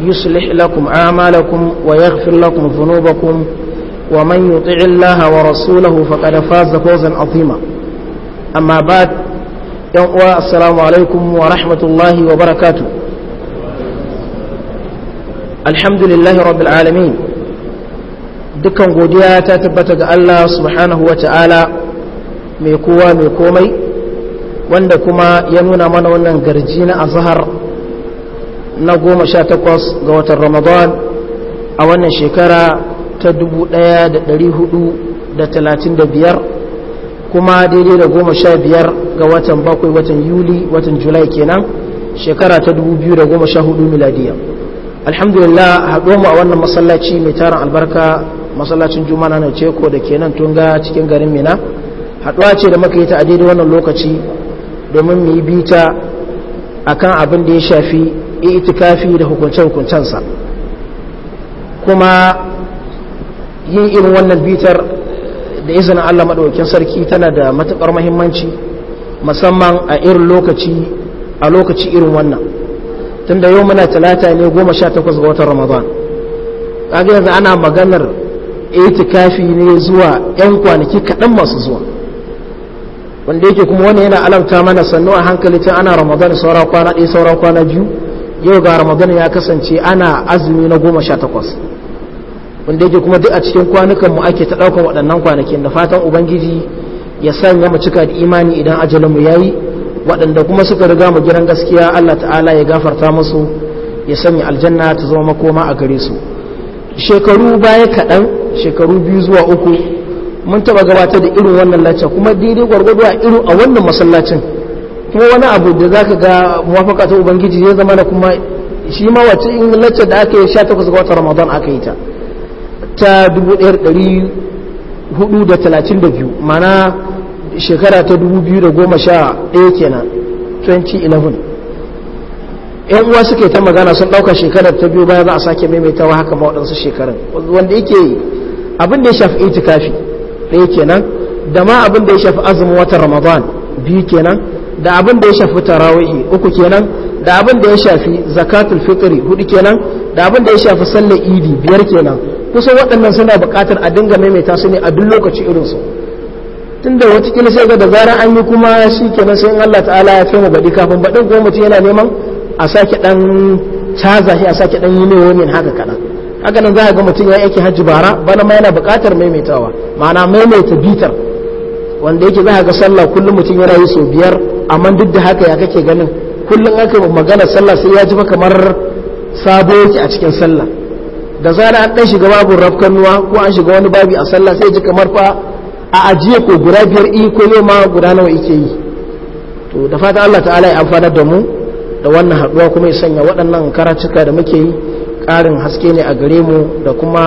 يصلح لكم أعمالكم ويغفر لكم ذنوبكم ومن يطع الله ورسوله فقد فاز فوزا عظيما أما بعد يوم السلام عليكم ورحمة الله وبركاته الحمد لله رب العالمين dukkan godiya ta tabbata ga Allah subhanahu wa ta'ala mai kowa mai komai wanda kuma ya nuna mana wannan garji na azhar na goma sha takwas ga watan ramadan a wannan shekara ta dubu ɗaya da ɗari hudu da talatin da biyar kuma daidai da goma sha biyar ga watan bakwai watan yuli watan julai kenan shekara ta dubu biyu da goma sha hudu miladiya alhamdulillah haɗo mu a wannan masallaci mai tarin albarka masallacin juma'a na ceko da kenan tun ga cikin garin mina haɗuwa ce da muka yi ta a daidai wannan lokaci domin mu yi bita akan abin da ya shafi itikafi da hukunce-hukuncensa kuma yin irin wannan bitar da izinin Allah maɗaukin sarki tana da matuƙar mahimmanci musamman a irin lokaci a lokaci irin wannan tun da yau muna talata ne goma sha takwas ga watan ramadan kaga yanzu ana maganar itikafi ne zuwa 'yan kwanaki kaɗan masu zuwa wanda yake kuma wani yana alamta mana sannu a hankali tun ana ramadan saura kwana ɗaya saura kwana biyu yau ga ramadan ya kasance ana azumi na goma sha takwas wanda yake kuma duk a cikin kwanukan mu ake ta ɗaukar waɗannan kwanakin da fatan ubangiji ya sanya mu cika da imani idan ajalin mu yayi waɗanda kuma suka riga mu gidan gaskiya Allah ta'ala ya gafarta musu ya sanya aljanna ta zama makoma a gare su shekaru baya kaɗan shekaru biyu zuwa uku mun taɓa gabatar da irin wannan lacca kuma daidai gwargwado a irin a wannan masallacin kuma wani abu da zaka ga muwafaka ta ubangiji ya zama na kuma shi ma wace in lacce da aka yi 18 ga watan ramadan aka yi ta ta 1432 mana shekara ta 2011 kenan 2011 yan uwa suke ta magana sun ɗauka shekarar ta biyu baya za a sake maimaitawa haka ma waɗansu shekarun wanda yake abin da ya shafi itikafi ɗaya kenan da ma abin da ya shafi azumin watan ramadan biyu kenan da abin da ya shafi tarawihi uku kenan da abin da ya shafi zakatul fitri hudu kenan da abin da ya shafi sallar idi biyar kenan kusan waɗannan suna buƙatar a dinga maimaita su ne a duk lokaci irin su. tunda watakila sai ga da zarar an yi kuma shi kenan sai in Allah ta'ala ya kai mu baɗi kafin baɗin ko mutum yana neman a sake ɗan caza shi a sake ɗan yi ne haka kaɗan haka nan za ka ga mutum ya yake hajji bara bana ma yana buƙatar maimaitawa ma'ana maimaita bitar wanda yake za a ga sallah kullum mutum yana yi sau biyar amma duk da haka ya kake ganin kullum aka magana sallah sai ya ji kamar sabo yake a cikin sallah da zara an dan shiga babu rafkanuwa ko an shiga wani babi a sallah sai ji kamar fa a ajiye ko guda biyar i ko ne ma guda nawa yake yi to da fatan Allah ta'ala ya amfana da mu da wannan haduwa kuma ya sanya waɗannan karatuka da muke yi ƙarin haske ne a gare mu da kuma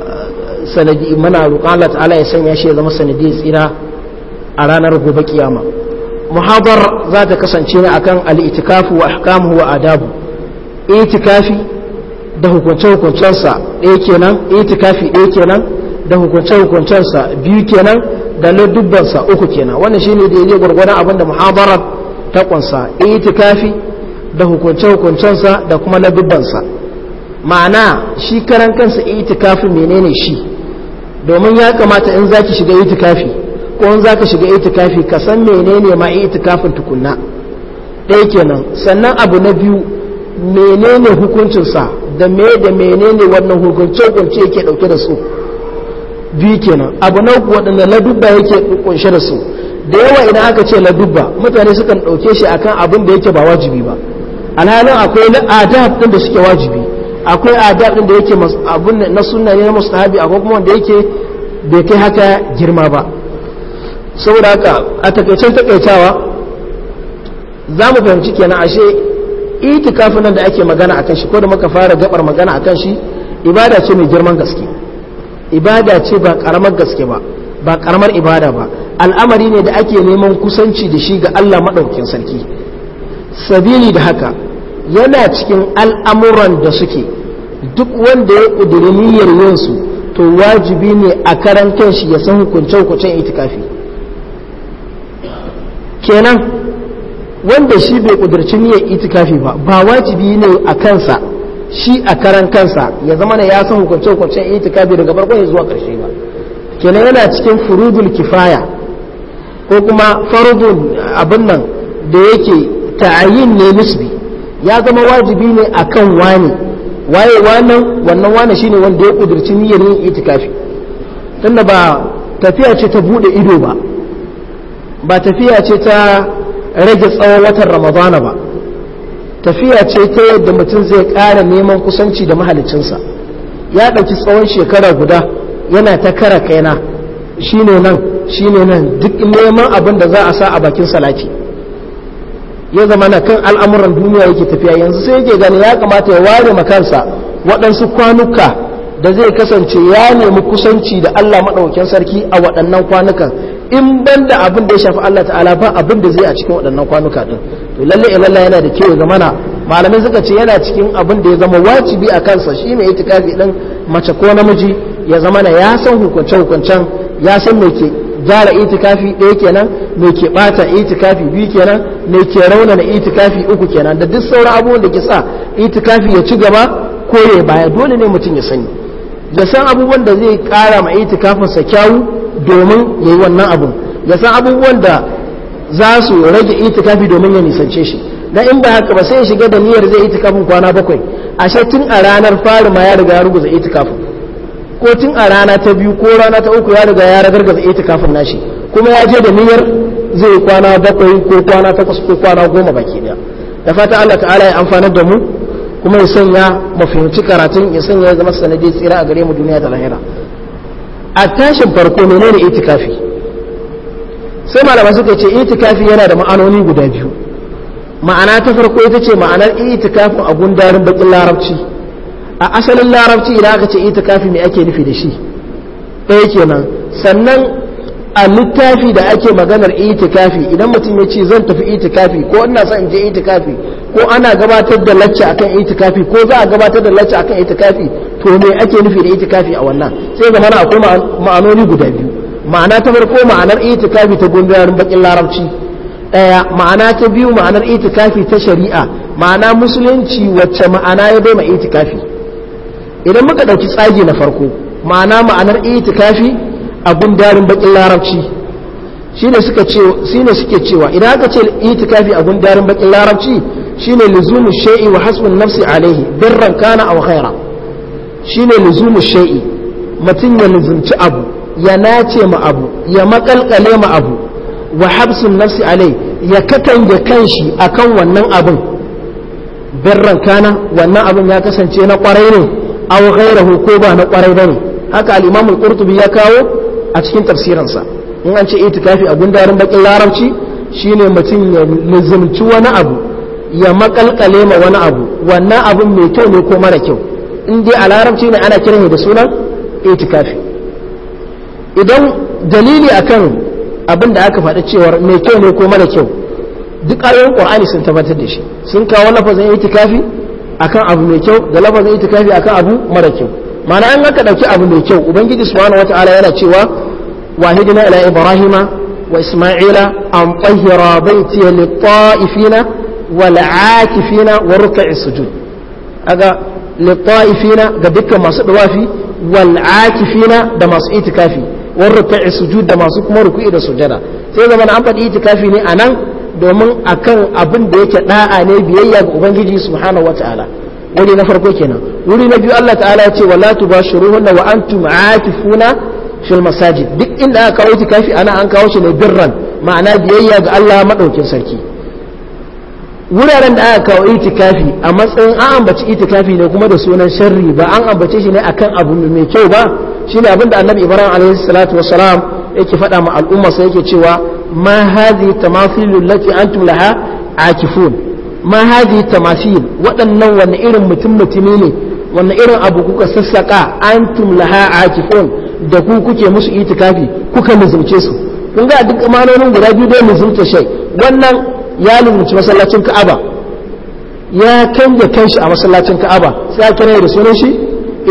eh, sanadi mana roƙa Allah ta'ala ya sanya shi ya zama sanadi tsira a ranar gobe kiyama muhabar za ta kasance ne akan al'itikafu wa ahkamu wa adabu itikafi da hukunce-hukuncensa ɗaya kenan itikafi ɗaya kenan da hukunce-hukuncensa biyu kenan da ladubbansa uku kenan wannan shine da yake gwargwadon abin da muhabarar ta kunsa itikafi da hukunce-hukuncensa da kuma ladubbansa ma'ana shi karan kansa itikafi menene shi domin ya kamata in zaki shiga itikafi ko za ka shiga itikafi ka san menene ma itikafin tukunna ɗaya kenan sannan abu na biyu menene hukuncinsa da me da menene wannan hukuncin kunce yake ɗauke da su biyu kenan abu na uku waɗanda ladubba yake kunshe da su da yawa idan aka ce ladubba mutane sukan ɗauke shi akan abin da yake ba wajibi ba alhalin akwai adab ɗin da suke wajibi akwai adab ɗin da yake abin na sunna ne na mustahabi akwai kuma wanda yake bai kai haka girma ba saboda haka a takaicen takaitawa za mu fahimci kenan ashe itikafin nan da ake magana akan shi ko da muka fara gabar magana akan shi ibada ce mai girman gaske ibada ce ba karamar gaske ba ba karamar ibada ba al'amari ne da ake neman kusanci da shi ga Allah maɗaukin sarki sabili da haka yana cikin al'amuran da suke duk wanda ya ƙudiri niyyar yinsu to wajibi ne a karan shi ya san hukunce-hukuncen itikafi kenan wanda shi bai kudurci niyyar itikafi ba ba wajibi ne a kansa shi a karan kansa ya zama na ya san hukunce hukuncen itikafi daga ya zuwa karshe ba kenan yana cikin furudul kifaya ko kuma farudun abin nan da yake ta'ayin ne nisbi ya zama wajibi ne akan wani waye wannan wannan wani shine wanda ya kudurci niyyar yin itikafi tunda ba tafiya ce ta bude ido ba ba tafiya ce ta rage tsawon watan ramadana ba tafiya ce ta yadda mutum zai ƙara neman kusanci da mahalicinsa ya ɗauki tsawon shekara guda yana ta kara kaina shine nan shine nan duk neman abin da za a sa a bakin salaki? ya zama na kan al'amuran duniya yake tafiya yanzu sai yake gani ya kamata ya ware makansa waɗansu kwanuka da zai kasance ya nemi kusanci da Allah maɗaukin sarki a waɗannan kwanukan in ban da abin da ya shafi Allah ta'ala ba abin da zai a cikin waɗannan kwanuka din to lalle lalle yana da kyau ga mana malamai suka ce yana cikin abin da ya zama wajibi a kansa shi mai itikafi din mace ko namiji ya zama na ya san hukunce hukuncen ya san me ke gyara itikafi ɗaya kenan me ke ɓata itikafi biyu kenan me ke raunana itikafi uku kenan da duk sauran abubuwan da ke sa itikafi ya ci gaba ko ya baya dole ne mutum ya sani ya san abubuwan da zai kara ma itikafinsa kyawu domin ya yi wannan abun ya san abubuwan da za su rage itikafi domin ya nisance shi na in ba haka ba sai ya shiga da niyyar zai itikafin kwana bakwai ashe tun a ranar fari ma ya riga ya ruguza itikafin ko tun a rana ta biyu ko rana ta uku ya riga ya ragar ita itikafin nashi kuma ya je da niyyar zai kwana bakwai ko kwana takwas ko kwana goma baki daya da fata Allah ta'ala ya amfanar da mu kuma ya sanya mu karatun ya sanya ya zama sanadin tsira a gare mu duniya da lahira a tashin farko menene itikafi sai malama suka ce itikafi yana da ma'anoni guda biyu ma'ana ta farko ita ce ma'anar itikafin a gundarin bakin larabci a asalin larabci idan aka ce itikafi me ake nufi da shi ɗaya kenan sannan a littafi da ake maganar itikafi idan mutum ya ce zan tafi itikafi ko ina son in je itikafi ko ana gabatar da lacca akan itikafi ko za a gabatar da lacca akan itikafi to me ake nufi da itikafi a wannan sai ga mana akwai ma'anoni guda biyu ma'ana ta farko ma'anar itikafi ta gundarin bakin larabci daya ma'ana ta biyu ma'anar itikafi ta shari'a ma'ana musulunci wacce ma'ana ya bai ma itikafi idan muka ɗauki tsagi na farko ma'ana ma'anar itikafi abun darin bakin larabci shine ne suke cewa idan aka ce itikafi abun darin bakin larabci shine lizumu shai'i wa hasbun nafsi alaihi birran kana aw khaira shine lizumu shai'i mutun ya luzumci abu ya nace ma abu ya makalkale ma abu wa hasbun nafsi alai ya katange kanshi akan wannan abun birran kana wannan abun ya kasance na kwarai ne aw ghairahu ko ba na kwarai bane haka al-imam al-qurtubi ya kawo a cikin tafsiransa in an ce itikafi a gundarin bakin larabci shine mutum ya lizumci wani abu ya makalkale ma wani abu wannan abun mai kyau ne ko mara kyau in dai a larabci ne ana kiran da sunan itikafi idan dalili akan abin da aka faɗi cewar mai kyau ne ko mara kyau duk ayoyin qur'ani sun tabbatar da shi sun kawo lafazin itikafi akan abu mai kyau da lafazin itikafi akan abu mara kyau ma'ana an aka ɗauki abu mai kyau ubangiji subhanahu wataala yana cewa وهدنا إلى إبراهيم وإسماعيل أن طهر بيتي للطائفين والعاكفين والركع السجود هذا للطائفين ده دكة ما سدوافي والعاكفين ده ما سئتكافي والركع السجود ده ما سكما ركوع ده سجدة سيدا من أمبا إيتكافي ني أنا domin akan abin da yake da'a ne biyayya ga ubangiji subhanahu wataala wuri na farko kenan wuri na biyu Allah ta'ala ya ce wala tubashiruhunna wa antum aakifuna fil masajid duk inda aka kawo itikafi ana an kawo shi ne birran ma'ana biyayya ga Allah madaukin sarki wuraren da aka kawo itikafi a matsayin an ambaci itikafi ne kuma da sunan sharri ba an ambace shi ne akan abu mai kyau ba shine abin da Annabi Ibrahim alaihi salatu wassalam yake faɗa ma al'umma sai yake cewa ma hadhihi tamathilu lati antum laha akifun ma hadhihi tamathil waɗannan wani irin mutum mutumi ne wani irin abu kuka sassaka antum laha akifun da ku kuke musu itikafi kuka lizumce su kun ga duk amanonin guda biyu dai lizumta shai wannan ya lizumci masallacin ka'aba ya canja kanshi a masallacin ka'aba sai kira da sunan shi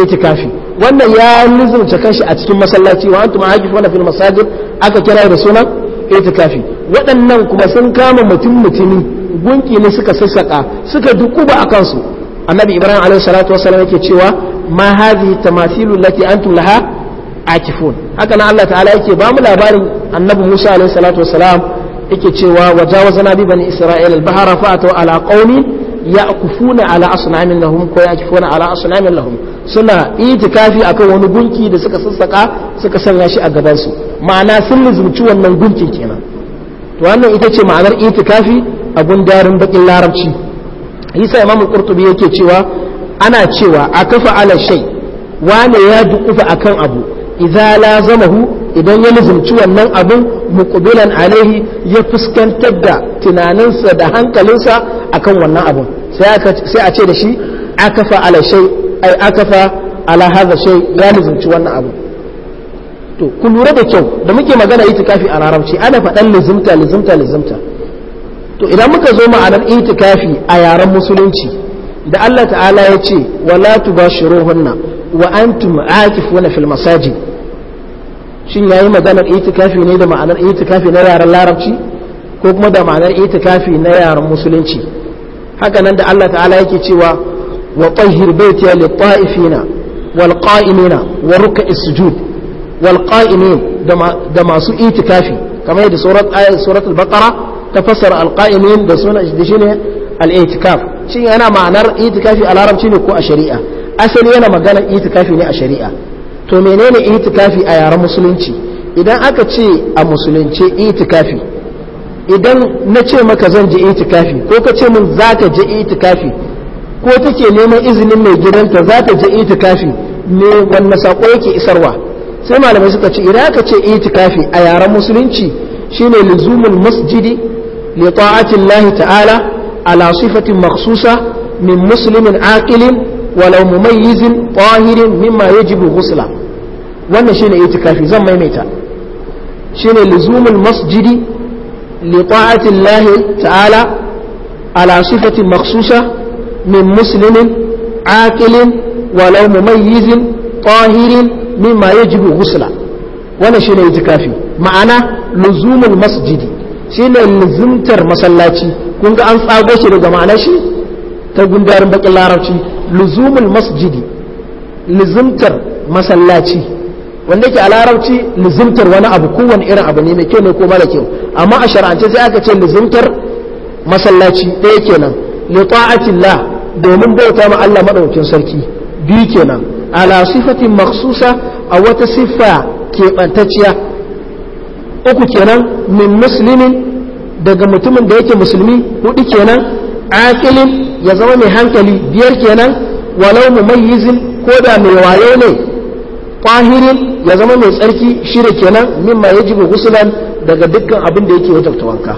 itikafi wannan ya lizumta kanshi a cikin masallaci wa antum aqifuna fil masajid aka kira da sunan itikafi waɗannan kuma sun kama mutum mutumi gunki ne suka sassaka suka dukuba a kansu annabi ibrahim alaihi salatu wasallam yake cewa ma hadhihi tamathilu lati antum laha akifun haka na Allah ta'ala yake ba mu labarin annabi Musa alaihi salatu wassalam yake cewa wajawazana bi bani isra'ila al-bahra fa ataw ala qaumin ya'kufuna ala asnamin lahum ko ya'kifuna ala asnamin lahum suna itikafi akan wani gunki da suka sassaka suka sanya shi a gaban su ma'ana sun lizumci wannan gunkin kenan to wannan ita ce ma'anar itikafi a gundarin bakin larabci isa imam qurtubi yake cewa ana cewa akafa ala shay wane ya dukufa akan abu idza lazamahu idan ya lazumci wannan abin muqbilan alaihi ya fuskantar da tunaninsa da hankalinsa akan wannan abin sai a ce da shi akafa ala shay ai akafa ala hadha shay ya lazumci wannan abin to ku lura da kyau da muke magana itikafi a larabci ana faɗan lazumta lazumta lazumta to idan muka zo ma'anar itikafi a yaren musulunci da Allah ta'ala ya ce wala tubashiruhunna wa antum aakifuna fil masajid shin yayi maganar itikafi ne da ma'anar itikafi na yaran larabci ko kuma da ma'anar itikafi na yaran musulunci haka nan da Allah ta'ala yake cewa wa tahhir baitiya lit ta'ifina wal qa'imina wa ruk'is sujud wal qa'imin da masu itikafi kamar yadda surat ayat surat al-baqara al qa'imin da sunan shi al itikaf shin yana ma'anar itikafi a larabci ne ko a shari'a asali yana magana itikafi ne a shari'a to menene itikafi a yaren musulunci idan aka ce a musulunce itikafi idan na ce maka zan je itikafi ko ka ce min za ka je itikafi ko take neman izinin mai gidanta za ta je itikafi me wanne sako yake isarwa sai malamai suka ce idan aka ce itikafi a yaren musulunci shine luzumul masjidi li lahi ta'ala ala sifatin makhsusa min muslimin aqilin walau mumayyizin tahirin mimma yajibu ghusla wannan shine itikafi zan maimaita shi ne luzumul masjidi li ta'ati Allah ta'ala ala sifatin makhsusa min muslimin aqilin walau mumayyizin tahirin mimma yajibu ghusla wannan shine itikafi ma'ana luzumul masjidi shi ne luzumtar masallaci kun ga an tsago shi daga ma'ana shi ta gundarin bakin larabci luzumul masjidi luzumtar masallaci wanda ke a larabci luzumtar wani abu kowane irin abu ne mai kyau ne ko mara kyau amma a shar'ance sai aka ce luzumtar masallaci ɗaya kenan li ta'atillah domin bauta ma Allah madaukakin sarki biyu kenan ala sifatin maksusa a wata siffa keɓantacciya uku kenan min muslimin daga mutumin da yake musulmi hudu kenan akilin ya zama mai hankali biyar kenan walau mu yizin ko da mai wayo ne ƙwahirin ya zama mai tsarki shida kenan min ma mimma yajibu gusulan daga dukkan abin da yake wajabta wanka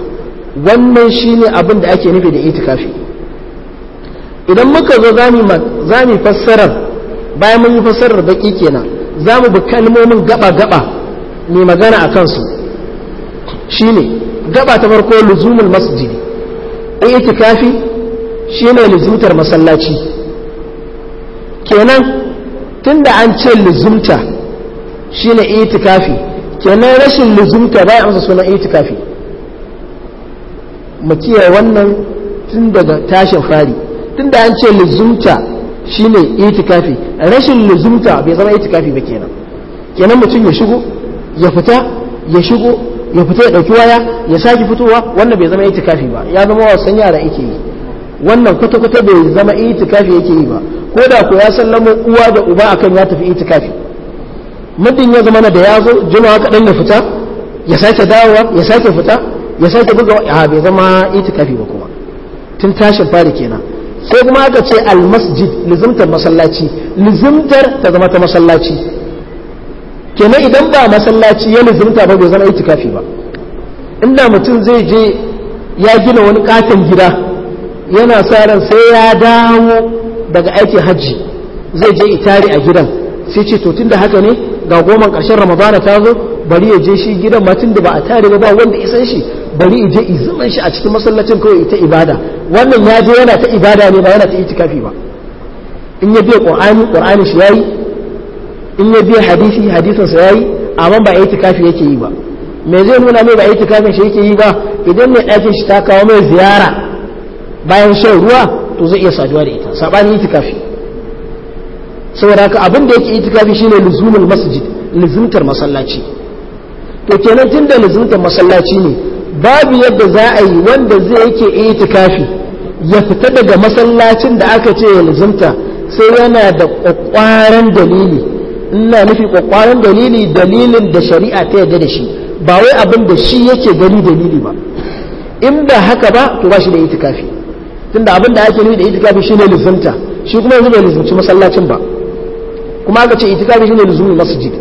wannan shi ne abin da ake nufi da itikafi idan muka zo za mu fassarar bayan mun yi fassarar baƙi kenan za mu bi kalmomin gaba gaba mai magana a kansu shi ne gaba ta farko luzumul masjidi itikafi Shi ne lizumtar masallaci kenan tun da an ce lizumta shine itikafi kenan rashin lizumta bai amsa sunan itikafi mu Makiya wannan tun daga tashin fari tun da an ce lizumta shine itikafi rashin lizumta bai zama itikafi ba kenan kenan mutum ya shigo ya fita ya shigo ya fita ya ɗauki waya ya sake fitowa wannan bai zama itikafi ba ya zama wasan yara ake yi wannan kwata-kwata bai zama itikafi yake yi ba ko da ku ya uwa da uba akan ya tafi itikafi muddin ya zama na da ya zo juma'a kaɗan ya fita ya sake dawowa ya sake fita ya sake buga a bai zama itikafi ba kuma tun tashin fari kenan sai kuma aka ce almasjid lizimtar masallaci lizimtar ta zama ta masallaci kenan idan ba masallaci ya lizimta ba bai zama itikafi ba inda mutum zai je ya gina wani katon gida yana sa ran sai ya dawo daga aikin hajji zai je itari a gidan sai ce to tunda haka ne ga goma ƙarshen ramadana ta zo bari ya je shi gidan ma tunda ba a tare ba wanda isan shi bari ya je shi a cikin masallacin kawai ita ibada wannan ya je yana ta ibada ne ba yana ta itikafi ba in ya biya qur'ani qur'ani shi yayi in ya biya hadisi hadisin sa yayi amma ba itikafi yake yi ba me zai nuna mai ba itikafin shi yake yi ba idan mai ɗakin shi ta kawo mai ziyara bayan shan ruwa to zai iya saduwa da ita sabanin itikafi saboda haka abin da yake itikafi shine luzumul masjid luzumtar masallaci to kenan tunda luzumtar masallaci ne babu yadda za a yi wanda zai yake itikafi ya fita daga masallacin da aka ce ya luzumta sai yana da kwakwaran dalili ina nufi kwakwaran dalili dalilin da shari'a ta yarda da shi ba wai abin da shi yake gani dalili ba in ba haka ba to ba shi da itikafi tunda abin da ake nufi da itikafi shine lizumta shi kuma yanzu bai lizumci masallacin ba kuma aka ce itikafi shine lizumul masjid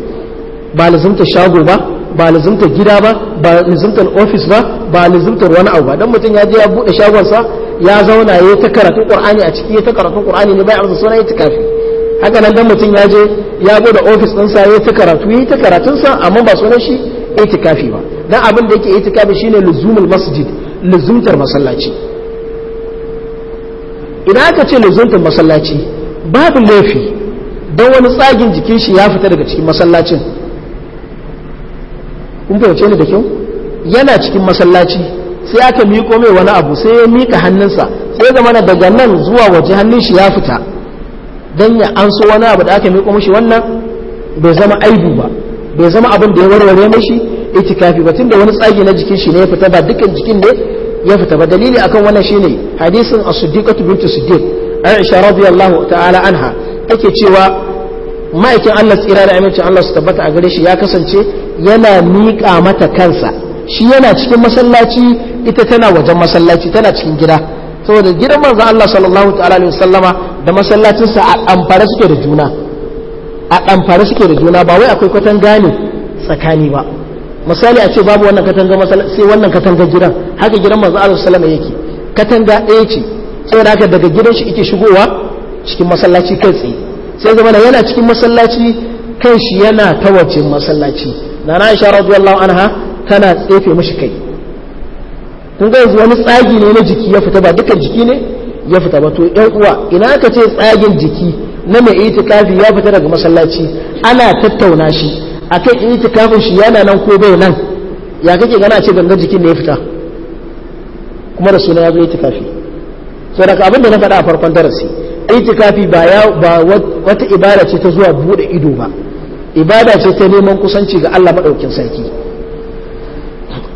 ba lizumta shago ba ba lizumta gida ba ba lizumtar ofis ba ba lizumtar wani abu ba dan mutum ya je ya bude shagonsa ya zauna ya ta karatun qur'ani a ciki ya ta karatun qur'ani ne bai amsa sunan itikafi haka nan dan mutum ya je ya bude ofis ɗinsa ya ta karatu ya ta karatun sa amma ba sunan shi itikafi ba dan abin da yake itikafi shine luzumul masjid luzumtar masallaci idan aka ce luzuntar masallaci babu laifi don wani tsagin jikin shi ya fita daga cikin masallacin kun fahimce ni da kyau yana cikin masallaci sai aka miko mai wani abu sai ya mika hannunsa sai zama na daga nan zuwa waje hannun shi ya fita don ya an so wani abu da aka miko mashi wannan bai zama aibu ba bai zama abin da ya warware mashi itikafi ba tun da wani tsagi na jikin shi ne ya fita ba dukkan jikin ne ya fita ba dalili akan wannan shine hadisin as-siddiqatu bintu siddiq aisha radiyallahu ta'ala anha take cewa ma'aikin Allah tsira da aminci Allah su tabbata a gare shi ya kasance yana miƙa mata kansa shi yana cikin masallaci ita tana wajen masallaci tana cikin gida saboda gidan manzo Allah sallallahu ta'ala alaihi wasallama da masallacinsa a amfare suke da juna a amfare suke da juna ba wai akwai kwatan gane tsakani ba misali a ce babu wannan katanga sai wannan katanga gidan haka gidan manzo Allah sallama yake katanga ɗaya ce da haka daga gidan shi yake shigowa cikin masallaci kai tsaye sai zama na yana cikin masallaci kan shi yana ta wajen masallaci na Aisha radiyallahu anha tana tsefe mishi kai kun ga yanzu wani tsagi ne na jiki ya fita ba dukkan jiki ne ya fita ba to ɗan uwa ina aka ce tsagin jiki na mai itikafi ya fita daga masallaci ana tattauna shi a akan itikafin shi yana nan ko bai nan ya kake gana ce gangar jikin da ya fita kuma da suna ya zo itikafi so daga abin da na faɗa a farkon darasi itikafi ba ba wata ibada ce ta zuwa buɗe ido ba ibada ce ta neman kusanci ga Allah maɗaukin sarki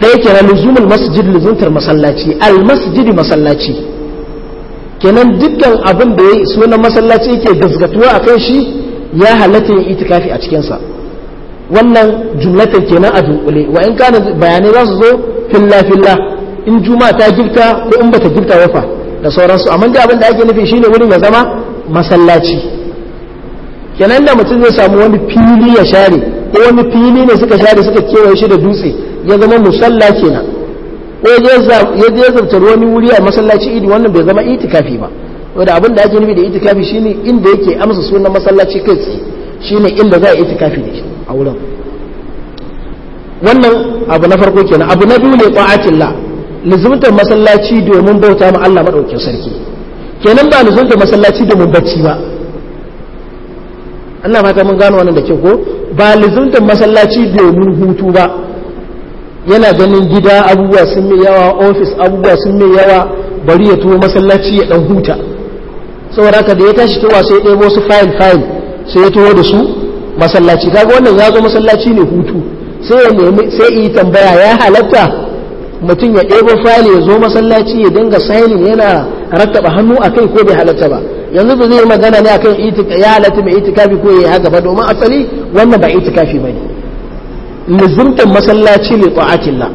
ɗaya kenan luzumul masjid luzuntar masallaci al masjid masallaci kenan dukkan abin da ya sunan masallaci ke gasgatuwa a kan shi ya halatta yin itikafi a cikinsa wannan jumlatar kenan a dunkule wa in kana bayanai za su zo filla filla in juma ta girta ko in bata girta wafa da sauransu amma da abin da ake nufi shine wurin ya zama masallaci kenan da mutum zai samu wani fili ya share ko wani fili ne suka share suka kewaye shi da dutse ya zama musalla kenan ko ya je zartar wani wuri a masallaci idi wannan bai zama itikafi ba wanda abin da ake nufi da itikafi shine inda yake amsa sunan masallaci kai tsaye shine inda za a itikafi da shi auren wannan abu na farko kenan abu na biyu ne la lizumtar masallaci domin bauta ma Allah madaukakin sarki kenan ba lizumtar masallaci domin bacci ba Allah fata mun gano wannan da ke ko ba lizumtar masallaci domin hutu ba yana ganin gida abubuwa sun mai yawa ofis abubuwa sun mai yawa bari ya tuwo masallaci ya dan huta saboda haka da ya tashi tuwa sai ya ɗebo su fayil fayil sai ya tuwo da su masallaci kaga wannan ya zo masallaci ne hutu sai ya nemi sai yi tambaya ya halatta mutum ya ɗebo fali ya zo masallaci ya dinga sainin yana rattaba hannu akai ko bai halatta ba yanzu ba zai magana ne akan ya halatta mai itikafi ko ya haga ba domin asali wannan ba itikafi ba ne lizimtar masallaci li ta'atillah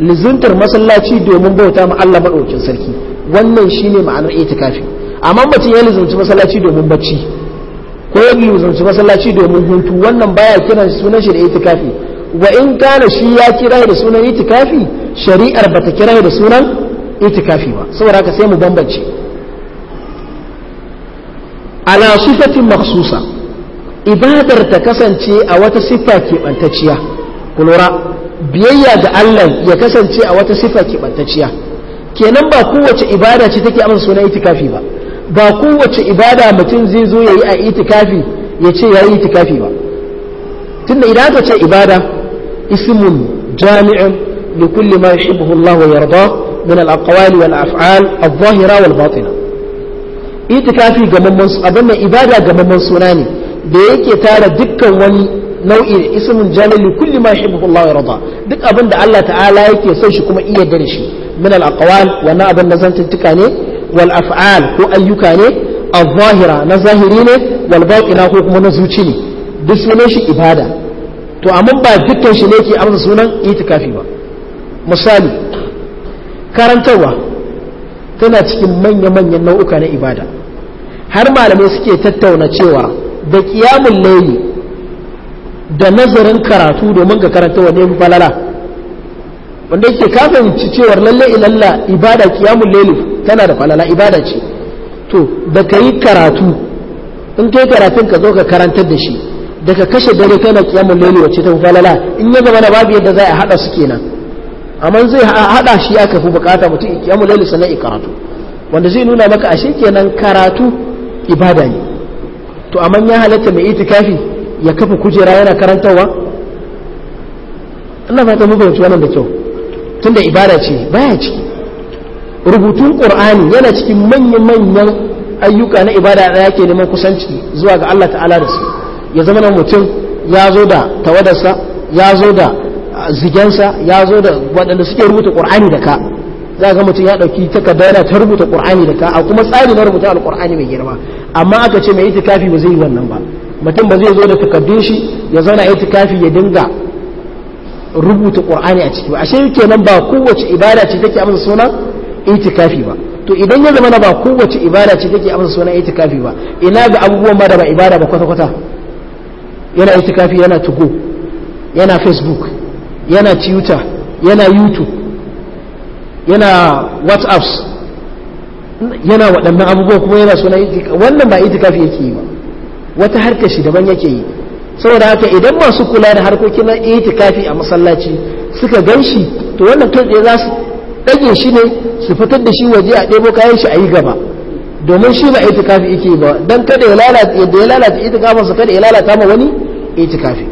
lizimtar masallaci domin bauta ma Allah madaukakin sarki wannan shine ma'anar itikafi amma mutum ya lizimci masallaci domin bacci ko ya luzumci masallaci domin hutu wannan baya kiran sunan shi da itikafi wa in kana shi ya kira da sunan itikafi shari'ar bata kira da sunan itikafi ba saboda haka sai mu bambance ala sifatin maksusa ibadar ta kasance a wata siffa keɓantacciya ku lura biyayya da Allah ya kasance a wata siffa keɓantacciya kenan ba kowace ibada ce take amsa sunan itikafi ba ba kowace ibada mutum zai zo ya yi a itikafi ya ce ya yi itikafi ba tunda idan aka ce ibada ismun jami'in li kulli ma yuhibbu Allah wa yarda min al-aqwali wal af'al adh-dhahira wal batina itikafi ga mamman abin nan ibada ga mamman suna ne da yake tara dukkan wani nau'i da ismun jami'in li kulli ma yuhibbu Allah wa yarda duk abin da Allah ta'ala yake son shi kuma iya da shi min al-aqwal wannan abin da zan tuntuka ne wal af'al ko ayyuka ne a zahira na zahiri ne walbaƙina ko kuma na zuci ne duk sunan shi ibada to amma ba dukkan shi ne ke amsa sunan itikafi ba misali karantarwa tana cikin manya-manyan nau'uka na ibada har malamai suke tattauna cewa da ƙiyamun layi da nazarin karatu domin ga karantarwa ne falala wanda yake kafin cewar lalle ilalla ibada ƙiyamun laili tana da falala ibada ce to da ka yi karatu in kai karatun ka zo ka karantar da shi da ka kashe dare kana kiyamun laili wacce ta falala in ya zama na babu yadda za a haɗa su kenan amma zai haɗa shi aka fi bukata mutum kiyamun laili sannan ya karatu wanda zai nuna maka ashe kenan karatu ibada ne to amma ya halatta mai itikafi ya kafa kujera yana karantarwa Allah fata mu fahimci wannan da kyau tunda ibada ce baya ciki rubutun ƙur'ani yana cikin manya-manyan ayyuka na ibada da yake neman kusanci zuwa ga Allah ta'ala da su ya zama mutum ya zo da tawadarsa ya zo da ah, zigensa ya zo da waɗanda suke rubuta ƙur'ani da ka za ga mutum ya ɗauki takarda yana ta rubuta ƙur'ani da ka a kuma tsari na rubuta alƙur'ani mai girma amma aka ce mai itikafi ba zai yi wannan ba mutum ba zai zo da takardun shi ya zauna itikafi ya dinga rubuta ƙur'ani a ciki ba ashe kenan ba kowace ibada ce take amsa sunan itikafi ba to idan ya zama ba kowace ibada ce take amsa sunan itikafi ba ina ga abubuwan ba da ba ibada ba kwata kwata yana itikafi yana tugo yana facebook yana twitter yana youtube yana whatsapps yana waɗannan abubuwa kuma yana sunan itikafi wannan ba itikafi yake yi ba wata harkar shi daban yake yi saboda haka idan masu kula da harkokin itikafi a masallaci suka gan shi to wannan kai tsaye za su ɗage shi ne su fitar da shi waje a ɗebo kayan shi a yi gaba domin shi ba itikafi yake ba don kada ya lalata yadda ya lalata itikafin su kada ya lalata ma wani itikafi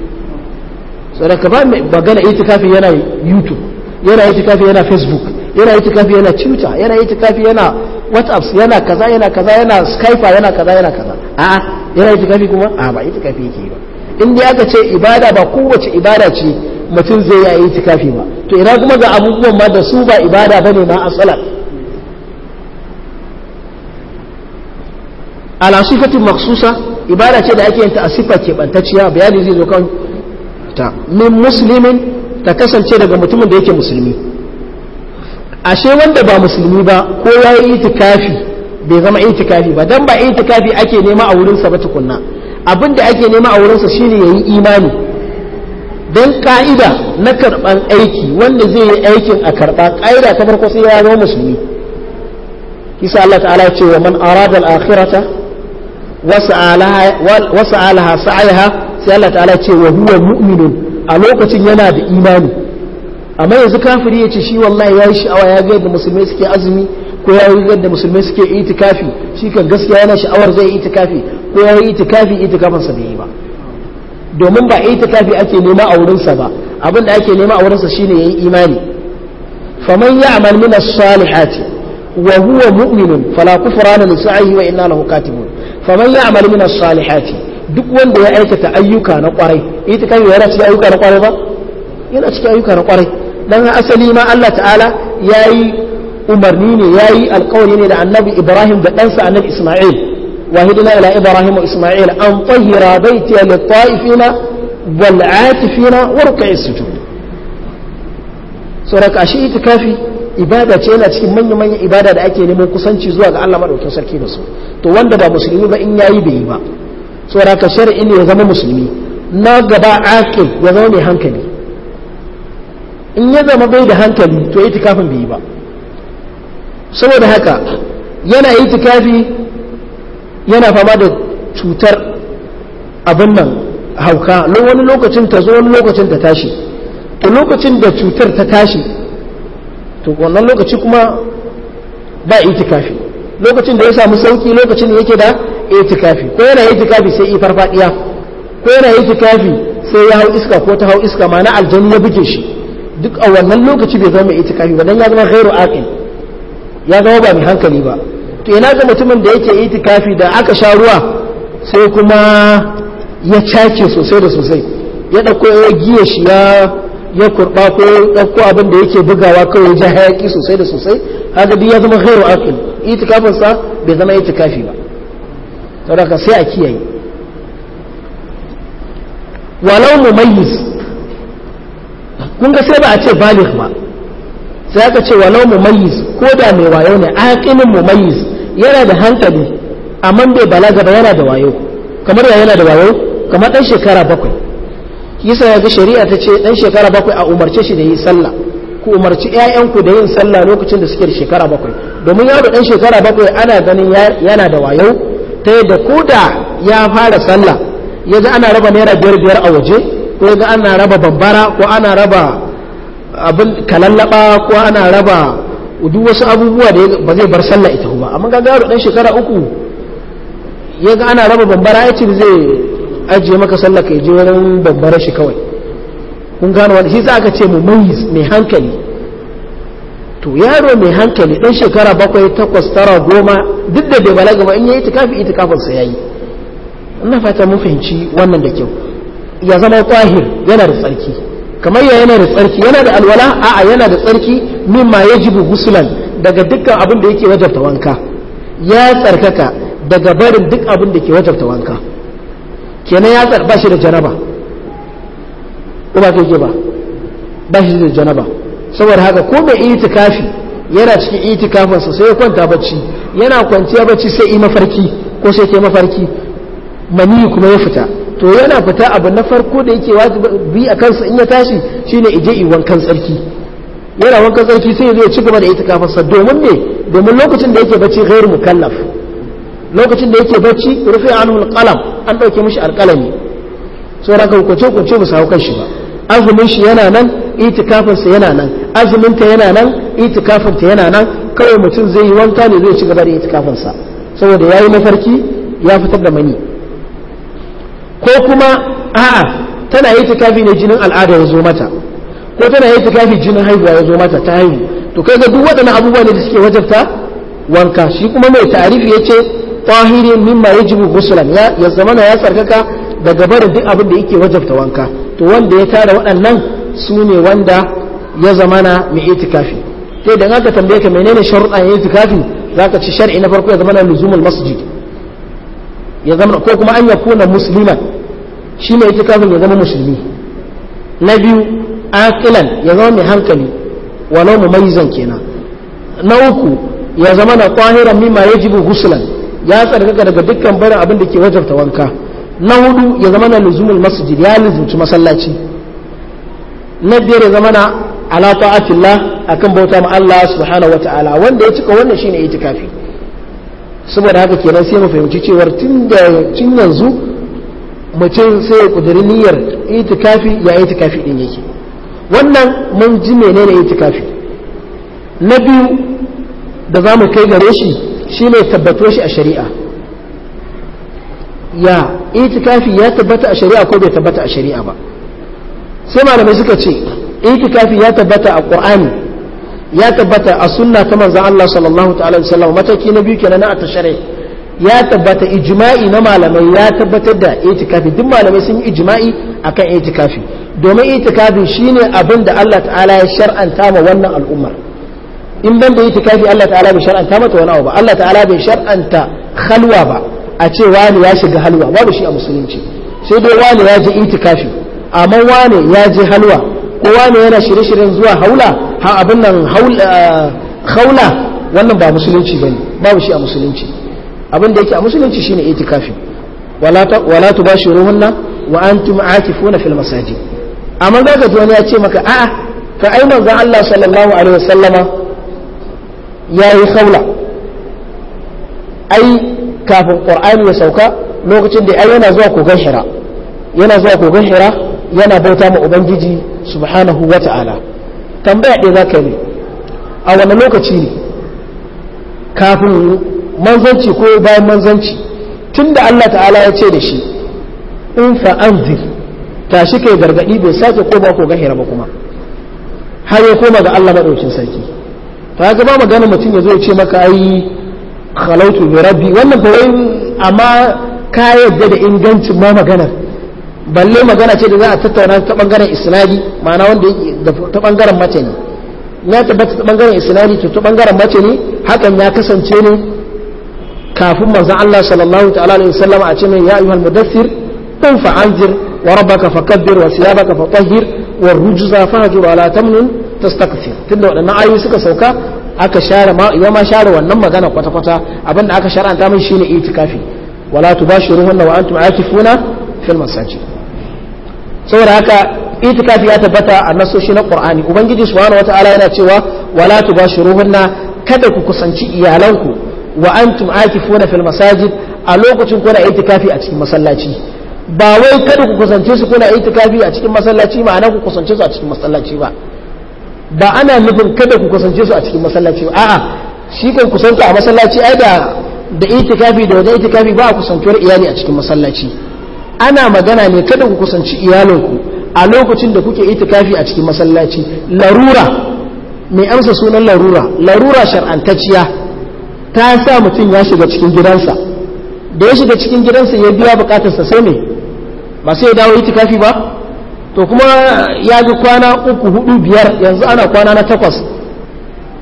so da ka ba magana itikafi yana youtube yana itikafi yana facebook yana itikafi yana twitter yana itikafi yana whatsapp yana kaza yana kaza yana skype yana kaza yana kaza a'a yana itikafi kuma a ba itikafi yake ba in dai aka ce ibada ba kowace ibada ce mutum zai yi itikafi ba to ina kuma ga abubuwan ma da su ba ibada bane ma asalan ala sifati maksusa ibada ce da ake yin ta a sifa keɓantacciya bayani zai zo kan ta min musulmin ta kasance daga mutumin da yake musulmi ashe wanda ba musulmi ba ko ya yi itikafi bai zama itikafi ba dan ba itikafi ake nema a wurinsa ba tukunna abinda ake nema a wurinsa shine ya yi imani don ka'ida na karɓan aiki wanda zai yi aikin a karɓa ka'ida ta farko sai ya zama musulmi kisa Allah ta'ala ce wa man arada al-akhirata wasa alaha sa'ayaha sai Allah ta'ala ce wa huwa mu'minun a lokacin yana da imani amma yanzu kafiri ya ce shi wallahi ya yi sha'awa ya ga yadda musulmai suke azumi ko ya yi yadda musulmai suke itikafi shi kan gaskiya yana sha'awar zai itikafi ko ya yi itikafi itikafin sa bai yi ba domin ba itikafi ake nema a wurinsa ba abin da ake nema a wurinsa shine yayi imani faman ya'mal min as-salihati wa huwa mu'minun fala kufrana li sa'ihi wa inna lahu katibun faman ya'mal min as-salihati duk wanda ya aikata ayyuka na kwarai ita itikafi yana cikin ayyuka na kwarai ba yana cikin ayyuka na kwarai dan asali ma Allah ta'ala yayi umarni ne yayi alƙawari ne da annabi Ibrahim da ɗansa annabi Isma'il وهدنا إلى إبراهيم وإسماعيل أن طهر بيتي للطائفين والعاكفين وركع السجود سورة أشيء تكافي ibada ce yana cikin manya-manyan ibada da ake neman kusanci zuwa ga Allah maɗaukin sarki da su to wanda ba musulmi ba in yayi bai yi ba saboda ka shari'i ne ya zama musulmi na gaba akil ya zama hankali in ya zama bai da hankali to itikafin bai yi ba saboda haka yana itikafi yana fama da cutar abin nan hauka wani lokacin ta zo wani lokacin ta tashi to lokacin da cutar ta tashi to wannan lokaci kuma ba itikafi lokacin da ya samu sauki lokacin da yake da itikafi ko yana itikafi sai farfadiya ko yana itikafi sai ya hau iska ko ta hau iska ma na aljanu ya buge shi duk a wannan lokaci bai zama itikafi ba dan ya zama ghairu aqil ya zama ba mai hankali ba to yana ga mutumin da yake itikafi da aka sha ruwa sai kuma ya cake sosai da sosai ya dauko ya giya shi ya ya kurɓa ko dauko abin da yake bugawa kawai ji hayaki sosai da sosai haka duk ya zama khairu akil itikafin sa bai zama itikafi ba saboda sai a kiyaye walau mumayyiz kun ga sai ba a ce baligh ba sai aka ce walau mumayyiz ko da mai wayo ne aqilun mumayyiz yana da hankali amma bai balaga ba yana da wayo kamar ya yana da wayo kamar dan shekara bakwai kisa ya ga shari'a ta ce dan shekara bakwai a umarce shi da yi sallah ku umarci ƴaƴanku da yin sallah lokacin da suke da shekara bakwai domin yaro dan shekara bakwai ana ganin yana da wayo ta yadda ko da ya fara sallah ya ga ana raba naira biyar biyar a waje ko ya ga ana raba bambara ko ana raba abin kalallaba ko ana raba duk wasu abubuwa da ba zai bar sallah ita ba amma ga garo dan shekara uku ya ga ana raba bambara ya ce zai ajiye maka sallah ka je wurin bambara shi kawai kun gano wani shi za ka ce mu mai hankali to yaro mai hankali dan shekara bakwai takwas tara goma duk da bai balaga ba in yayi itikafi itikafin sa yayi ina fata mun fahimci wannan da kyau ya zama tahir yana da tsarki kamar ya yana da tsarki yana da alwala a'a yana da tsarki mimma yajibu gusulan daga dukkan abin da yake wajabta wanka ya tsarkaka daga barin duk abin da ke wajabta wanka kenan ya tsar ba shi da janaba ko ba ke ba ba shi da janaba saboda haka ko mai itikafi yana cikin itikafinsa sai ya kwanta bacci yana kwanciya bacci sai yi mafarki ko sai ke mafarki mani kuma ya fita to yana fita abu na farko da yake bi a kansa in ya tashi shine ije yi wankan tsarki yana wankan tsarki sai zai ci gaba da ita kafarsa domin ne domin lokacin da yake bacci ghairu mukallaf lokacin da yake bacci rufe anhu alqalam an dauke mishi alqalami saboda ka kwace kwace ba kan shi ba azumin shi yana nan itikafinsa yana nan azumin ta yana nan itikafin ta yana nan kawai mutum zai yi wanka ne zai ci gaba da itikafinsa saboda yayi mafarki ya fitar da mani ko kuma a'a tana yi tikafi ne jinin al'ada ya zo mata ko tana yi tikafi jinin haihuwa ya zo mata ta haihu to kai ga duk waɗannan abubuwa ne da suke wajabta wanka shi kuma mai ta'arifi ya ce tahirin mimma yajibu ghuslan ya ya zamana ya tsarkaka daga barin duk abin da yake wajabta wanka to wanda ya tara waɗannan su ne wanda ya zamana mai itikafi sai da aka tambaye ka menene ya itikafi zaka ci shar'i na farko ya zamana luzumul masjid ya zama ko kuma an yakuna musliman shi mai itikafin ya zama musulmi na biyu aqilan ya zama mai hankali walau zan kenan na uku ya zama na kwahiran mimma yajibu husulan ya tsarkaka daga dukkan barin abin da ke wajabta wanka na hudu ya zama na luzumul masjid ya luzumci masallaci na biyar ya zama na ala ta'atillah akan bauta ma Allah subhanahu wataala wanda ya cika wannan shine itikafi saboda haka kenan sai mu fahimci cewar tun da tun yanzu mutum sai ya kudiri niyyar itikafi ya itikafi din yake wannan mun ji menene itikafi na biyu da za mu kai gare shi shine tabbato shi a shari'a ya itikafi ya tabbata a shari'a ko bai tabbata a shari'a ba sai malamai suka ce itikafi ya tabbata a qur'ani ya tabbata a sunna ta manzan Allah sallallahu ta'ala wasallam mataki na biyu kenan na atashare ya tabbata ijma'i na malamai ya tabbatar da itikafi duk malamai sun yi ijma'i akan itikafi domin itikafi shine abin da Allah ta'ala ya shar'anta ma wannan al'umma in ban da itikafi Allah ta'ala bai shar'anta mata wani abu ba Allah ta'ala bai shar'anta halwa ba a ce wani ya shiga halwa babu shi a musulunci sai dai wani ya je itikafi amma wani ya je halwa kowa ne yana shirye-shiryen zuwa haula ha abin nan eh, haula wannan ba musulunci ba bane babu shi a musulunci abin da yake a musulunci shine itikafi wala tubashiruhunna wa antum fona fil masajid amma zaka ji wani ya ce maka a'a ka ai manzon Allah sallallahu alaihi wasallama yi haula ai kafin qur'ani ya sauka lokacin da ai yana zuwa kogon hira yana zuwa kogon hira yana bauta ma ubangiji subhanahu wa ta'ala tambaya ɗaya za ka yi a wani lokaci ne kafin manzanci ko bayan manzanci tun da Allah ta'ala ya ce da shi in fa'anzir tashi kai gargaɗi bai sake ko ba ko gahira ba kuma har ya koma ga Allah maɗaukin sarki ta ga ba magana mutum ya zo ce maka ayi halautu bi rabbi wannan ba wai amma ka yadda da ingancin ma maganar balle magana ce da za a tattauna ta bangaren isnadi ma'ana wanda ta bangaren mace ne ya tabbata ta bangaren isnadi to ta bangaren mace ne hakan ya kasance ne kafin manzon Allah sallallahu ta'ala alaihi wasallam a ce mai ya ayyuhal mudaththir kun fa'anzir wa rabbaka fakabbir wa siyabaka fatahhir wa rujza fahjur ala tamnun tastakfir tunda wadannan ayoyi suka sauka aka share ya ma share wannan magana kwata-kwata abinda aka shar'anta min shine itikafi wala tubashiruhunna wa antum aakifuna fil masajid saboda haka itikafi ya tabbata a nasoshi na qur'ani ubangiji subhanahu wataala yana cewa wala tubashiruhunna kada ku kusanci iyalanku wa antum akifuna fil masajid a lokacin kuna itikafi a cikin masallaci ba wai kada ku kusance su kuna itikafi a cikin masallaci ma'ana ku kusance su a cikin masallaci ba ba ana nufin kada ku kusance su a cikin masallaci ba a'a shi kan kusanta a masallaci ai da da itikafi da wajen itikafi ba a kusantuwar iyali a cikin masallaci ana magana ne kada ku kusanci iyalinku a lokacin da kuke itikafi a cikin masallaci larura mai amsa sunan larura larura shar'antacciya ta sa mutum ya shiga cikin gidansa da ya shiga cikin gidansa ya biya bukatarsa sai ne ba sai ya dawo itikafi ba to kuma ya bi kwana uku hudu biyar yanzu ana kwana na takwas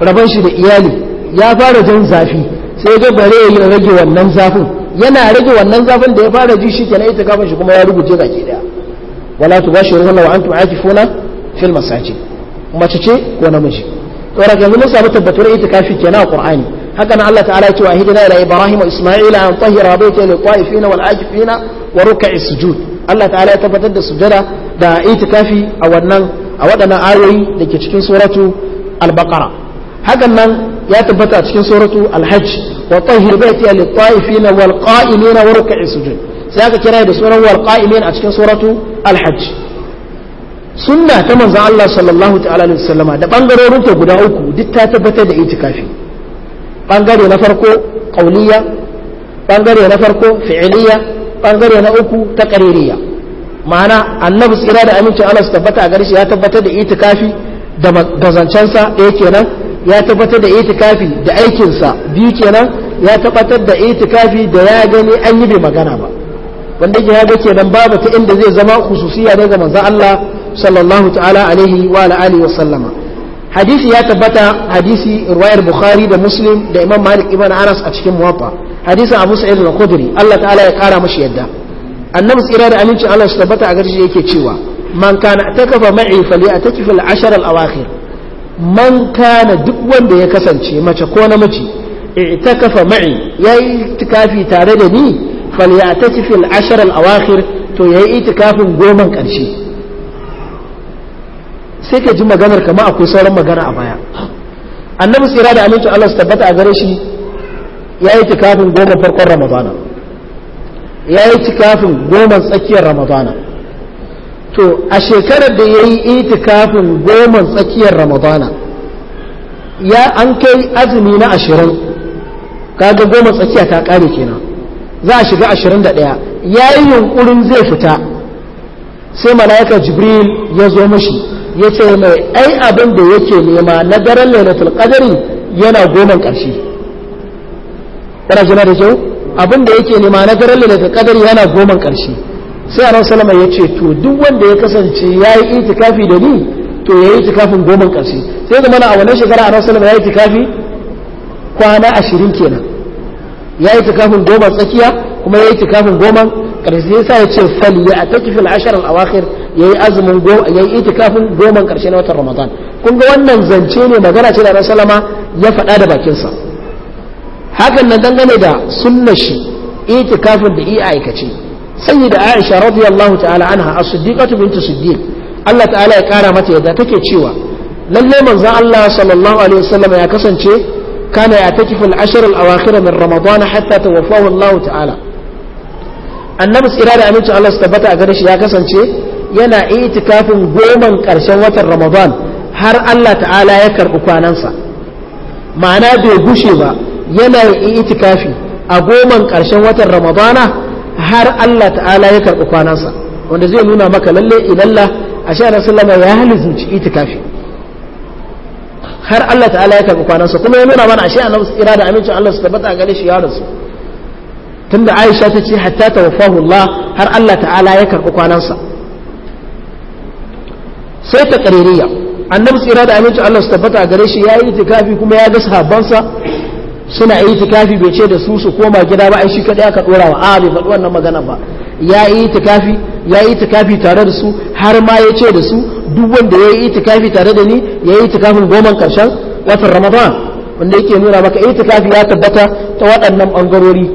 rabon shi da iyali ya fara jan zafi sai ga bare ya rage wannan zafin yana rage wannan zafin da ya fara ji shi kenan ita kafin shi kuma ya rubuce baki daya wala na wa antum aakifuna fil masajid mace ce ko namiji to raka yanzu mun samu ita itikafi kenan a qur'ani haka nan Allah ta'ala ce wa hidina ila ibrahim wa isma'il an tahira bayta lil qa'ifina wal aakifina wa ruk'i sujud Allah ta'ala ya tabbatar da sujada da itikafi a wannan a waɗannan ayoyi da ke cikin suratu al-baqara hakan nan ya tabbata a cikin suratu alhajj wa tahir baiti lil ta'ifin wal qa'imin wa ruk'i sujud sai aka kira da sunan wal qa'imin a cikin suratu alhajj sunna ta manzon Allah sallallahu ta'ala alaihi wasallama da bangarorin ta guda uku duk ta tabbatar da itikafi bangare na farko qauliya bangare na farko fi'iliya bangare na uku ta qaririya ma'ana annabi tsira da aminci Allah su tabbata a gare shi ya tabbatar da itikafi da zancensa daya kenan ya tabbatar da itikafi da aikinsa biyu kenan ya tabbatar da itikafi da ya gani an yi bai magana ba wanda ya ga kenan babu ta inda zai zama khususiya ne ga manzon Allah sallallahu ta'ala alaihi wa alihi wa sallama hadisi ya tabbata hadisi riwayar bukhari da muslim da imam malik ibn anas a cikin muwaffa hadisin abu sa'id al-khudri Allah ta'ala ya kara mashi yadda annabi tsira da amincin Allah su tabbata a garshe yake cewa man kana takafa ma'i fali atakifa al-ashar al-awakhir man kana duk wanda ya kasance mace ko namiji i'takafa ma'i yayi itikafi tare da ni falyatati fil ashr al awakhir to yayi itikafin goman karshe sai ka ji maganar kamar akwai sauran magana a baya annabi tsira da amincin Allah su tabbata a gare shi yayi itikafin goma farkon ramadana yayi itikafin goma tsakiyar ramadana to a shekarar da ya yi itikafin goma tsakiyar ramadana ya an kai azumi na ashirin kaga goma tsakiya ta kare kenan za a shiga ashirin da ɗaya ya yi yunkurin zai fita sai mala'ika jibril ya zo mashi ya ce mai ai abin da yake nema na daren lailatul qadari yana goman ƙarshe kana jina da kyau abin da yake nema na daren lailatul qadari yana goman ƙarshe sai a salama ya ce to duk wanda ya kasance ya yi itikafi da ni to ya yi itikafin goma ƙarshe sai da mana a wannan shekara a salama ya yi itikafi kwana ashirin kenan ya yi itikafin goma tsakiya kuma ya yi itikafin goman ƙarshe sa ya ce fal ya ataki fil ashar a awakhir ya yi azumin goma ya yi itikafin goman ƙarshe na watan ramadan kun ga wannan zance ne magana ce da salama ya faɗa da bakinsa hakan na dangane da sunnar shi itikafin da iya aikace sayyida aisha radiyallahu ta'ala anha as-siddiqatu bintu siddiq Allah ta'ala ya kara mata yadda take cewa lalle manzon Allah sallallahu alaihi wasallam ya kasance kana ya takifu al-ashr al-awakhir min ramadan hatta tawaffahu Allah ta'ala annabi tsira da aminci Allah su tabbata a gare shi ya kasance yana itikafin goman karshen watan ramadan har Allah ta'ala ya karbi kwanansa ma'ana bai gushe ba yana itikafi a goman karshen watan ramadana har Allah ta'ala ya karɓi kwanansa wanda zai nuna maka lalle ilalla a sha sallama ya halizinci itikafi har Allah ta'ala ya karɓi kwanansa kuma ya nuna mana a sha annabi tsira da amincin Allah su tabbata a gare shi ya rasu tunda Aisha ta ce hatta tawaffahu Allah har Allah ta'ala ya karɓi kwanansa sai ta kaririya annabi tsira da amincin Allah su tabbata a gare shi ya yi itikafi kuma ya ga sahabbansa suna itikafi bai ce da su su koma gida ba ai shi kadai aka dora wa a bai faɗi wannan magana ba ya yi tikafi ya yi itikafi tare da su har ma ya ce da su duk wanda ya yi tikafi tare da ni ya yi itikafin goma karshen watan ramadan wanda yake nuna maka itikafi ya tabbata ta waɗannan bangarori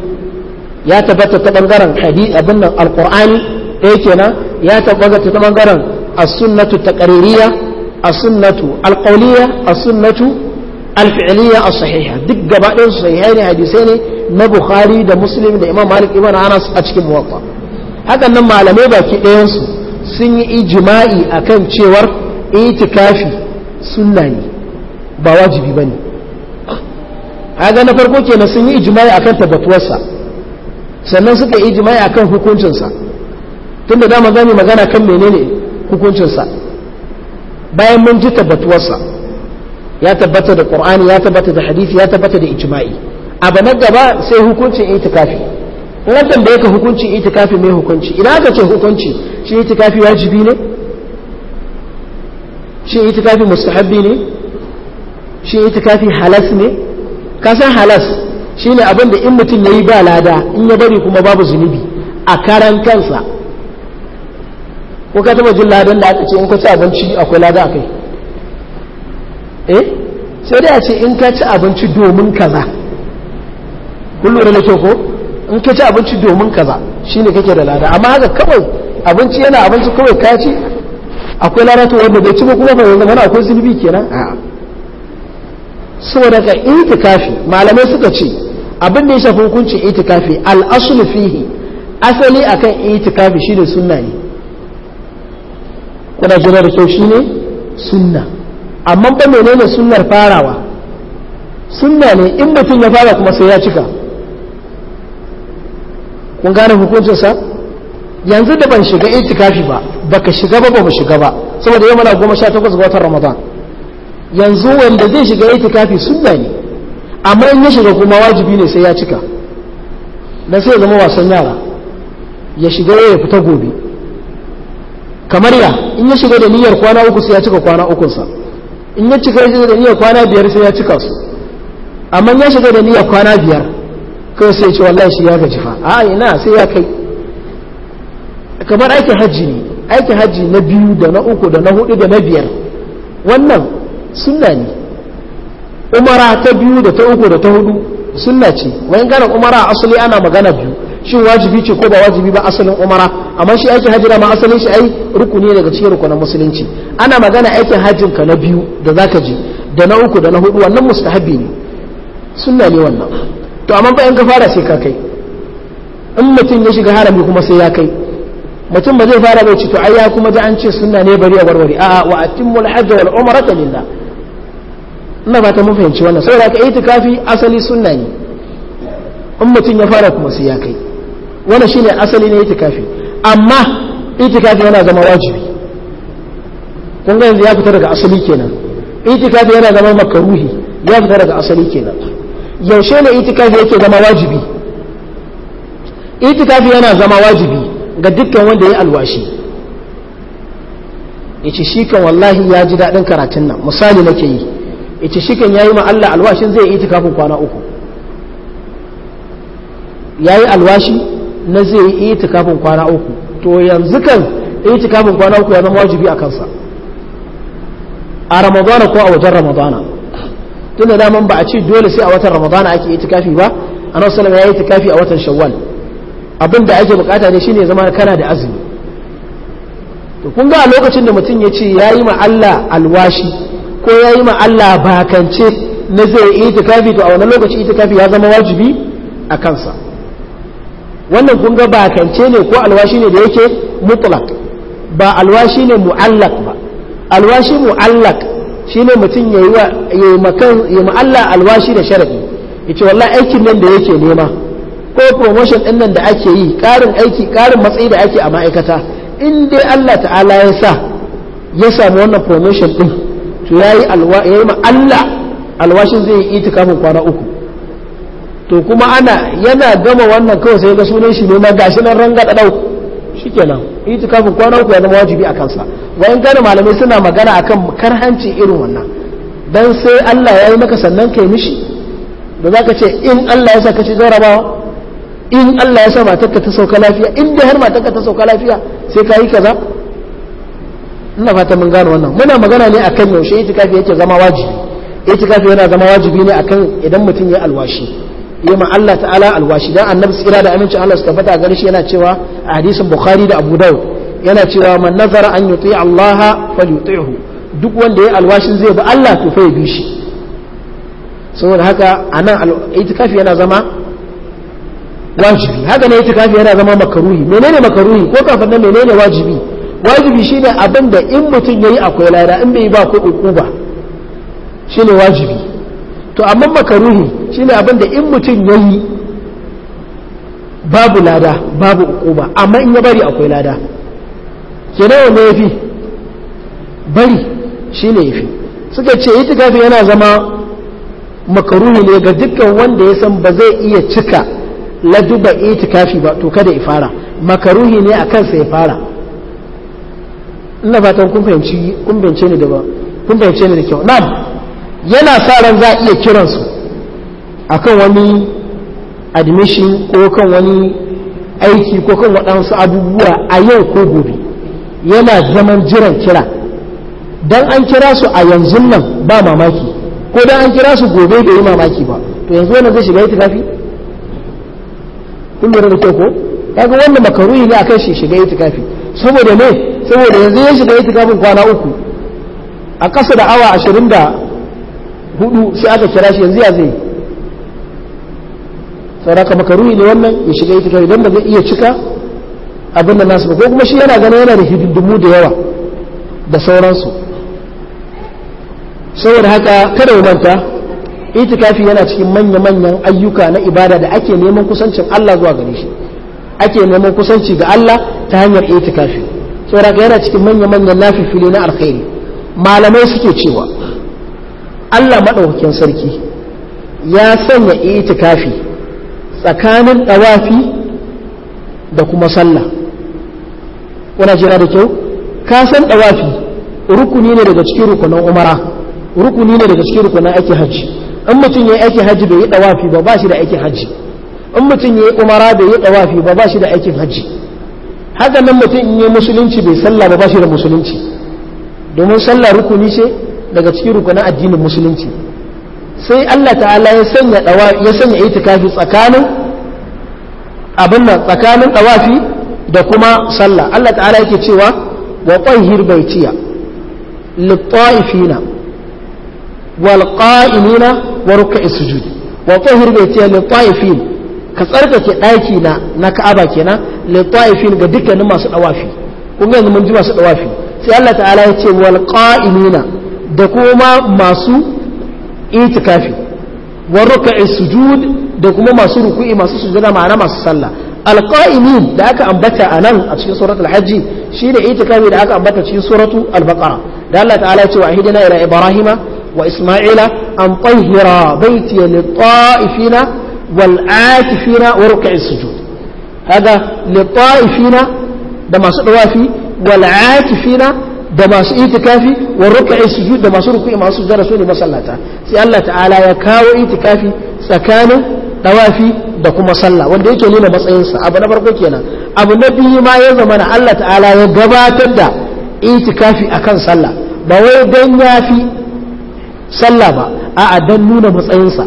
ya tabbata ta bangaren hadith abin nan alƙur'ani ɗaya kenan ya tabbata ta bangaren as-sunnatu taqririyya as-sunnatu alqawliyya as-sunnatu alfi'liya a sahiha duk gaba ɗayan su sahihai ne hadisai ne na bukhari da muslim da imam malik ibn anas a cikin muwatta hakan nan malamai baki ɗayansu su sun yi ijma'i akan cewar itikafi sunna ba wajibi bane haga na farko kenan sun yi ijma'i akan tabbatuwarsa sannan suka yi jima'i akan hukuncinsa tunda dama zamu magana kan menene hukuncinsa bayan mun ji tabbatuwarsa ya tabbata da qur'ani ya tabbata da hadisi ya tabbata da ijma'i abu na gaba sai hukuncin itikafi in an tambaye ka hukuncin itikafi mai hukunci ina aka ce hukunci shi itikafi wajibi ne shi itikafi mustahabbi ne shi itikafi halas ne ka san halas shine abin da in mutum yayi ba lada in ya bari kuma babu zunubi a karan kansa ko ka taba jin ladan da aka ce in ka ci abinci akwai lada a kai eh sai dai a ce in ka ci abinci domin kaza kun lura da kyau ko in ka ci abinci domin kaza shine kake da lada amma haka kawai abinci yana abinci kawai ka ci akwai lada to wanda bai ci ba kuma bai zama akwai zunubi kenan a'a saboda ka itikafi malamai suka ce abin da ya shafi hukuncin itikafi kafi aslu fihi asali akan itikafi shine sunna ne kuna jira da kyau shine sunna amma ba menene sunnar farawa sunna ne in mutum ya fara kuma sai ya cika kun gane hukuncinsa yanzu da ban shiga itikafi ba baka shiga ba ba shiga ba saboda yau mana goma sha takwas ga watan ramadan yanzu wanda zai shiga itikafi sunna ne amma in ya shiga kuma wajibi ne sai ya cika dan sai ya zama wasan yara ya shiga ya fita gobe kamar ya in ya shiga da niyyar kwana uku sai ya cika kwana ukunsa in ya cika shi da niyyar kwana biyar sai ya cika su amma ya shiga da niyyar kwana biyar kawai sai ce wallahi shi ya gaji fa a ina sai ya kai kamar aikin hajji ne aikin hajji na biyu da na uku da na hudu da na biyar wannan sunna ne umara ta biyu da ta uku da ta hudu sunna ce wayan ganin umara asali ana magana biyu shin wajibi ce ko ba wajibi ba asalin umara amma shi aikin hajji ma asalin shi ai rukuni daga cikin rukunin musulunci ana magana aikin hajjin ka na biyu da zaka je da na uku da na hudu wannan mustahabi ne sunna ne wannan to amma fa in ka fara sai ka kai in mutum ya shiga harami kuma sai ya kai mutum ba zai fara bai ci to ai ya kuma ji an ce sunna ne bari a warware a'a wa atimmul hajj wal umrata lillah ina ba ta mun fahimci wannan saboda ka itikafi asali sunna ne in mutum ya fara kuma sai ya kai Wani shine asali ne itikafi amma itikafi yana zama wajibi kun ga yanzu ya fita daga asali kenan itikafi yana zama makaruhi ya fita daga asali kenan yaushe ne itikafi yake zama wajibi itikafi yana zama wajibi ga dukkan wanda ya alwashi Ita shi kan wallahi ya ji daɗin karatun nan misali nake yi ita shi kan ya ma Allah alwashin zai yi itikafin kwana uku ya yi alwashi na zai yi itikafin kwana uku to yanzu kan itikafin kwana uku ya zama wajibi a kansa a ramadana ko a wajen ramadana tun da daman ba a ce dole sai a watan ramadana ake itikafi ba A nan salama ya yi itikafi a watan shawwal Abinda ake bukata ne shine zama kana da azumi to kun ga a lokacin da mutum ya ce yayi ma Allah alwashi ko yayi ma Allah bakance na zai yi itikafi to a wani lokaci itikafi ya zama wajibi a kansa wannan kun ga bakance ne ko alwashi ne da yake mutlak ba alwashi ne mu'allak ba alwashi mu'allak shine mutum ya yi makan ya mu'alla alwashi da sharadi yace wallahi aikin nan da yake nema ko promotion din nan da ake yi karin aiki karin matsayi da ake a ma'aikata in dai Allah ta'ala ya sa ya samu wannan promotion din to yayi alwa yayi mu'alla alwashin zai yi itikafin kwana uku to kuma ana yana gama wannan kawai sai ga sunan shi ne gashi nan ranga da dau shikenan itikafin kwana uku ya zama wajibi a kansa wayan gane malamai suna magana akan karhanci irin wannan dan sai Allah ya yi maka sannan kai mishi da zaka ce in Allah ya sa kace jarabawa in Allah ya sa matarka ta sauka lafiya in dai har matarka ta sauka lafiya sai ka yi kaza ina fata mun gano wannan muna magana ne akan yaushe itikafi yake zama wajibi itikafi yana zama wajibi ne akan idan mutum ya alwashi yi ma Allah ta'ala alwashi dan annabi tsira da aminci Allah su fata gare shi yana cewa a hadisin bukhari da abu daud yana cewa man nazara an yuti Allah yuti'hu duk wanda ya alwashin zai bi Allah to fa ya bi shi saboda haka anan itikafi yana zama wajibi haka ne itikafi yana zama makaruhi menene makaruhi ko kafin nan menene wajibi wajibi shine abin da in mutum yayi akwai lada in bai ba ko ukuba shine wajibi to amma makaruhi shine abin da in mutum yayi babu lada babu ukuba amma in ya bari akwai lada ke wanda ya fi bari shine ya suka ce itikafi yana zama makaruhi ne ga dukkan wanda ya san ba zai iya cika laduba itikafi ba to kada ya fara makaruhi ne a kansa ya fara ina fatan kun fahimci kun ni da ba kun ni da kyau na'am yana sa ran za a iya kiransu a kan wani admission ko kan wani aiki ko kan waɗansu abubuwa a yau ko gobe yana zaman jiran kira don an kira su a yanzu nan ba mamaki ko don an kira su gobe da yi mamaki ba to yanzu wannan zai shiga yi tukafi? kun lura da ko kaga wannan makaruhi ne akan shi shiga yi tukafi saboda ne saboda yanzu ya shiga yi tukafin kwana uku a ƙasa da awa ashirin da hudu sai aka kira shi yanzu ya zai sauraka makaruni ne wannan ya shiga ita kai don ba zai iya cika abin da nasu ba ko kuma shi yana gano yana da hidindimu da yawa da sauransu saboda haka kada manta itikafi yana cikin manya-manyan ayyuka na ibada da ake neman kusancin Allah zuwa gare shi ake neman kusanci ga Allah ta hanyar itikafi saboda haka yana cikin manya-manyan lafifili na alkhairi malamai suke cewa Allah maɗaukakin sarki ya sanya itikafi tsakanin ɗawafi da kuma sallah wana jira da kyau ka san ɗawafi rukuni ne daga cikin rukunan umara rukuni ne daga cikin rukunan ake hajji in mutum ya yi aikin hajji bai yi ɗawafi ba ba shi da aikin hajji in mutum ya yi umara bai yi ɗawafi ba ba shi da aikin hajji haka nan mutum in yi musulunci bai sallah ba ba shi da musulunci domin sallah rukuni ce daga cikin rukunin addinin musulunci sai Allah ta'ala ya sanya dawa ya sanya itikafi tsakanin abin nan tsakanin dawafi da kuma sallah Allah ta'ala yake cewa wa qahhir baitiya lit-ta'ifina wal qa'imina wa ruk'i sujud wa qahhir baitiya lit-ta'ifin ka tsarkake daki na na Ka'aba kenan lit-ta'ifin ga dukkanin masu dawafi kun ga mun ji masu dawafi sai Allah ta'ala ya ce wal qa'imina da kuma masu itikafi wa ruk'i sujud da kuma masu ruku'i masu sujada ma'ana masu sallah alqa'imin da aka ambata anan a cikin suratul hajji shine itikafi da aka ambata cikin suratul al-baqara da Allah ta'ala ya ce wa ahidina ila ibrahima wa isma'ila an tahira baiti lit-ta'ifina wal-aakifina wa ruk'i sujud hada lit-ta'ifina da masu dawafi wal-aakifina da masu itikafi wa ruk'i sujud da masu ruku'i masu sujjada su ne masallata sai Allah ta'ala ya kawo itikafi tsakanin dawafi da kuma sallah wanda yake nuna matsayin sa abu na farko kenan abu na biyu ma ya zama na Allah ta'ala ya gabatar da itikafi akan sallah ba wai dan yafi sallah ba a'a dan nuna matsayin sa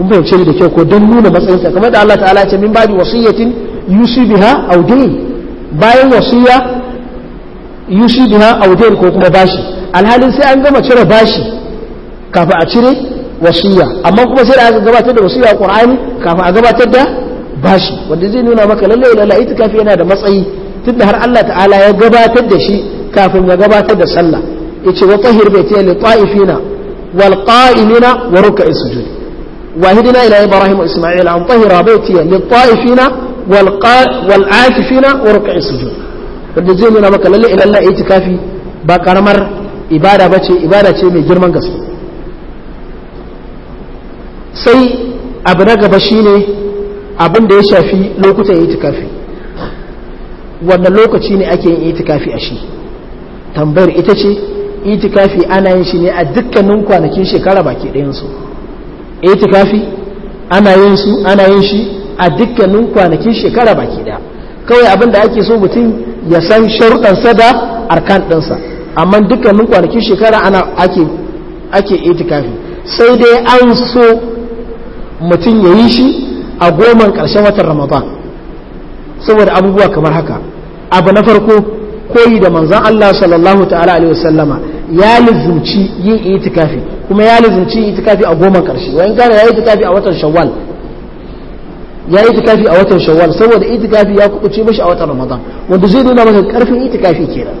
kun da kyau ko dan nuna matsayin sa kamar da Allah ta'ala ya ce min ba'di wasiyatin yusi biha aw bayan wasiya yushi biha audain ko kuma bashi alhalin sai an gama cire bashi kafin a cire wasiya amma kuma sai da aka gabatar da wasiya kur'ani kafin a gabatar da bashi wanda zai nuna maka lalle lalle itikafi yana da matsayi tunda har Allah ta'ala ya gabatar da shi kafin ya gabatar da sallah yace wa tahir baiti li ta'ifina wal qa'imina wa ruk'is sujud واهدنا إلى إبراهيم وإسماعيل أن طهر بيتي للطائفين والقا... والعاكفين وركع السجود wanda zai nuna maka lalle idan Allah itikafi ba karamar ibada bace ibada ce mai girman gaske sai abu na gaba shine abin da ya shafi lokutan itikafi wanda lokaci ne ake yin itikafi a shi tambayar ita ce itikafi ana yin shi ne a dukkanin kwanakin shekara baki ɗayansu itikafi ana yin su ana yin shi a dukkanin kwanakin shekara baki ɗaya kawai abin da ake so mutum ya san sharuɗansa da arkan ɗinsa amma dukkanin kwanakin shekara ana ake ake itikafi sai dai an so mutum ya yi shi a goman ƙarshen watan ramadan saboda abubuwa kamar haka abu na farko koyi da manzan Allah sallallahu ta'ala alaihi wasallama ya lizumci yin itikafi kuma ya lizumci itikafi a goman ƙarshe wayan kana ya yi itikafi a watan shawwal ya yi itikafi a watan shawwal saboda itikafi ya kuɓuce mashi a watan ramadan wanda zai nuna maka karfin itikafi kenan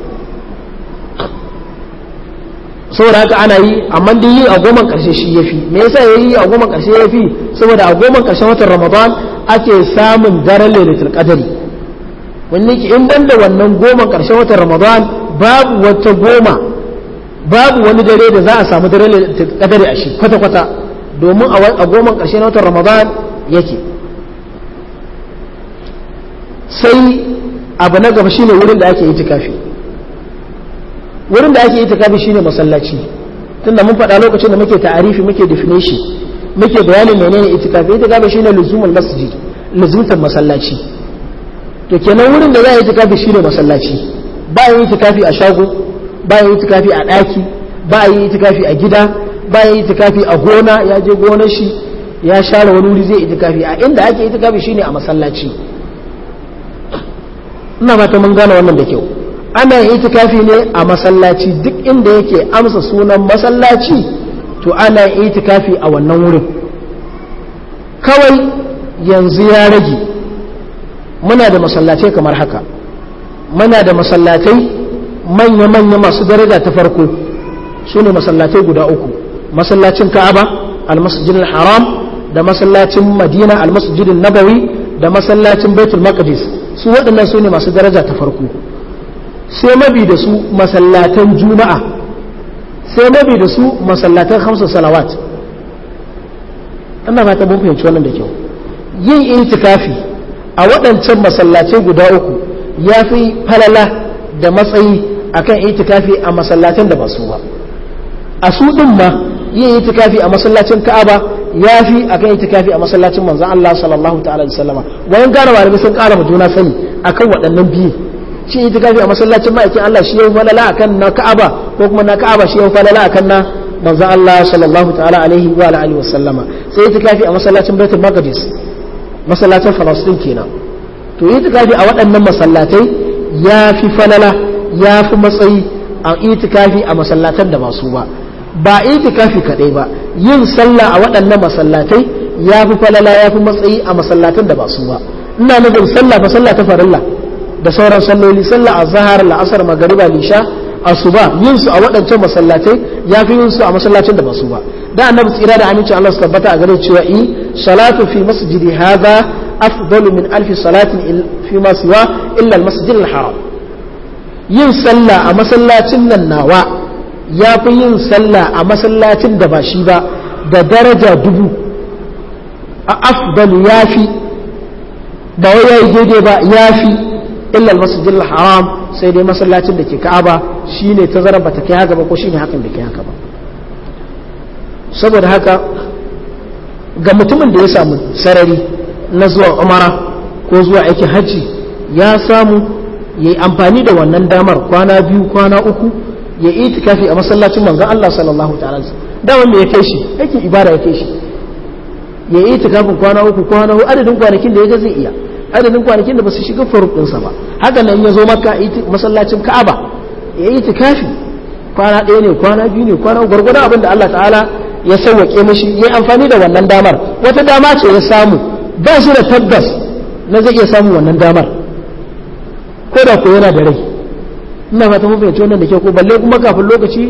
saboda haka ana yi amma dai yi a goma karshe shi yafi me yasa yayi a goma karshe yafi saboda a goma karshen watan ramadan ake samun daren lailatul qadari wanne ki in banda wannan goma karshen watan ramadan babu wata goma babu wani dare da za a samu daren lailatul qadari a shi kwata kwata domin a goma karshe na watan ramadan yake sai abu na gaba shine wurin da ake kafi wurin da ake itikafi shine masallaci tunda mun faɗa lokacin da muke ta'arifi muke definition muke bayanin menene itikafi itikafi shine luzumul masjid luzumtar masallaci to kenan wurin da za a yi itikafi shine masallaci ba a yi kafi a shago ba a yi kafi a ɗaki ba a yi kafi a gida ba a yi kafi a gona ya je gonar shi ya share wani wuri zai itikafi a inda ake itikafi shine a masallaci ina ba mun gane wannan da kyau ana itikafi ne a masallaci duk inda yake amsa sunan masallaci to ana itikafi a wannan wurin kawai yanzu ya rage muna da masallatai kamar haka muna da masallatai manya-manya masu daraja ta farko su ne masallatai guda uku masallacin ka'aba almasjidin haram da masallacin madina almasjidin nabawi da masallacin baitul maqdis su waɗannan su ne masu daraja ta farko sai mabi da su masallatan juma'a sai mabi da su masallatan hamsin salawat ana fata mun fahimci wannan da kyau yin intikafi a waɗancan masallatai guda uku ya fi falala da matsayi akan itikafi a masallatan da ba su ba a su ɗin ma yin itikafi a masallacin Ka'aba ya fi a kan akan itikafi a masallacin manzon Allah sallallahu ta'ala alaihi wasallama wayan gane malami sun ƙara ma juna sani a kan waɗannan biyu shi itikafi a masallacin ma'aikin Allah shi ya yayin falala a kan na Ka'aba ko kuma na Ka'aba shi ya yayin falala a kan na manzon Allah sallallahu ta'ala alaihi wa alihi wasallama sai itikafi a masallacin Baitul Maqdis masallacin Falastin kenan to itikafi a waɗannan masallatai ya fi falala ya fi matsayi a itikafi a masallatan da ba su ba ba itikafi kaɗai ba yin sallah a waɗannan masallatai ya fi falala ya fi matsayi a masallatan da ba su ba ina nufin sallah fa sallah ta farilla da sauran salloli sallah a zahar la'asar magariba lisha asuba yin su a waɗancan masallatai ya fi yin su a masallacin da ba su ba da annabi tsira da aminci Allah su tabbata a gare cewa i salatu fi masjidi hadha afdalu min alfi salatin fi ma siwa illa al-masjid al-haram yin sallah a masallacin nan nawa ya fi yin sallah a masallacin da ba shi ba da daraja dubu a afdal ya fi ba wai yayi daidai ba ya fi illa masjidil haram sai dai masallacin da ke ka'aba shine tazara ba ta kai haka ba ko shine hakan da ke haka ba saboda haka ga mutumin da ya samu sarari na zuwa umara ko zuwa aikin hajji ya samu ya yi amfani da wannan damar kwana biyu kwana uku ya itikafi a masallacin manzon Allah sallallahu ta'ala da wanda ya kai shi yake ibada ya kai shi ya yi itikafin kwana uku kwana uku adadin kwanakin da ya ga zai iya adadin kwanakin da ba su shiga faruƙinsa ba haka nan ya zo maka masallacin ka'aba ya yi itikafi kwana ɗaya ne kwana biyu ne kwana gwargwadon abin da Allah ta'ala ya sauwaƙe mashi ya yi amfani da wannan damar wata dama ce ya samu ba su da tabbas na zai iya samun wannan damar ko da ko yana da rai ina fata mun fahimci wannan da ke ko balle kuma kafin lokaci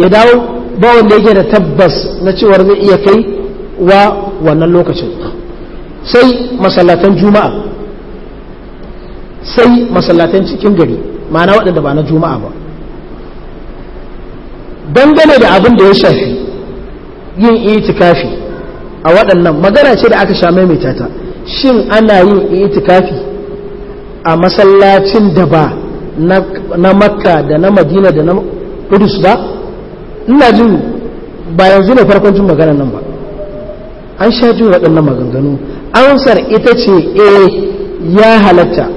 ya dawo ba wanda yake da tabbas na cewar zai iya kai wa wannan lokacin sai masallatan juma'a sai masallatan cikin gari ma'ana waɗanda ba na juma'a ba dangane da abin da ya shafi yin itikafi a waɗannan magana ce da aka sha maimaita ta shin ana yin itikafi a masallacin da ba na makka da na madina da na kudus ba ina jin ba yanzu ne farkon jin magana nan ba an sha jin waɗannan maganganu ansar ita ce eh ya halatta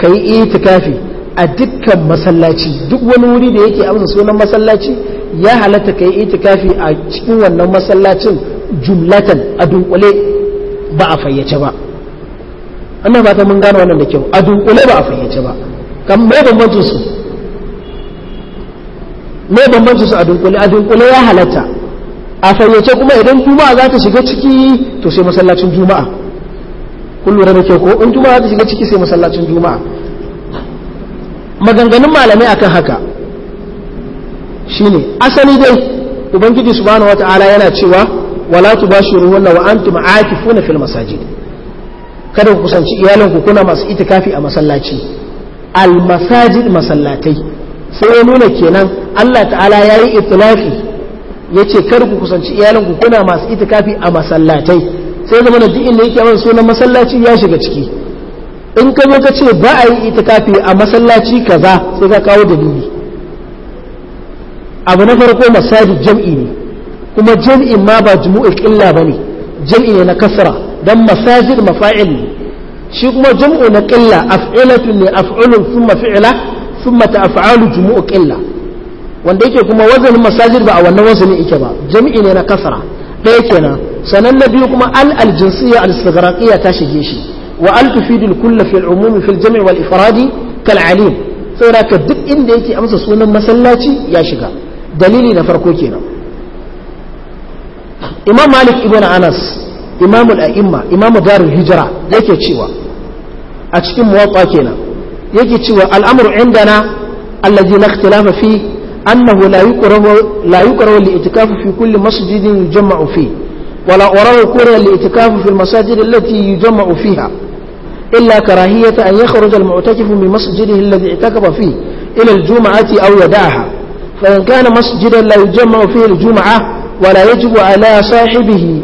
ka yi itikafi a dukkan masallaci duk wani wuri da yake amsa sunan masallaci ya halatta ka yi itikafi a cikin wannan masallacin jumlatan a dunkule ba a fayyace ba annan ba ta mun gano wannan da kyau a dunkule ba a fayyace ba kan mai bambancin su a dunkule a dunkule ya halatta a fayyace kuma idan juma'a za ta shiga ciki to sai masallacin juma'a kun da kyau ko in juma'a za ta shiga ciki sai masallacin juma'a maganganun malamai akan haka shine asali dai ubangiji subhanahu wata'ala yana cewa wala na wa antum aakifuna fil masajid kada ku kusanci iyalinku kuna masu itikafi a masallaci almasajid masallatai sai ya nuna kenan Allah ta'ala ya yi itilafi ya ce kar ku kusanci iyalinku kuna masu itikafi a masallatai sai zama da duk inda yake wani sunan masallaci ya shiga ciki in ka zo ka ce ba a yi itikafi a masallaci kaza sai ka kawo dalili abu na farko masajid jam'i ne kuma jam'in ma ba jumu'ul illa bane jam'i ne na kasra don masajid mafa'il ne shi kuma jam'u na qilla af'ilatun ne af'ulun thumma fi'la a ta'falu jumu'u qilla wanda yake kuma wazanin masajir ba a wannan wazanin yake ba jam'i ne na kasara ɗaya kenan sanan na biyu kuma al aljinsiyya al-istighraqiyya ta shige shi wa al tufidul kulla fil jam'i wal ifradi kal alim saboda ka duk inda yake amsa sunan masallaci ya shiga dalili na farko kenan imam malik ibn anas إمام الأئمة إمام دار الهجرة يكي تشوى أتشكي موطا كينا يكي تشوى الأمر عندنا الذي لا اختلاف فيه أنه لا يكره لا يكره الاعتكاف في كل مسجد يجمع فيه ولا أراه كره الاعتكاف في المساجد التي يجمع فيها إلا كراهية أن يخرج المعتكف من مسجده الذي اعتكف فيه إلى الجمعة أو يداها فإن كان مسجدا لا يجمع فيه الجمعة ولا يجب على صاحبه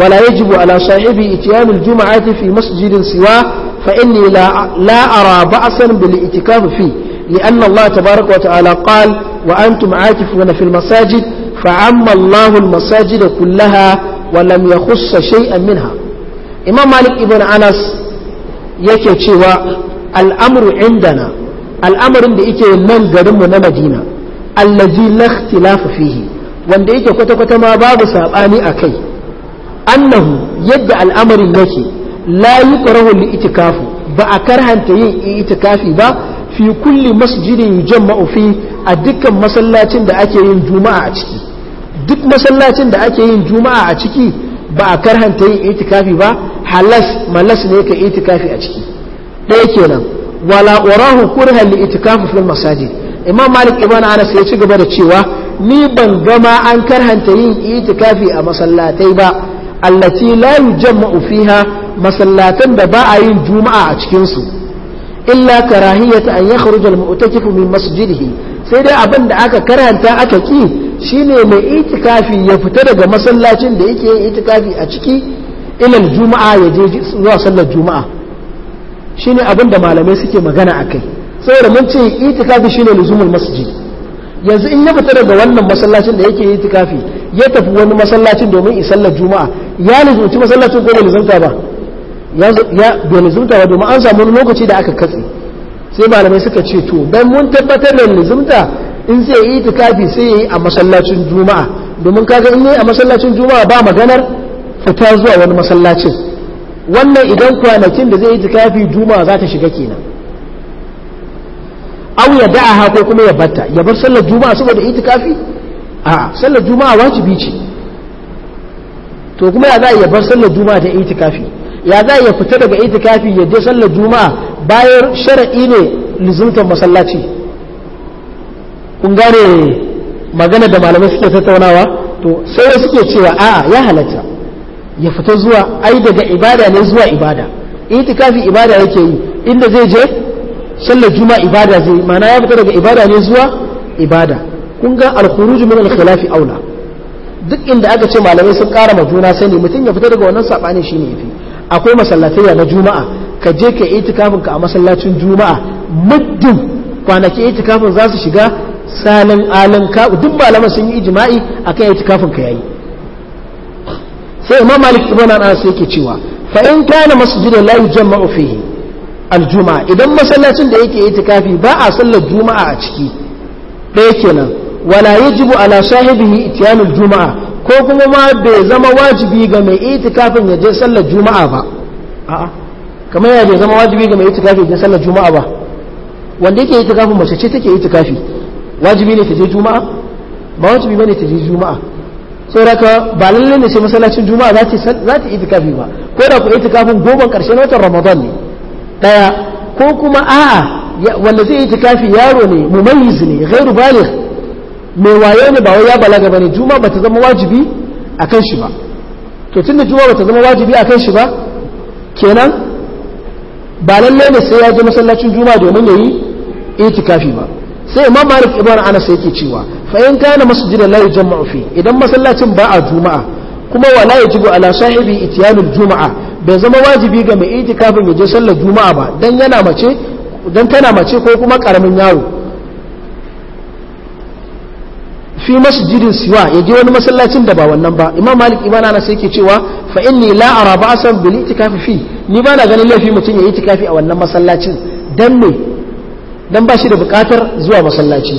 ولا يجب على صاحبي إتيان الجمعة في مسجد سواه فإني لا, لا أرى بأسا بالاعتكاف فيه لأن الله تبارك وتعالى قال وأنتم عاكفون في المساجد فعم الله المساجد كلها ولم يخص شيئا منها إمام مالك ابن أنس يكتشف الأمر عندنا الأمر عند إيكي من قرم مدينة الذي لا اختلاف فيه وان إيكي كتكت ما باب سابقاني أكي annahu yadda al'amarin yake la yuqrahu li itikafu ba a karhanta yin itikafi ba fi kulli masjidin yujamma'u a dukkan masallacin da ake yin juma'a a ciki duk masallacin da ake yin juma'a a ciki ba a karhanta yin itikafi ba halas malas ne ka itikafi a ciki ɗaya kenan wala urahu kurhan li itikafi fil masajid imam malik ibn anas ya ci gaba da cewa ni ban gama an karhanta yin itikafi a masallatai ba allati la yujma'u fiha masallatan da ba a yin juma'a a cikin su illa karahiyata an yakhruja al-mu'takifu min masjidihi sai dai abin da aka karanta aka ki shine mai itikafi ya fita daga masallacin da yake yin itikafi a ciki ilal juma'a ya je zuwa sallar juma'a shine abin da malamai suke magana akai saboda mun ce itikafi shine luzumul masjid yanzu in ya fita daga wannan masallacin da yake tikafi ya tafi wani masallacin domin isallar juma'a ya lizunci masallacin ko bai lizunta ba ya bai lizunta ba domin an samu lokaci da aka katse sai malamai suka ce to dan mun tabbatar da lizunta in zai yi tikafi sai ya yi a masallacin juma'a domin kaga in yi a masallacin juma'a ba maganar fita zuwa wani masallacin wannan idan kwanakin da zai yi tikafi juma'a za ta shiga kenan au ya da'aha ko kuma ya batta ya bar sallar juma'a saboda itikafi a sallar juma'a wajibi ce to kuma ya za ya bar sallar juma'a da itikafi ya za ya fita daga itikafi ya je sallar juma'a bayan shara'i ne lizumtar masallaci kun gane magana da malamai suke tattaunawa to sai suke cewa a'a ya halatta ya fita zuwa ai daga ibada ne zuwa ibada itikafi ibada yake yi inda zai je sallar juma ibada zai mana ya fita daga ibada ne zuwa ibada kun ga al min al aula duk inda aka ce malamai sun ƙara ma juna sani mutum ya fita daga wannan sabani shine yafi akwai masallatai na juma'a ka je ka itikafin ka a masallacin juma'a muddin kwanaki itikafin za su shiga salin alin ka duk malaman sun yi ijma'i akan itikafin ka yayi sai imam malik ibn anas yake cewa fa in kana masjidan la yujma'u fihi aljuma idan masallacin da yake itikafi ba a sallar juma'a a ciki ɗaya kenan wala yajibu ala sahibihi itiyanul juma'a ko kuma ma bai zama wajibi ga mai itikafin ya je sallar juma'a ba a'a kamar ya bai zama wajibi ga mai itikafi ya je sallar juma'a ba wanda yake itikafin mace ce take itikafi wajibi ne ta je juma'a ba wajibi bane ta je juma'a sauraka ba lallai ne sai masallacin juma'a za ta itikafi ba ko da ku itikafin goma karshen watan ramadan ne ɗaya ko kuma a'a wanda zai yi tikafi yaro ne mummayiz ne gairu bali mai waye ne ba wai ya balaga bane juma bata zama wajibi akan shi ba to tunda juma bata zama wajibi akan shi ba kenan ba lalle ne sai ya je masallacin juma domin yayi itikafi ba sai imam malik ibn anas yake cewa fa in kana masjidan la yajma'u fi idan masallacin ba a juma'a kuma wala yajibu ala sahibi ityanul juma'a bai zama wajibi ga mai itikafin ya je sallar juma'a ba dan yana mace dan tana mace ko kuma karamin yaro fi masjidin siwa ya je wani masallacin da ba wannan ba imam malik na sai yake cewa fa inni la ara ba'san bil itikafi fi ni ba na ganin laifi mutum ya itikafi a wannan masallacin dan me dan ba shi da bukatar zuwa masallaci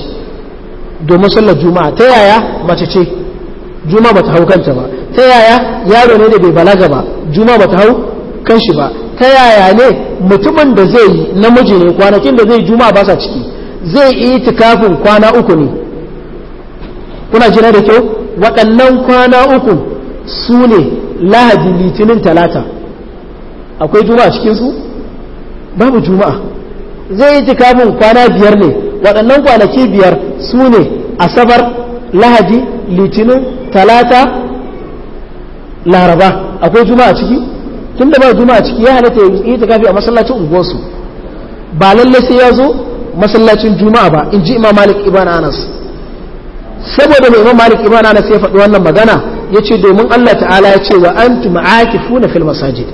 domin sallar juma'a ta yaya mace ce juma'a bata hau kanta ba ta yaya yaro ne da bai balaga ba juma ba ta hau kan shi ba ta yaya ne mutumin da zai yi namiji ne kwanakin da zai juma ba sa ciki zai yi tukafin kwana uku ne kuna jira da kyau waɗannan kwana uku su ne lahadi litinin talata akwai juma'a cikinsu babu juma'a zai yi tukafin kwana biyar ne waɗannan kwanaki biyar su ne asabar lahadi litinin talata laraba akwai juma'a ciki tun da ba juma'a ciki ya halatta ya yi kafi a masallacin unguwarsu ba lalle sai ya zo masallacin juma'a ba in ji imam malik ibn anas saboda mai imam malik ibn anas ya faɗi wannan magana ya ce domin allah ta'ala ya ce wa antum aakifuna fil masajid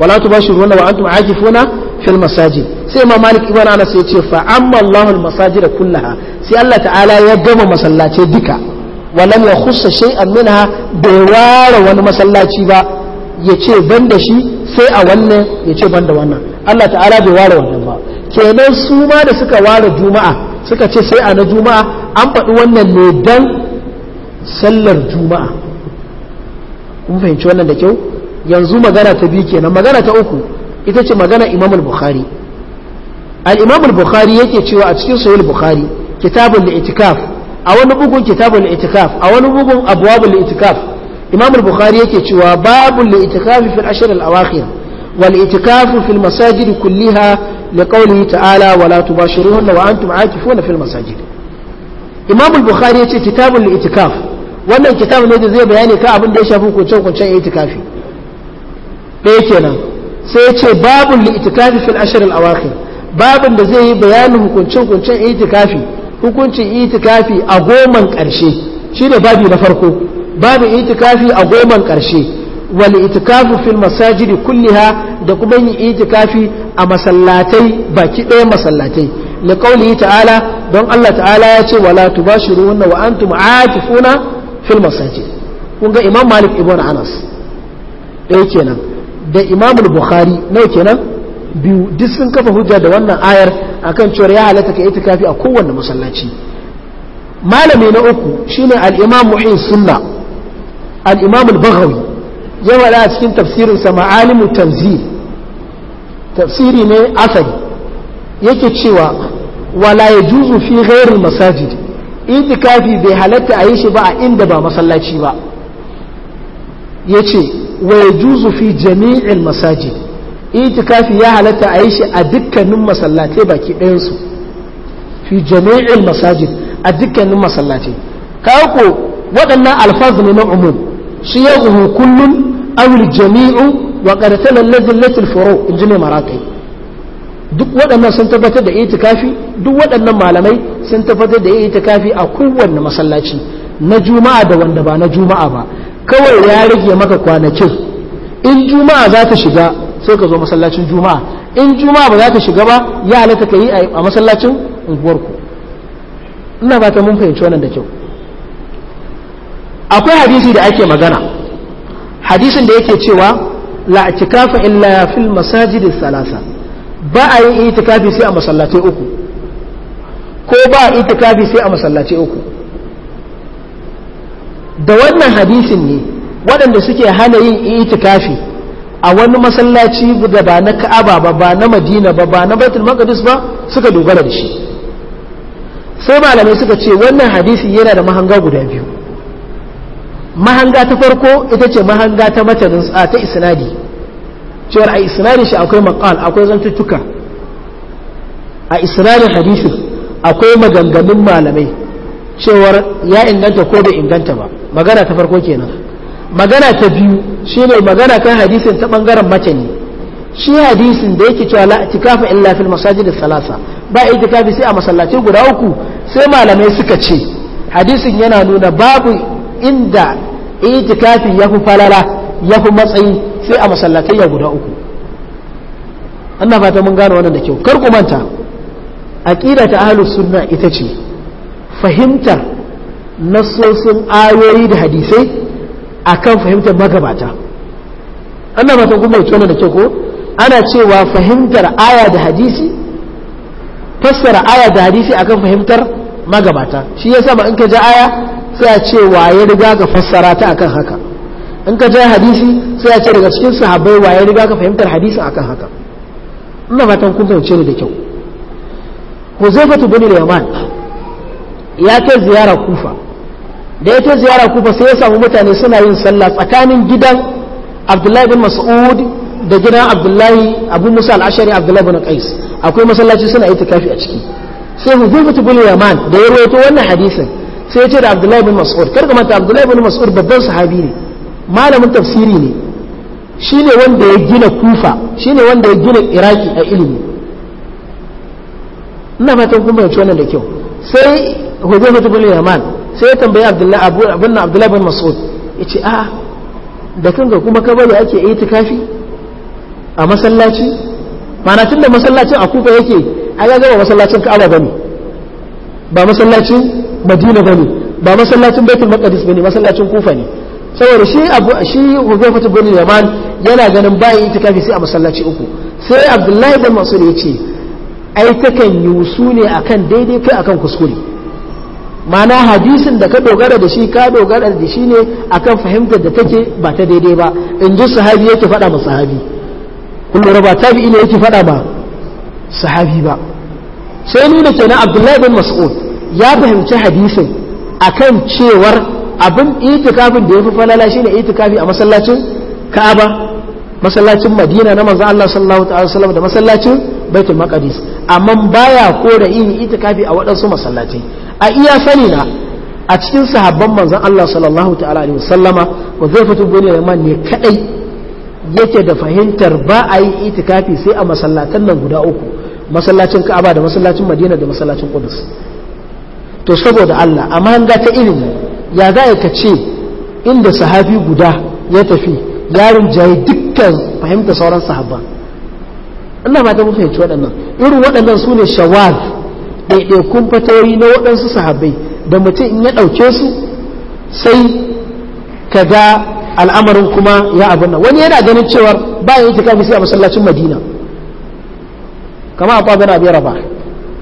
wala tubashiruna wa antum aakifuna fil masajid sai imam malik ibn anas ya ce fa amma allahul masajid kullaha sai allah ta'ala ya gama masallace duka walam ya khussa shay'an minha bai ware wani masallaci ba ya ce ban da shi sai a wannan ya ce ban da wannan Allah ta'ala bai ware wannan ba kenan su ma da suka ware juma'a suka ce sai a na juma'a an faɗi wannan ne dan sallar juma'a kun fahimci wannan da kyau yanzu magana ta biyu kenan magana ta uku ita ce magana imam al-bukhari al-imam al-bukhari yake cewa a cikin sahih al-bukhari kitabul itikaf a wani bugun kitabul itikaf a wani bugun abwabul itikaf imam al-bukhari yake cewa babul itikaf fil ashr al-awakhir wal itikaf fil masajid kulliha liqawlihi ta'ala wala tubashiruhunna wa antum aakifuna fil masajid imam al-bukhari yace kitabul itikaf wannan kitab ne da zai bayani kan abin da ya shafi kunce kuncen itikafi ɗaya kenan sai ya ce babul itikafi fil ashr al-awakhir babin da zai yi bayanin hukunce kuncen itikafi hukuncin itikafi a goman ƙarshe shi ne babi na farko babu itikafi a goman ƙarshe wal itikafu fil masajidi kulliha da kuma yin itikafi a masallatai baki ɗaya masallatai li ta'ala don Allah ta'ala ya ce wala tubashiruhunna wa antum aakifuna fil masajid kun ga Imam Malik ibn Anas yake nan da Imam Bukhari nawa kenan biyu disin kafa hujja da wannan ayar akan cewar ya halatta ka itikafi a kowanne masallaci malami na uku shine al-imam muhin sunna al-imam al-baghawi ya wada a cikin tafsirin sa ma'alimu tanzil tafsiri ne asali yake cewa wala yajuzu fi ghairi masajid itikafi bai halatta a yi shi ba a inda ba masallaci ba yace wa yajuzu fi jami'il masajid itikafi ya halatta a yi shi a dukkanin masallatai baki ɗayansu fi jami'in masajid a dukkanin masallatai kawo ko waɗannan alfaz ne na umum shi ya zuhu kullum awil jami'u wa ƙarfin latin foro in ji ne marakai duk waɗannan sun tabbatar da itikafi duk waɗannan malamai sun tabbatar da itikafi a kowanne masallaci na juma'a da wanda ba na juma'a ba kawai ya rage maka kwanakin in juma'a za ta shiga sai ka zo masallacin juma'a in juma'a ba za ka shiga ba ya halatta ka yi a masallacin unguwarku ina ba ta mun fahimci wannan da kyau akwai hadisi da ake magana hadisin da yake cewa la itikafa illa fil masajidi salasa ba a yi itikafi sai a masallace uku ko ba a itikafi sai a masallace uku da wannan hadisin ne waɗanda suke hana yin itikafi a wani masallaci da ba na ka'aba ba ba na madina ba ba na baitul maqdis ba suka dogara da shi sai malamai suka ce wannan hadisi yana da mahanga guda biyu mahanga ta farko ita ce mahanga ta matanin ta isnadi cewar a isnadin shi akwai maqal akwai zantuttuka a isnadin hadisi akwai maganganun malamai cewar ya inganta ko bai inganta ba magana ta farko kenan magana ta biyu shi ne magana kan hadisin ta bangaren mace shi hadisin da yake cewa la itikafa illa fil masajid salasa ba itikafi sai a masallaci guda uku sai malamai suka ce hadisin yana nuna babu inda itikafi fi falala ya fi matsayi sai a masallatai ya guda uku ana fata mun gane wannan da kyau kar ku manta aqida ta ahlus sunna ita ce fahimtar nasosin ayoyi da hadisai akan fahimtar magabata ana mata kuma ya tona da ke ko ana cewa fahimtar aya da hadisi fassara aya da hadisi akan fahimtar magabata shi ya sama in ka ji aya sai a ce ya riga ga fassara ta akan haka in ka ji hadisi sai a ce daga cikin sahabbai ya riga ga fahimtar hadisi akan haka In fatan kun fahimce ni da kyau Huzaifatu bin Yaman ya kai ziyara Kufa da ya yake ziyara kufa sai ya samu mutane suna yin sallah tsakanin gidan abdullahi bin mas'ud da gidan abdullahi abu musa al'ashari abdullahi bin qais akwai masallaci suna itikafi a ciki sai hudhufatu bin yaman da ya rawaito wannan hadisin sai ya ce da abdullahi bin mas'ud kar ka manta abdullahi bin mas'ud babban sahabi ne malamin tafsiri ne shine wanda ya gina kufa shine wanda ya gina iraki a ilimi ina fatan kun bayyana wannan da kyau sai hudhufatu bin yaman sai ya tambayi abdullahi abin abdullahi bin mas'ud ya ce a da kanka kuma ka bari ake kafi a masallaci mana da masallacin a kufa yake a ya gaba masallacin ka'aba bane ba masallacin madina bane ba masallacin baitul maqdis ne masallacin kufa ne saboda shi abu shi hudayfatu bin yaman yana ganin bai kafi sai a masallaci uku sai abdullahi bin mas'ud ya ce ai takan yi ne akan daidai kai akan kuskure mana hadisin da ka dogara da shi ka dogara da shi ne akan fahimtar da take ba ta daidai ba in ji sahabi yake faɗa ma sahabi kullum ba tabi'i ne yake faɗa ba sahabi ba sai nuna kenan abdullahi bin mas'ud ya fahimci hadisin akan cewar abin itikafin da ya fi falala shine itikafi a masallacin ka'aba masallacin madina na manzo Allah sallallahu ta'ala wasallam da masallacin baitul maqdis amma baya kora yin itikafi a waɗansu masallatai a iya sani na a cikin sahabban manzon Allah sallallahu ta'ala alaihi sallama wa zaifatu bin ma ne kadai yake da fahimtar ba a yi itikafi sai a masallatan nan guda uku masallacin Ka'aba da masallacin Madina da masallacin Qudus to saboda Allah amma hanga ta ilimi ya za ka ce inda sahabi guda ya tafi yarin jayi dukkan fahimta sauran sahabba ina ba ta fahimci waɗannan irin waɗannan su ne shawar ɗaiɗaikun fatawoyi na waɗansu sahabbai da mutum in ya ɗauke su sai ka ga al'amarin kuma ya abin nan wani yana ganin cewar bayan yi tikafi sai a masallacin madina kama a kwabar abin raba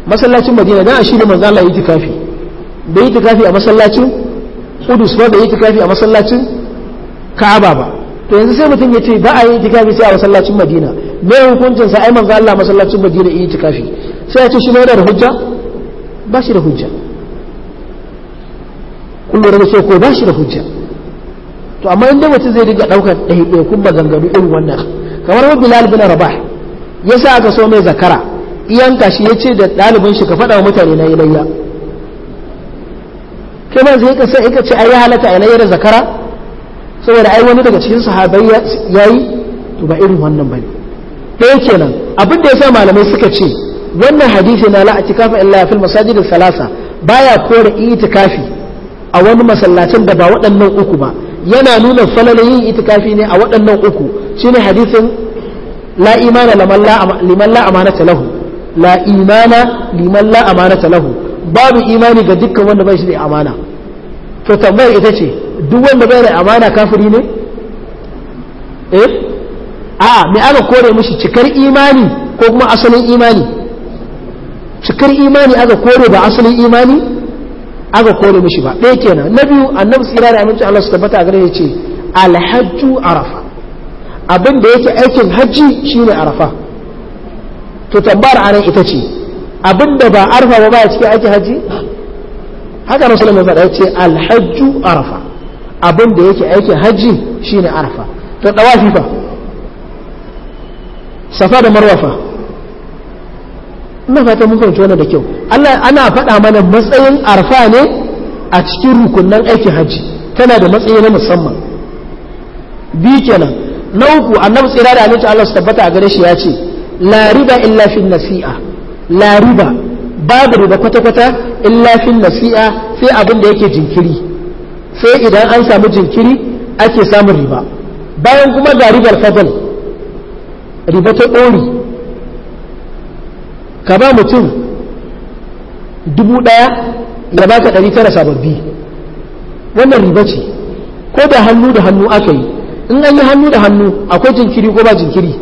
masallacin madina dan a shi da manzo Allah yi tikafi bai yi tikafi a masallacin Udus ba bai yi tikafi a masallacin Ka'aba ba to yanzu sai mutum ya ce ba a yi tikafi sai a masallacin Madina me hukuncin sa ai manzo Allah masallacin Madina yi tikafi sai ya ce shi ne da hujja ba shi da hujja kun lura da so ko ba shi da hujja to amma inda mutum zai dinga kun ba zangaru irin wannan kamar wa bilal bin rabah ya sa aka so mai zakara iyanka shi ya ce da ɗalibin shi ka faɗa wa mutane na ilayya kai ba zai kasa ika ce ai halata a ilayya da zakara saboda ai wani daga cikin sahabai ya yi to ba irin wannan ba ne ɗaya kenan abin da ya sa malamai suka ce wannan hadisi na la atikafa illa fil masajid salasa baya kore itikafi a wani masallacin da ba waɗannan uku ba yana nuna falalan yin itikafi ne a waɗannan uku shine hadisin la imana liman la amanata lahu la imana liman la amanata lahu babu imani ga dukkan wanda bai shi da amana to tambayar ita ce duk wanda bai da amana kafiri ne eh a me aka kore mishi cikar imani ko kuma asalin imani cikar imani aka kore ba asalin imani aka kore mishi ba ɗaya kenan na biyu annabi tsira da aminci Allah su tabbata a gare ce alhajju arafa abin da yake aikin hajji shine arafa to tambayar anan ita ce abin da ba arafa ba ba cikin aikin hajji haka rasulullah ya faɗa ce alhajju arafa abin da yake aikin hajji shine arafa to dawafi fa safa da marwa fa ina fata mun fahimci wannan da kyau Allah ana faɗa mana matsayin arfa ne a cikin rukunnan aikin hajji tana da matsayi na musamman bi kenan na uku annabi tsira da aminci Allah su tabbata a gare shi ya ce la riba illa fi nasi'a la riba babu riba kwata-kwata illa fi nasi'a sai abin da yake jinkiri sai idan an samu jinkiri ake samun riba bayan kuma ga ribar fadl riba ta ɗori ka ba mutum dubu ɗaya da ba ka ɗari tara sababbi wannan riba ce ko da hannu da hannu aka yi in an yi hannu da hannu akwai jinkiri ko ba jinkiri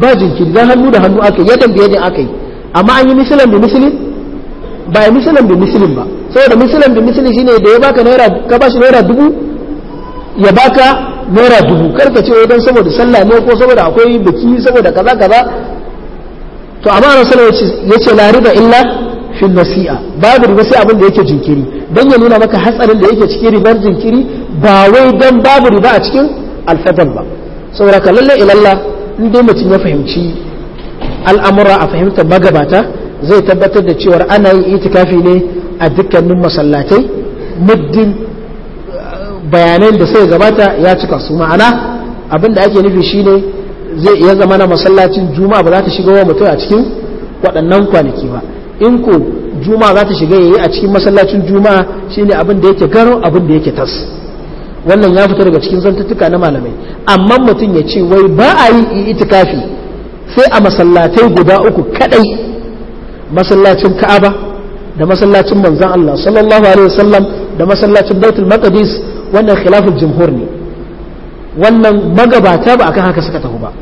ba jinkiri da hannu da hannu aka yi yadan da yadan aka yi amma an yi misalan da musulun ba yi misalan da musulun ba saboda misalan da shi shine da ya baka naira ka ba shi naira dubu ya baka naira dubu karka ce wai don saboda sallah ne ko saboda akwai biki saboda kaza kaza to amma annabi ya ce la riba illa fil babu riba sai abin da yake jinkiri dan ya nuna maka hatsarin da yake cikin ribar jinkiri ba wai dan babu riba a cikin alfadal ba saboda ka lalle ilalla in dai mutum ya fahimci al'amura a fahimtar magabata zai tabbatar da cewar ana yin itikafi ne a dukkanin masallatai muddin bayanan da sai gabata ya cika su ma'ana abin da ake nufi shine zai iya zama na masallacin juma'a ba za ta shiga wa mutum a cikin waɗannan kwanaki ba in ko juma'a za ta shiga yayi a cikin masallacin juma'a shine abin da yake garo abin da yake tas wannan ya fita daga cikin zantuttuka na malamai amma mutum ya ce wai ba a yi itikafi sai a masallatai guda uku kadai masallacin ka'aba da masallacin manzon Allah sallallahu alaihi wasallam da masallacin Baitul Maqdis wannan Khilafin jumhur ne wannan magabata ba akan haka suka tafi ba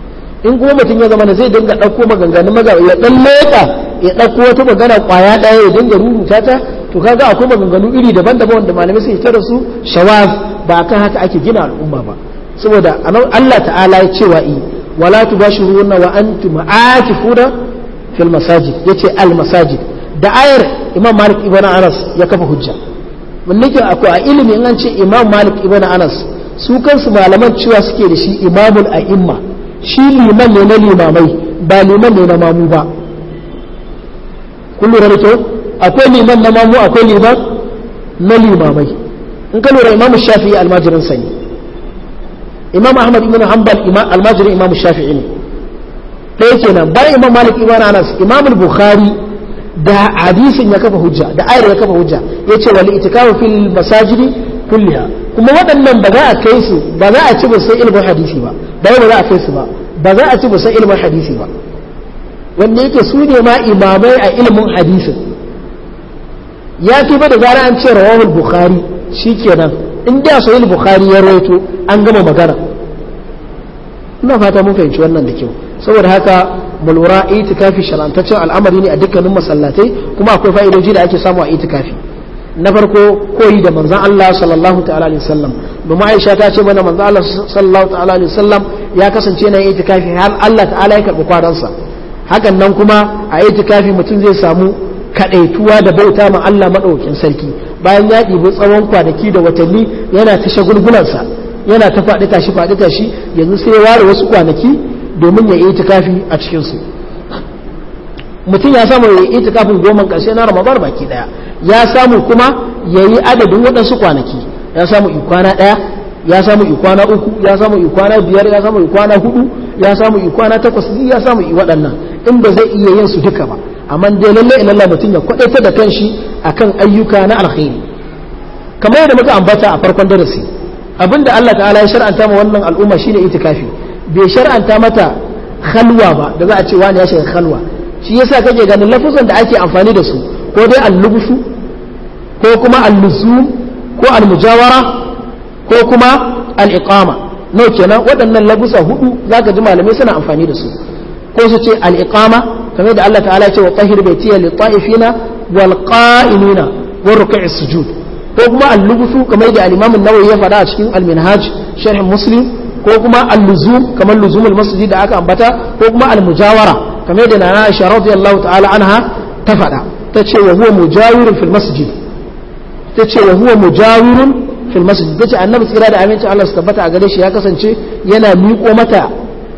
in kuma mutum ya zama zai dinga ɗauko maganganun maza ya ɗan leƙa ya ɗauko wata magana ƙwaya ɗaya ya dinga rubuta ta to ga akwai maganganu iri daban-daban wanda malamai ita da su shawaf ba kan haka ake gina al'umma ba saboda Allah ta'ala ya cewa i wala tu tubashiruna wa antum aakifuna fil masajid yace al masajid da ayar Imam Malik ibn Anas ya kafa hujja mun nake akwai a ilimi in an ce Imam Malik ibn Anas su kansu malaman cewa suke da shi imamul a'imma shi liman ne na limamai ba liman ne na mamu ba kun lura da akwai liman na mamu akwai liman na limamai in ka lura imamu shafi'i almajirin sani imam ahmad ibn hanbal almajirin imam shafi'i ne ɗaya kenan bayan imam malik ibn anas imam bukhari da hadisin ya kafa hujja da ayar ya kafa hujja ya yace wal itikafu fil masajidi kulliha kuma waɗannan ba za a kai su ba za a ci ba sai ilmin hadisi ba ba ba za a kai su ba ba za a ci ba sai ilmin hadisi ba wanda yake su ne ma imamai a ilmin hadisin ya fi ba da zara an ce rawahul bukhari shikenan in da sahih bukhari ya rawaito an gama magana ina fata mun fahimci wannan da kyau saboda haka mulura itikafi shar'antaccen al'amari ne a dukkanin masallatai kuma akwai fa'idoji da ake samu a itikafi na farko koyi da manzan Allah sallallahu ta'ala alaihi sallam domin Aisha ta ce mana manzan Allah sallallahu ta'ala alaihi sallam ya kasance na itikafi har Allah ta'ala ya karbi kwaransa hakan nan kuma a itikafi mutum zai samu kadaituwa da bauta ma Allah maɗaukin sarki bayan ya ɗibi tsawon kwanaki da watanni yana ta shagulgulansa yana ta faɗi tashi faɗi tashi yanzu sai ya ware wasu kwanaki domin ya yi itikafi a cikin su mutum ya samu ya yi itikafin goma karshe na ramadan baki daya ya samu kuma ya yi adadin waɗansu kwanaki ya samu ikwana daya ya samu ikwana uku ya samu ikwana biyar ya samu ikwana hudu ya samu ikwana takwas ya samu waɗannan in ba zai iya yin su duka ba amma dai lalle ilalla mutum ya kwadaita da kanshi akan ayyuka na alkhairi kamar yadda muka ambata a farkon darasi abinda Allah ta'ala ya shar'anta ma wannan al'umma shine itikafi bai shar'anta mata khalwa ba da za a ce wani ya shiga khalwa shi yasa kake ganin lafuzan da ake amfani da su ko dai al-lubsu ko kuma al-luzum ko al-mujawara ko kuma al-iqama no kenan waɗannan lafuza hudu zaka ji malamai suna amfani da su ko su ce al-iqama kamar da Allah ta'ala ya ce wa tahir baitiya lit-ta'ifina wal qa'imina war ruk'i sujud ko kuma al-lubsu kamar da al-imam an-nawawi ya faɗa a cikin al-minhaj sharh muslim ko kuma al-luzum kamar luzumul masjid da aka ambata ko kuma al-mujawara kamar da na Aisha radiyallahu ta'ala anha ta faɗa ta ce wa huwa mujawirun fil masjid ta ce wa huwa mujawirun fil masjid ta ce annabi tsira da aminci Allah su tabbata a gare shi ya kasance yana miƙo mata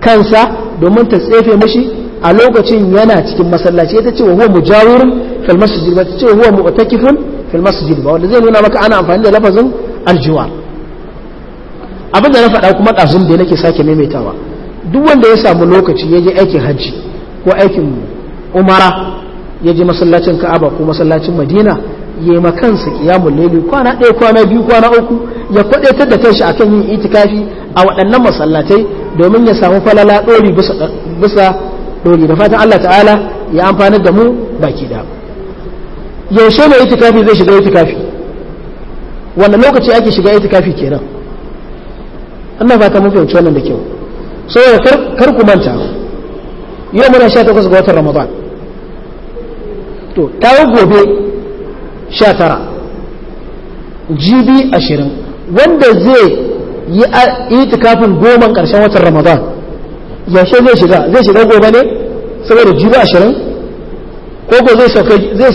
kansa domin ta tsefe mashi a lokacin yana cikin masallaci ta ce wa huwa mujawirun fil masjid ta ce wa huwa mu'takifun fil masjid ba wanda zai nuna maka ana amfani da lafazin aljiwar abin da na faɗa kuma ɗazun da nake sake maimaitawa duk wanda ya samu lokaci ya je aikin hajji ko aikin umara ya je masallacin ka'aba ko masallacin madina ya yi makansa kiyamun laili kwana ɗaya kwana biyu kwana uku ya kwadaitar da a kan yin itikafi a waɗannan masallatai domin ya samu falala ɗori bisa ɗori da fatan Allah ta'ala ya amfanar da mu baki da yaushe mai itikafi zai shiga itikafi wanda lokaci ake shiga itikafi kenan Allah fata mun fahimci nan da kyau saboda kar ku manta yau muna sha takwas ga watan ramadan to ta yi gobe sha tara gb ashirin wanda zai yi itikafin goma karshen watan ramadan yaushe zai shiga zai shiga gobe ne saboda gb ashirin ko zai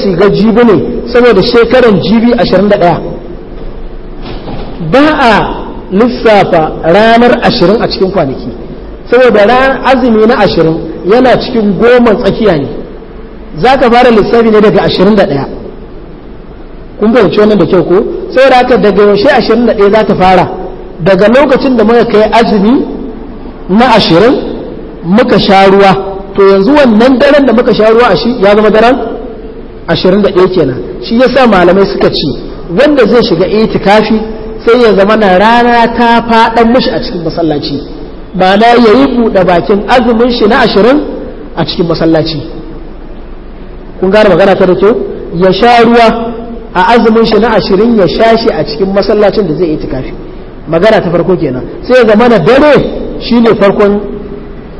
shiga gb ne saboda shekaran gb ashirin da daya ba a lissafa ranar ashirin a cikin kwanaki saboda ranar azumi na ashirin yana cikin goma tsakiya ne za ka fara lissafi ne daga 21 kun fahimci wannan da kyau ko sai da haka daga yaushe 21 za ta fara daga lokacin da muka kai azumi na 20 muka sha ruwa to yanzu wannan daren da muka sha ruwa a shi ya zama daren 21 kenan shi ya sa malamai suka ce wanda zai shiga itikafi sai ya zama na rana ta faɗan mishi a cikin masallaci na ya yi buɗe bakin azumin shi na ashirin a cikin masallaci kun gane magana ta da ya sha ruwa a azumin shi na ashirin ya sha shi a cikin masallacin da zai yi tukafi magana ta farko kenan sai ya zama na dare shi ne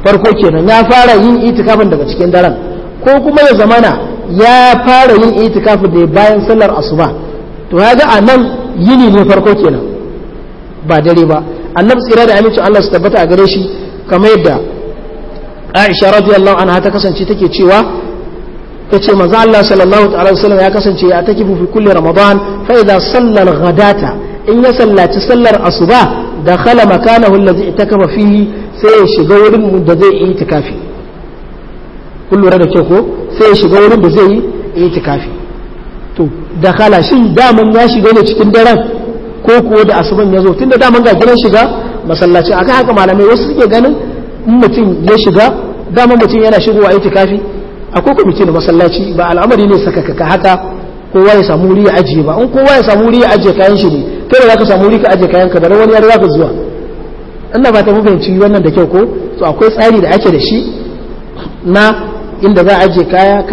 farko kenan ya fara yin itikafin daga cikin daren ko kuma ya zamana ya fara yin itikafin da bayan sallar asuba to ya ga a nan yini ne farko kenan ba dare ba annabi tsira da amincin Allah su tabbata a gare shi kamar yadda Aisha radiyallahu anha ta kasance take cewa tace manzo Allah sallallahu alaihi wasallam ya kasance ya take fi kulli ramadan fa idza salla ghadata in ya sallaci sallar asuba da khala makanahu allazi itakafa fihi sai ya shiga wurin da zai yi itikafi kun lura da kyau ko sai ya shiga wurin da zai yi itikafi to da khala shin daman ya shiga ne cikin daren ko kuwa da asuban ya zo tun da daman ga gidan shiga masallaci akan haka malamai wasu suke ganin in mutum ya shiga dama mutum yana shigowa itikafi akwai kwamiti da masallaci ba al'amari ne sakakaka haka kowa ya samu wuri ya ajiye ba in kowa ya samu wuri ya ajiye kayan shi ne kai da zaka samu wuri ka ajiye kayan ka bare wani ya riga zuwa ina ba ta mabanci wannan da kyau ko to akwai tsari da ake da shi na inda za a ajiye kaya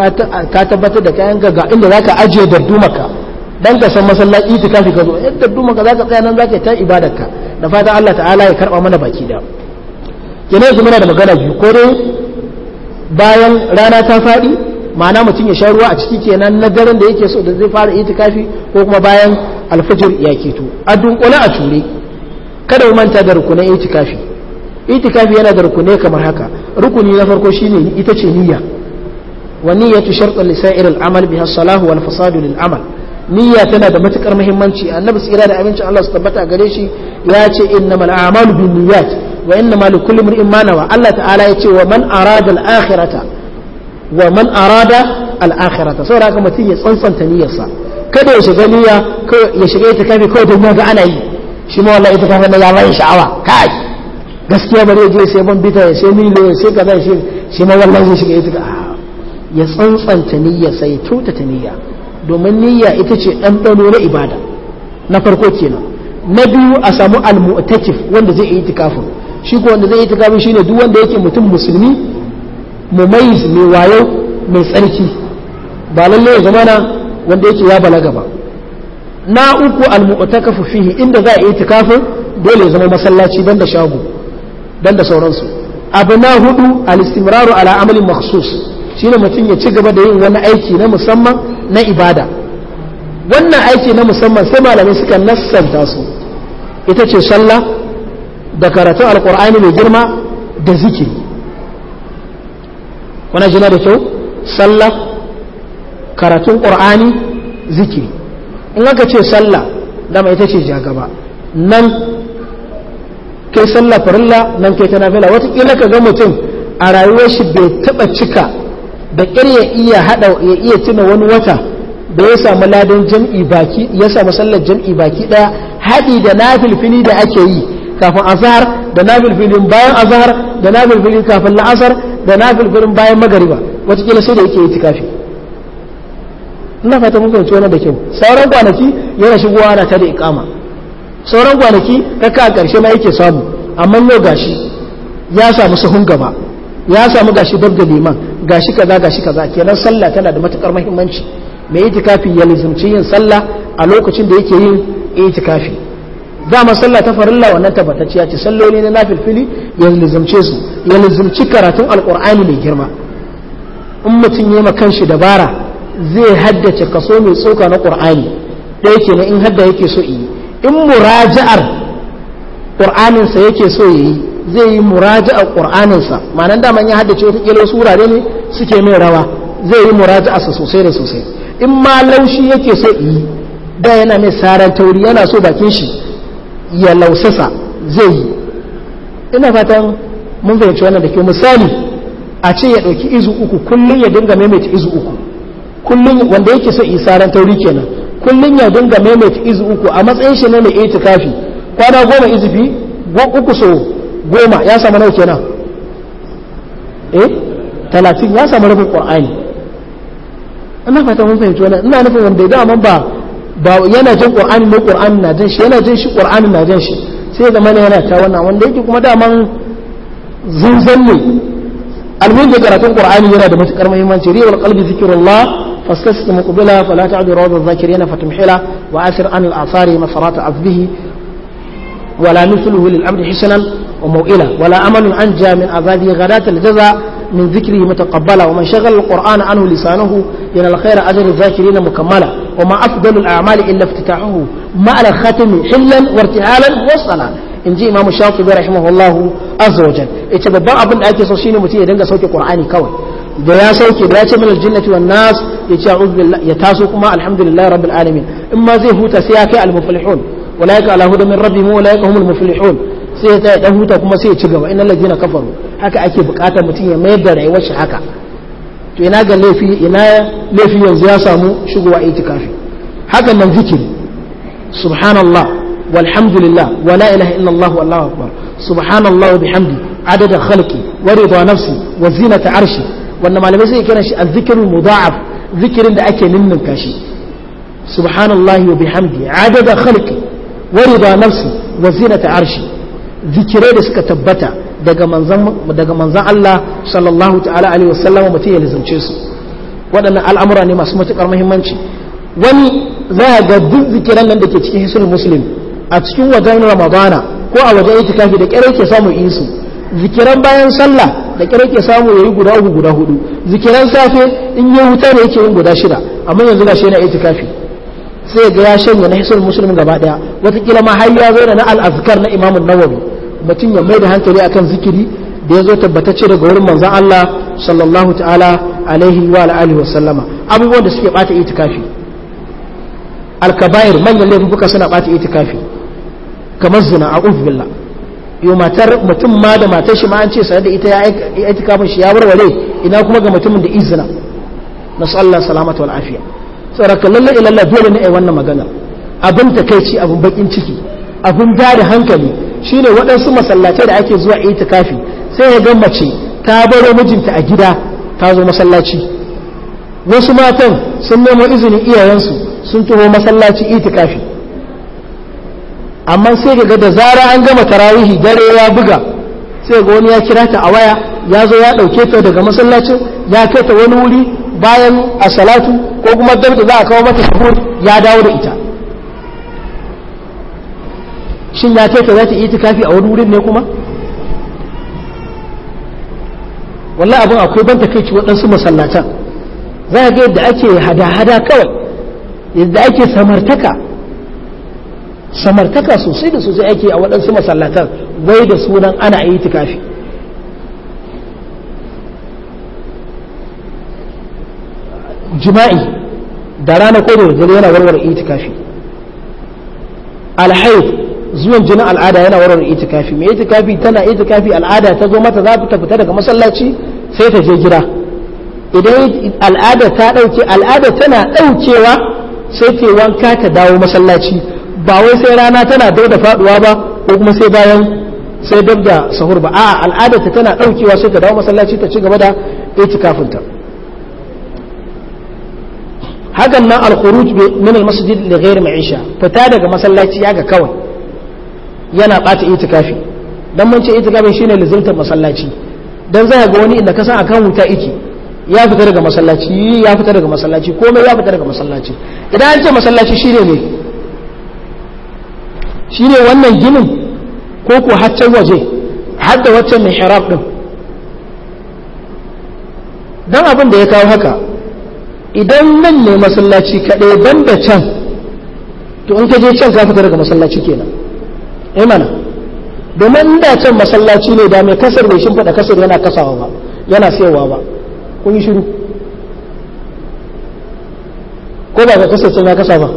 ka tabbatar da kayan ga inda za ka ajiye maka dan ka san masallaci itikafi ka zo yadda duma ka zaka tsaya nan zaka ta ka da fatan Allah ta'ala ya karba mana baki da kenan yanzu muna da magana biyu ko dai bayan rana ta faɗi ma'ana mutum ya sha ruwa a ciki kenan na daren da yake so da zai fara itikafi ko kuma bayan alfajir ya keto a dunkule a ture kada mu manta da rukunan itikafi itikafi yana da rukunai kamar haka rukuni na farko shine ita ce niyya wa niyyatu shartun li sa'iril amal biha salahu wal fasadu lil amal niyya tana da matukar muhimmanci annabi tsira da amincin Allah su tabbata gare shi ya ce innamal a'malu binniyat wa innamal likulli imrin ma nawa Allah ta'ala ya ce wa man arada al-akhirata wa man arada al-akhirata saboda haka mutum ya tsantsanta niyyarsa kada ya shiga niyya ya shiga ita kafi kawai don ga ana yi shi ma wallahi ita kafi na ya bayan sha'awa kai gaskiya bare je sai ban bita ya sai milo ya sai kaza shi shi ma wallahi zai shiga ita ya tsantsanta niyyarsa ya kyautata niyya domin niyya ita ce ɗanɗano na ibada na farko kenan na biyu a samu almu'takif wanda zai yi tikafin shi ko wanda zai yi tikafin shine duk wanda yake mutum musulmi mumayyiz mai wayo mai tsarki ba lalle ya na wanda yake ya balaga ba na uku almu'takafu fihi inda za a yi tikafin dole ya zama masallaci banda shago banda sauransu abu na hudu al-istimraru ala amalin makhsus shine mutum ya ci gaba da yin wani aiki na musamman na ibada wannan aiki na musamman sai malamai suka nassanta su ita ce sallah da karatun alkur'ani mai girma da zikiri wani jina da kyau sallah karatun ƙur'ani zikiri in aka ce sallah dama ita ce jagaba nan kai sallah farilla nan kai ta nafila watakila ka ga mutum a rayuwar shi bai taɓa cika da ƙir ya iya hada ya iya tuna wani wata da ya samu ladan jam'i baki ya samu sallar jam'i baki daya haɗi da nafilfili da ake yi kafin azhar da nafilfilin bayan azhar da nafilfilin kafin la'asar da nafilfilin bayan magariba watakila sai da yake itikafi ina fata mun fahimci wannan da kyau sauran kwanaki yana shigowa ana ta da iqama sauran kwanaki raka a karshe ma yake samu amma yau gashi ya samu sahun gaba ya samu gashi dab da liman gashi kaza gashi kaza kenan sallah tana da matukar muhimmanci mai itikafi ya lizumci yin sallah a lokacin da yake yin itikafi dama sallah ta farilla wannan ya ce salloli na nafilfili ya lizumce su ya lizumci karatun alqur'ani mai girma in mutum ya ma kanshi dabara zai haddace kaso mai tsoka na qur'ani yake na in hadda yake so yi in muraja'ar sa yake so yayi zai yi muraji a ƙur'aninsa manan daman ya haddace wata ƙilo sura wurare ne suke mai rawa zai yi muraji a sosai da sosai in ma laushi yake so yi da yana mai saran tauri yana so bakin shi ya lausasa zai yi ina fatan mun fahimci wannan da ke misali a ce ya ɗauki izu uku kullum ya dinga maimaita izu uku kullum wanda yake so yi saran tauri kenan kullum ya dinga maimaita izu uku a matsayin shi ne mai itikafi kwana goma izufi uku so goma ya samu nawa kenan eh talatin ya samu rufin qur'ani ina fata mun fahimci wannan ina nufin wanda ya dama ba ba yana jin qur'ani ne qur'ani na jin shi yana jin shi qur'ani na jin shi sai zama ne yana ta wannan wanda yake kuma daman zanzan ne almin da karatun qur'ani yana da matukar muhimmanci riwal qalbi zikrullah فاستسلم قبلها فلا تعد روض الذاكرين فتمحلا وآثر عن الآثار مسارات عذبه ولا مثله للعبد حسنا وموئلا ولا أمل أنجى من عذابه غداة الجزاء من ذكره متقبلا ومن شغل القرآن عنه لسانه ينال خير أجر الذاكرين مكملا وما أفضل الأعمال إلا افتتاحه مع الختم حلا وارتحالا وصلا in ji imamu shafi'i rahimahullahu azza wa jal ita babban abin da ake so shine mutu ya sauke kur'ani kawai da ya sauke da ya ce min aljannati wan nas ya ce a'udhu billahi ya taso kuma alhamdulillahi rabbil alamin in ma zai huta sai ya kai al muflihun ulaika ala hudan min rabbihim ulaika humul muflihun sai ya tsaya dan huta kuma sai ya ci gaba innal ladina kafaru haka ake bukatar mutum ya mayar da rayuwar shi haka to ina ga laifi ina laifi yanzu ya samu shigowa itikafi haka nan zikiri subhanallah walhamdulillah wala ilaha illallah wallahu akbar subhanallah wa bihamdi adada khalqi wa nafsi wa zinata arshi wannan malamai sai kiran shi azzikru mudha'af zikirin da ake ninninka shi subhanallahi wa bihamdi adada khalqi ورضا نفسي وزينة arshi zikirai da suka tabbata daga manzan Allah sallallahu ta'ala alaihi wasallam mutum ya lizance su waɗannan al'amura ne masu matuƙar muhimmanci wani za a ga duk zikiran nan da ke cikin hisul muslim a cikin wajen ramadana ko a wajen itikafi da kyar ke samu isu zikiran bayan sallah da kyar ke samu yayi guda uku guda hudu zikiran safe in ya wuta ne yake yin guda shida amma yanzu gashi yana itikafi sai ga ya shanye na hisul musulmi gaba daya watakila ma har ya zo da na al'azkar na imamun nawawi mutum ya mai da hankali akan zikiri da ya zo tabbatacce daga wurin manzan Allah sallallahu ta'ala alaihi wa alihi wa sallama abubuwan da suke bata itikafi al-kaba'ir manyan laifuka suna bata itikafi kamar zina a billah yo matar mutum ma da matar shi ma an ce sai da ita ya itikafin shi ya warware ina kuma ga mutumin da izina nasu Allah salamatu wal afiya tsaraka lalle lalle dole ne a wannan magana abin ta kai ci abin bakin ciki abin da hankali shine waɗansu masallacai da ake zuwa itikafi sai ya ga mace ta baro mijinta a gida ta zo masallaci wasu matan sun nemo izinin iyayensu sun taho masallaci itikafi amma sai ga da zara an gama tarawihi dare ya buga sai ga wani ya kira ta a waya ya zo ya ɗauke ta daga masallacin ya kai ta wani wuri bayan a salatu ko kuma dab za a kawo mata sahur ya dawo da ita shin ya kai ka za ta yi kafi a wani wurin ne kuma wallahi abin akwai ban takaici waɗansu masallatan za a ga yadda ake hada-hada kawai yadda ake samartaka samartaka sosai da sosai ake a waɗansu masallatan wai da sunan ana yi itikafi jima'i da rana ko da dare yana warware itikafi alhaif zuwan jinin al'ada yana warware itikafi mai itikafi tana itikafi al'ada ta zo mata za ta fita daga masallaci sai ta je gida idan al'ada ta dauke al'ada tana daukewa sai ta wanka ta dawo masallaci ba wai sai rana tana dau da faduwa ba ko kuma sai bayan sai dab da sahur ba a'a al'ada ta tana daukewa sai ta dawo masallaci ta ci gaba da itikafinta hakan nan alkhuruj khuruj min almasjid masjid li ghairi ma'isha fita daga masallaci ya ga kawai yana bata itikafi dan mun ce itikafin shine lazimtar masallaci dan za ga wani inda ka san akan wuta yake ya fita daga masallaci ya fita daga masallaci komai ya fita daga masallaci idan an ce masallaci shine ne shine wannan ginin ko ko haccan waje har da waccan mihrab din dan abin da ya kawo haka idan nan ne masallaci kaɗai ban da can to in ka je can ka fita daga masallaci kenan ai eh mana domin da can masallaci ne da mai kasar mai shimfiɗa kasar yana kasawa ba yana sayarwa ba kun yi shiru ko ba ka kasar can ya kasa ba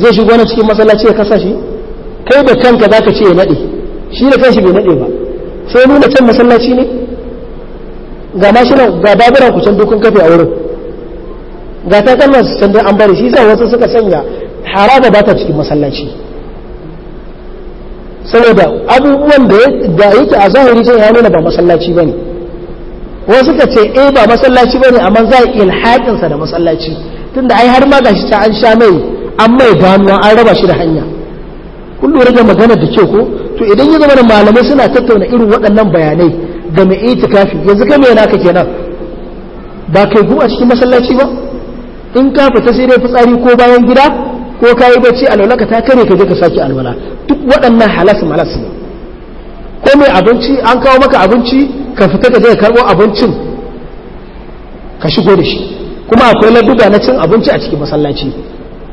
zai shigo na cikin masallaci ya kasa shi kai da kanka za ka ce ya naɗe shi da kanshi bai naɗe ba sai nuna can masallaci ne ga mashinan ga babura ku can dukkan kafe a wurin ga ta kalmar su an bari shi sa wasu suka sanya haraba ba ta cikin masallaci saboda abubuwan da yake a zahiri sai ya nuna ba masallaci ba ne wasu suka ce eh ba masallaci ba ne amma za a sa da masallaci tunda ai har ma gashi ta an sha mai an mai ganuwa an raba shi da hanya kun lura da magana da ke ko to idan ya zama da malamai suna tattauna irin waɗannan bayanai da mai itikafi yanzu kai mai naka kenan ba kai gu a cikin masallaci ba in ka fita sai dai fitsari ko bayan gida ko ka yi bacci a ka ta kare ka je ka sake alwala duk waɗannan halas malas ne ko mai abinci an kawo maka abinci ka fita ka je ka karɓo abincin ka shigo da shi kuma akwai laduga na cin abinci a cikin masallaci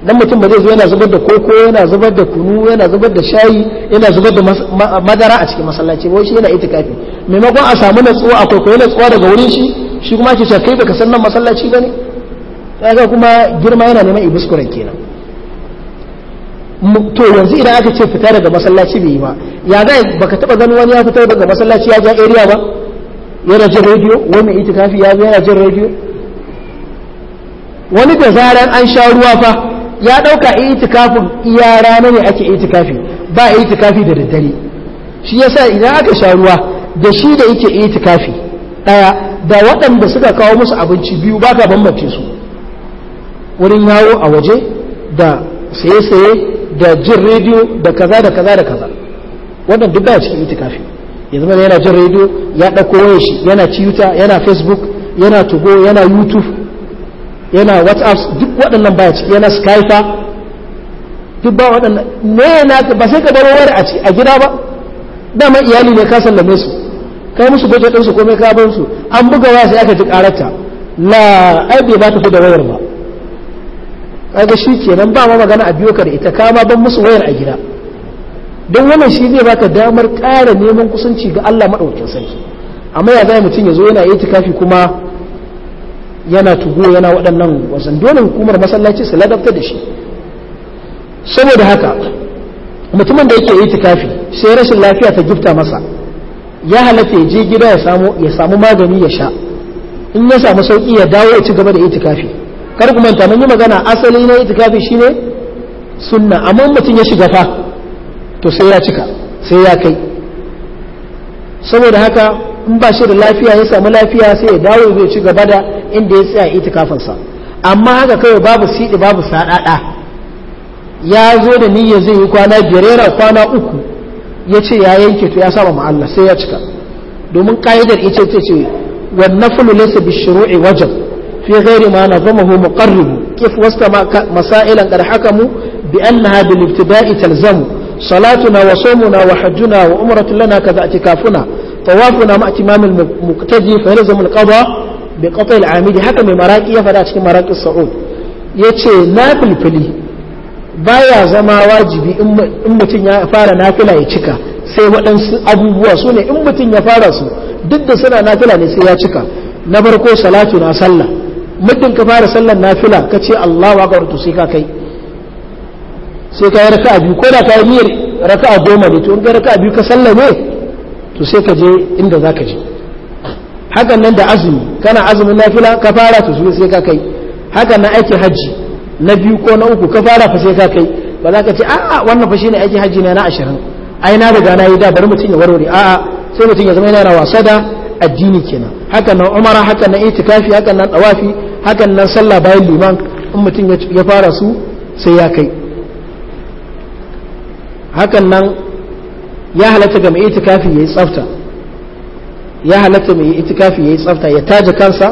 dan mutum ba zai zo yana zubar da koko yana zubar da kunu yana zubar da shayi yana zubar da madara a cikin masallaci wai shi yana itikafi maimakon a samu natsuwa akwai koyi natsuwa daga wurin shi shi kuma ke kai baka san nan masallaci bane ne kaga kuma girma yana neman ibuskuren kenan to yanzu idan aka ce fita daga masallaci bai yi ba ya ga baka taba gani wani ya fita daga masallaci ya ja area ba yana jin radio wani itikafi ya yana jin radio wani da zaran an sha ruwa fa ya dauka itikafin iya rana ne ake itikafi ba itikafi da daddare shi yasa idan aka sha ruwa da shi da yake itikafi daya da waɗanda suka kawo musu abinci biyu baka bambance su wurin yawo a waje da saye-saye da jin rediyo da kaza da kaza da kaza wannan duk baya cikin itikafi ya zama yana jin rediyo ya ɗauko wayar shi yana ciyuta yana facebook yana tugo yana youtube yana whatsapp duk waɗannan baya ciki yana skype duk ba waɗannan ne na ba sai ka baro wani a a gida ba dama iyali ne ka sallame su kai musu gwaje ɗinsu komai ka bar su an buga waya sai aka ji ƙararta la ai bai ba ta fi da wayar ba kaga shi kenan ba ma magana a biyo ka da ita kama ban musu wayar a gida don wannan shi zai baka damar ƙara neman kusanci ga Allah maɗaukin sarki amma ya zai mutum ya zo yana kafi kuma yana tugo yana waɗannan wasan dole hukumar masallaci su ladabta da shi saboda haka mutumin da yake itikafi sai rashin lafiya ta gifta masa ya halatta ya je gida ya samu magani ya sha in ya samu sauƙi ya dawo ya ci gaba da itikafi kar manta mun yi magana asali na itikafi shine sunna amma mutum ya shiga fa to sai ya cika sai ya kai saboda haka in ba shi da lafiya ya samu lafiya sai ya dawo zai ci gaba da inda ya tsaya itikafin sa amma haka kawai babu siɗi babu saɗaɗa ya zo da niyyar zai yi kwana biyar yana kwana uku ya ce ya yanke to ya saba ma Allah sai ya cika domin ka'idar ita ce ce wannan fulu laysa bi shuru'i wajib fi ghairi ma nazamahu muqarrib kif wasta masailan qad hakamu talzamu salatuna wa sawmuna wa wa umratu lana kaza atikafuna tawafuna ma haka mai maraki yace na baya zama wajibi mutum nafila ya cika sai waɗansu abubuwa su ne in mutum ya fara su duk da suna nafila ne sai ya cika na farko salatu na sallah muddin ka fara sallar nafila ka ce Allahu akbar to sai ka kai sai ka yi raka'a biyu ko da ka yi raka'a goma ne to in ka raka'a biyu ka sallame to sai ka je inda za ka je hakan nan da azumi kana azumin nafila ka fara to sai ka kai hakan na aikin hajji na biyu ko na uku ka fara fa sai ka kai ba za ka ce a'a wannan fa shine aikin hajji na na 20 ai na riga na yi da bari mutum ya warware a'a sai mutum ya zama yana wasa da addini kenan hakan na umara hakan na itikafi hakan na tawafi hakan nan sallah bayan liman in mutum ya fara su sai ya kai hakan nan ya halatta ga mai itikafi ya yi tsafta ya halatta mai itikafi ya yi tsafta ya taje kansa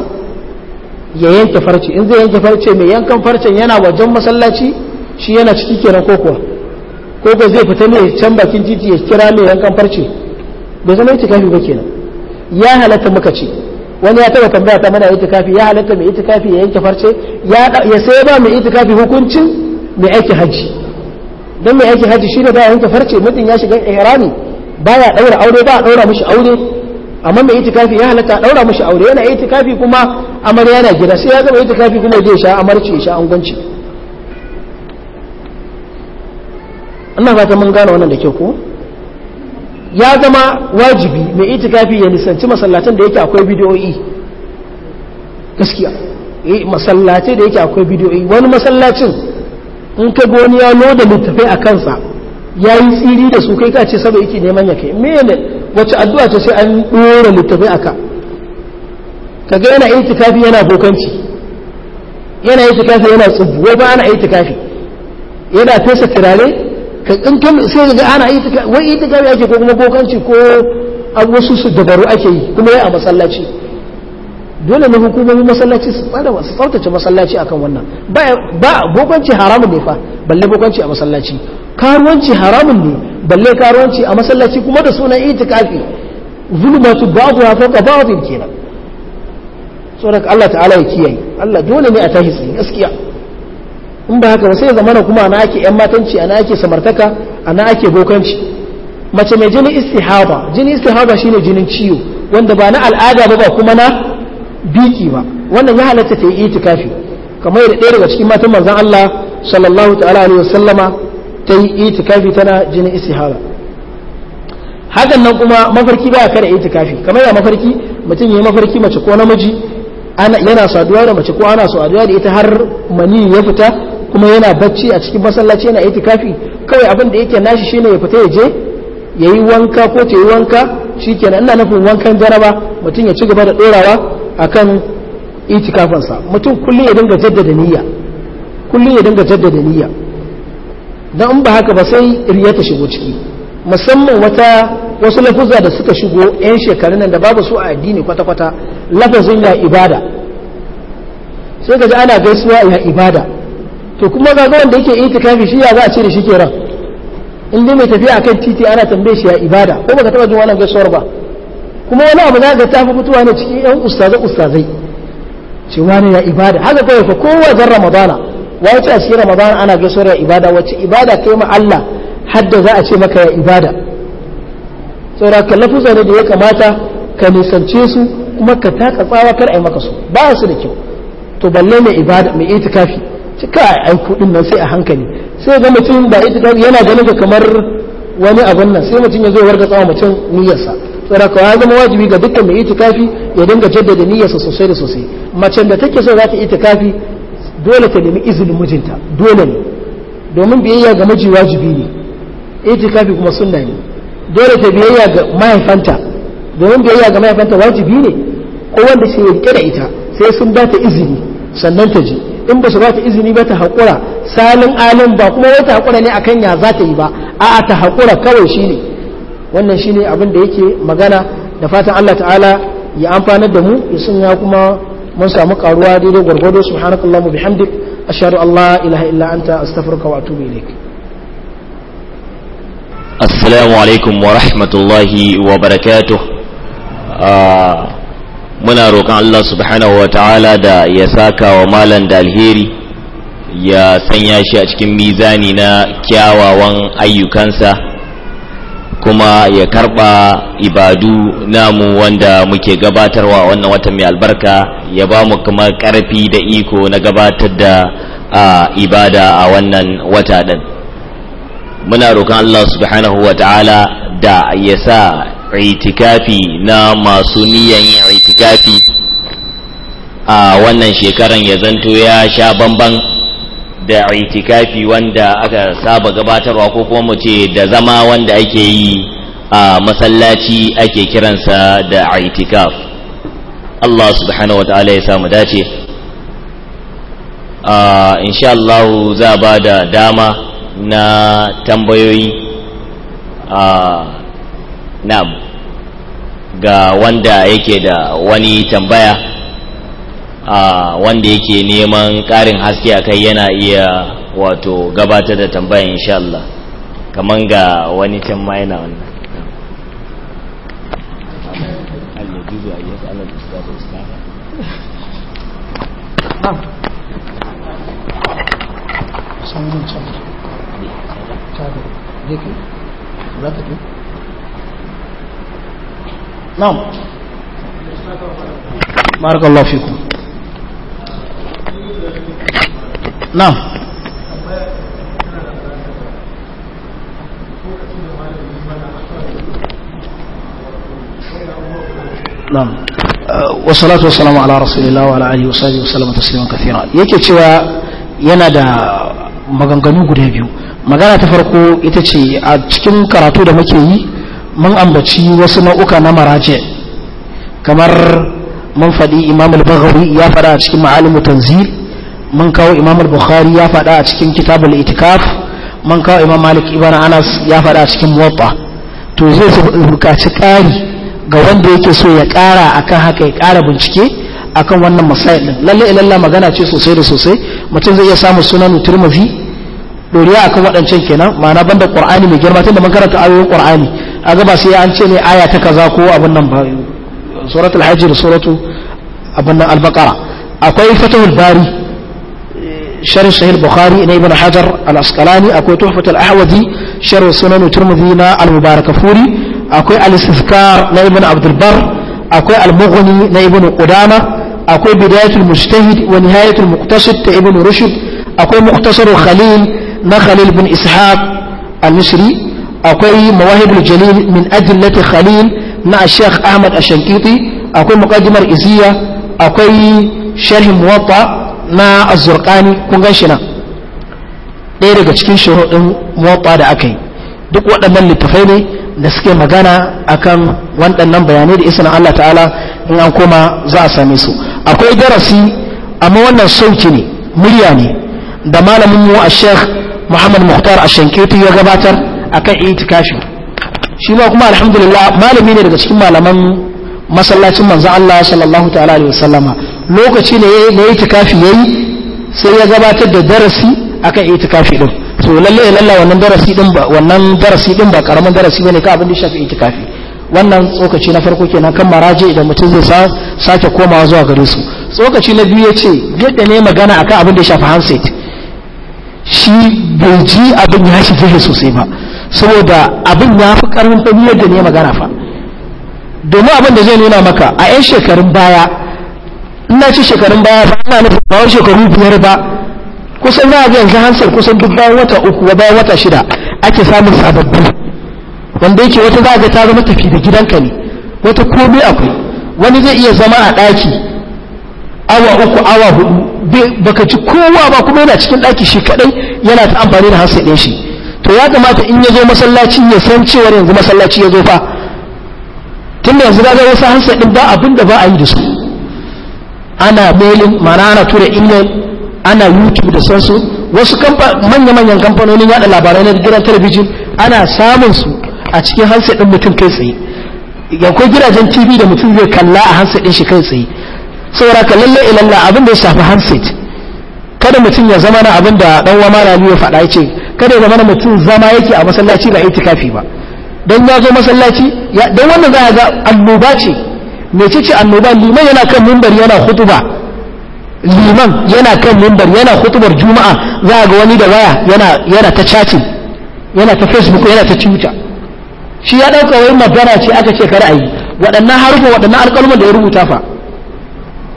ya yanke farce in zai yanke farce mai yankan farcen yana wajen masallaci shi yana ciki kenan ko kuwa ko ko zai fita ne can bakin titi ya kira mai yankan farce bai zama itikafi ba kenan ya halatta muka ce wani ya taba tambaya ta mana itikafi ya halatta mai itikafi ya yanke farce ya sai ba mai itikafi hukuncin mai aiki haji don mai aiki haji shine ba ya yanke farce mutum ya shiga ihrami baya daura aure ba a daura mishi aure amma mai itikafi ya halatta a daura mishi aure yana itikafi kuma amarya na gida sai ya zama itikafi kuma zai sha amarci ya sha angunci ina ta mun gane wannan da kyau ko ya zama wajibi mai itikafi ya nisanci masallacin da yake akwai bidiyoyi gaskiya eh, masallacin da yake akwai bidiyoyi wani masallacin in ka goni ya loda littafai a kansa ya yi tsiri da su kai ka ce saboda yake neman ya kai mene wacce addu'a ce sai an ɗora littafai Ka kaga yana itikafi yana bokanci yana itikafi yana tsubbo ba ana itikafi yana fesa turare in kan sai ga ana yi ta wai ita gari ake ko kuma bokanci ko an wasu su dabaru ake yi kuma ya a masallaci dole ne hukumomi masallaci su tsada su tsaftace masallaci akan wannan ba ba bokanci haramun ne fa balle bokanci a masallaci karuwanci haramun ne balle karuwanci a masallaci kuma da suna ba itikafi zulmatu ba'dha fawqa ba'dhin kenan saboda Allah ta'ala ya kiyaye Allah dole ne a tahisi gaskiya in ba haka ba sai zamana kuma ana ake yan matanci ana ake samartaka ana ake bokanci mace mai jinin istihaba jinin istihaba shine jinin ciwo wanda ba na al'ada ba ba kuma na biki ba wannan ya halatta ta yi itikafi kamar yadda ɗaya daga cikin matan manzon Allah sallallahu ta'ala alaihi wasallama ta yi itikafi tana jinin istihaba hakan nan kuma mafarki baya kada itikafi kamar ya mafarki mutum yayi mafarki mace ko namiji yana saduwa da mace ko ana saduwa da ita har mani ya fita kuma yana bacci a cikin masallaci yana itikafi kawai abin da yake nashi shine ya fita ya je ya yi wanka ko ta yi wanka shikenan ina nufin wankan jaraba mutum ya ci gaba da dorawa akan itikafinsa mutum kullum ya dinga jaddada niyya kullum ya dinga jaddada niyya dan in ba haka ba sai riya ta shigo ciki musamman wata wasu lafuzza da suka shigo yan shekarun nan da babu su a addini kwata-kwata lafazin ya ibada sai ka ana gaisuwa ya ibada to kuma ga ga wanda yake itikafi shi ya za a ce da shi kenan in dai mai tafiya akan titi ana tambaye shi ya ibada ko baka taba jin wannan gaisuwar ba kuma wani abu za ka tafi fitowa ne cikin yan ustazai ustazai ce wani ya ibada haka kawai fa kowa zan ramadana wace a cikin ramadana ana gaisuwar ya ibada wacce ibada kai ma Allah hadda za a ce maka ya ibada saboda ka lafuza ne da ya kamata ka nisance su kuma ka taka tsawa kar a yi maka su ba su da kyau to balle mai ibada mai itikafi cika ai kudin nan sai a hankali sai ga mutum da itikadi yana ganin ka kamar wani abun nan sai mutum ya zo warga tsawa mutum niyyarsa tsara kawai zama wajibi ga dukkan mai itikafi ya dinga jaddada niyyarsa sosai da sosai macen da take so za ta itikafi dole ta nemi izinin mijinta dole ne domin biyayya ga miji wajibi ne itikafi kuma sunna ne dole ta biyayya ga mahaifanta domin biyayya ga mahaifanta wajibi ne ko wanda sai ya da ita sai sun ba ta izini sannan ta je in ba su ba ta izini ba ta haƙura salin alin ba kuma wata haƙura ne akan ya za ta yi ba a'a ta haƙura kawai shi ne wannan shi ne abin da yake magana da fatan Allah ta'ala ya amfanar da mu ya sanya kuma mun samu karuwa daidai gwargwado subhanakallahumma bihamdik a an allah ilaha illa anta astaghfiruka wa atubu ilaik assalamu alaikum wa rahmatullahi wa barakatuh ah, muna roƙon Allah subhanahu wa ta'ala da ya saka wa malam da alheri ya sanya shi a cikin mizani na kyawawan ayyukansa kuma ya karɓa ibadu namu wanda muke gabatarwa wannan watan mai albarka ya ba mu kuma ƙarfi da iko na gabatar da ibada a wannan wata ɗin muna roƙon Allah subhanahu wa ta'ala da ya sa itikafi na masu niyan yin itikafi a wannan shekaran ya zanto ya sha bamban da itikafi wanda aka saba gabatarwa ko kuma mu ce da zama wanda ake yi a masallaci ake kiransa da itikaf Allah subhanahu wataala ya samu dace insha Allah za ba da dama na tambayoyi a na'am ga wanda yake da wani tambaya a wanda yake neman ƙarin haske a kai yana iya wato gabatar da tambayan insha Allah kaman ga wani can ma yana wannan Thank you. na'am barakallahu fikum na'am na'am wasalatu wasalamu ala rasulillah wa ala alihi wasallam wasallam tasliman kathira yake cewa yana da maganganu guda biyu magana ta farko ita ce a cikin karatu da muke yi mun ambaci wasu nau'uka na marace kamar mun faɗi imam al-baghawi ya faɗa a cikin ma'alimu tanzil mun kawo imam al-bukhari ya faɗa a cikin al itikaf mun kawo imam malik ibn anas ya faɗa a cikin muwatta to zai bukaci ƙari ga wanda yake so ya ƙara akan haka ya ƙara bincike akan wannan masail din lalle ilalla magana ce sosai da sosai mutum zai iya samu sunan turmafi doriya akan waɗancan kenan ma'ana banda qur'ani mai girma tunda mun karanta ayoyin qur'ani a gaba sai an ce ne aya ta kaza ko abin nan ba suratul hajj da suratu abin nan al-baqara akwai fatahul bari sharh sahih bukhari na ibn hajar al-asqalani akwai tuhfatul ahwazi sharh sunan tirmidhi na al-mubarakafuri akwai al-istizkar na ibn abdul bar akwai al-mughni na ibn qudama akwai bidayatul mujtahid wa nihayatul muqtasid ta ibn rushd akwai muqtasarul khalil na khalil bin ishaq al-misri akwai mawahibul jalil min ajillati khalil na Sheikh Ahmad Ashankiti akwai muqaddimar isiya akwai sharh muwatta na az-zurqani kun ɗaya daga cikin shuruɗin muwatta da aka yi duk waɗannan littafai ne da suke magana akan waɗannan bayanai da isna Allah ta'ala in an koma za a same su akwai darasi amma wannan sauki ne murya ne da malamin mu a Sheikh Muhammad Mukhtar Ashankiti ya gabatar akan itikafin shi ma kuma alhamdulillah malami ne daga cikin malaman masallacin manzon Allah sallallahu ta'ala alaihi wasallama lokaci ne da itikafi yayi sai ya gabatar da darasi akan itikafi din to lalle lalle wannan darasi din ba wannan darasi din ba karamin darasi bane ka abin da shafi itikafi wannan tsokaci na farko kenan kan maraje idan mutum zai sake komawa zuwa gare su tsokaci na biyu yace yadda ne magana akan abin da shafi handset shi bai ji abin ya shige sosai ba saboda abin ya fi karfin fa yadda ne magana fa domin abin da zai nuna maka a 'yan shekarun baya ina ci shekarun baya ba ina nufin ba wani shekaru biyar ba kusan na ga yanzu hansar kusan duk bayan wata uku bayan wata shida ake samun sababbi wanda yake wata za ga ta zama tafi da gidanka ne wata komai akwai wani zai iya zama a ɗaki awa uku awa hudu baka ci kowa ba kuma yana cikin ɗaki shi kaɗai yana ta amfani da hansar ɗin shi to ya kamata in ya zo masallaci ya san cewar yanzu masallaci ya zo fa tun da yanzu ga wasu hansa din ba abin da ba a yi da su ana mailin mana ana tura email ana youtube da sansu wasu manya-manyan kamfanonin yada labarai na gidan talabijin ana samun su a cikin hansa din mutum kai tsaye akwai gidajen tv da mutum zai kalla a hansa din shi kai tsaye saboda ka lalle ilalla abin da ya shafi hansa kada mutum ya zama na abin da dan wama na ya faɗa ya ce kada ga mana mutum zama yake a masallaci ba kafi ba don ya zo masallaci don wannan za a ga annoba ce ce annoba liman yana kan mimbar yana hutuba liman yana kan mimbar yana hutubar juma'a za a ga wani da waya yana ta chatting yana ta facebook yana ta twitter shi ya ɗauka wai magana ce aka ce ka a yi waɗannan harufa waɗannan alƙalman da ya rubuta fa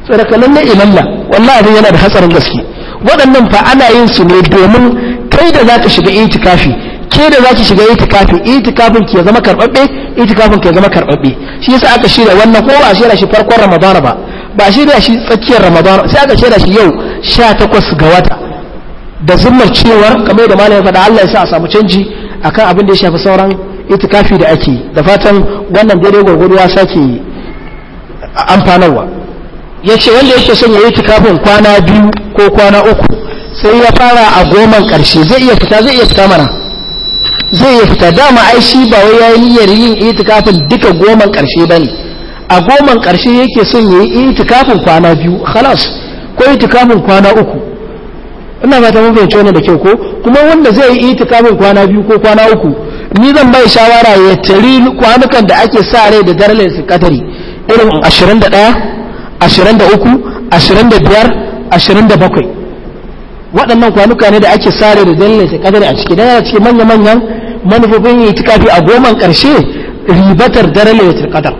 tsarakalan na ilalla wallahi abin yana da hatsarin gaske waɗannan fa ana yin su ne domin kai da zaka shiga itikafi ke da zaki shiga itikafi itikafin ke zama karbabbe itikafin ke zama karbabbe shi yasa aka shirya wannan ko ba shirya shi farkon ramadan ba ba shirya shi tsakiyar ramadan sai aka shirya shi yau 18 ga wata da zimmar cewar kamar da malamin faɗa Allah ya sa a samu canji akan abin da ya shafi sauran itikafi da ake da fatan wannan daidai gwargwado ya sake amfanarwa yace wanda yake son ya yi itikafin kwana biyu ko kwana uku sai ya fara a goman ƙarshe zai iya fita zai iya fita mana zai iya fita dama ai shi ba wai yayi niyyar yin itikafin duka goman ƙarshe bane a goman ƙarshe yake son yayi itikafin kwana biyu khalas ko itikafin kwana uku ina fata mun fahimci wannan da kyau ko kuma wanda zai yi itikafin kwana biyu ko kwana uku ni zan bai shawara ya tari kwanukan da ake sa rai da daralin su katari irin 21 23 25 27 waɗannan kwanuka ne da ake sare da sai kadari a ciki dana cikin manya-manyan manufofin itikafi a goman ƙarshe ribatar daren lailatul qadar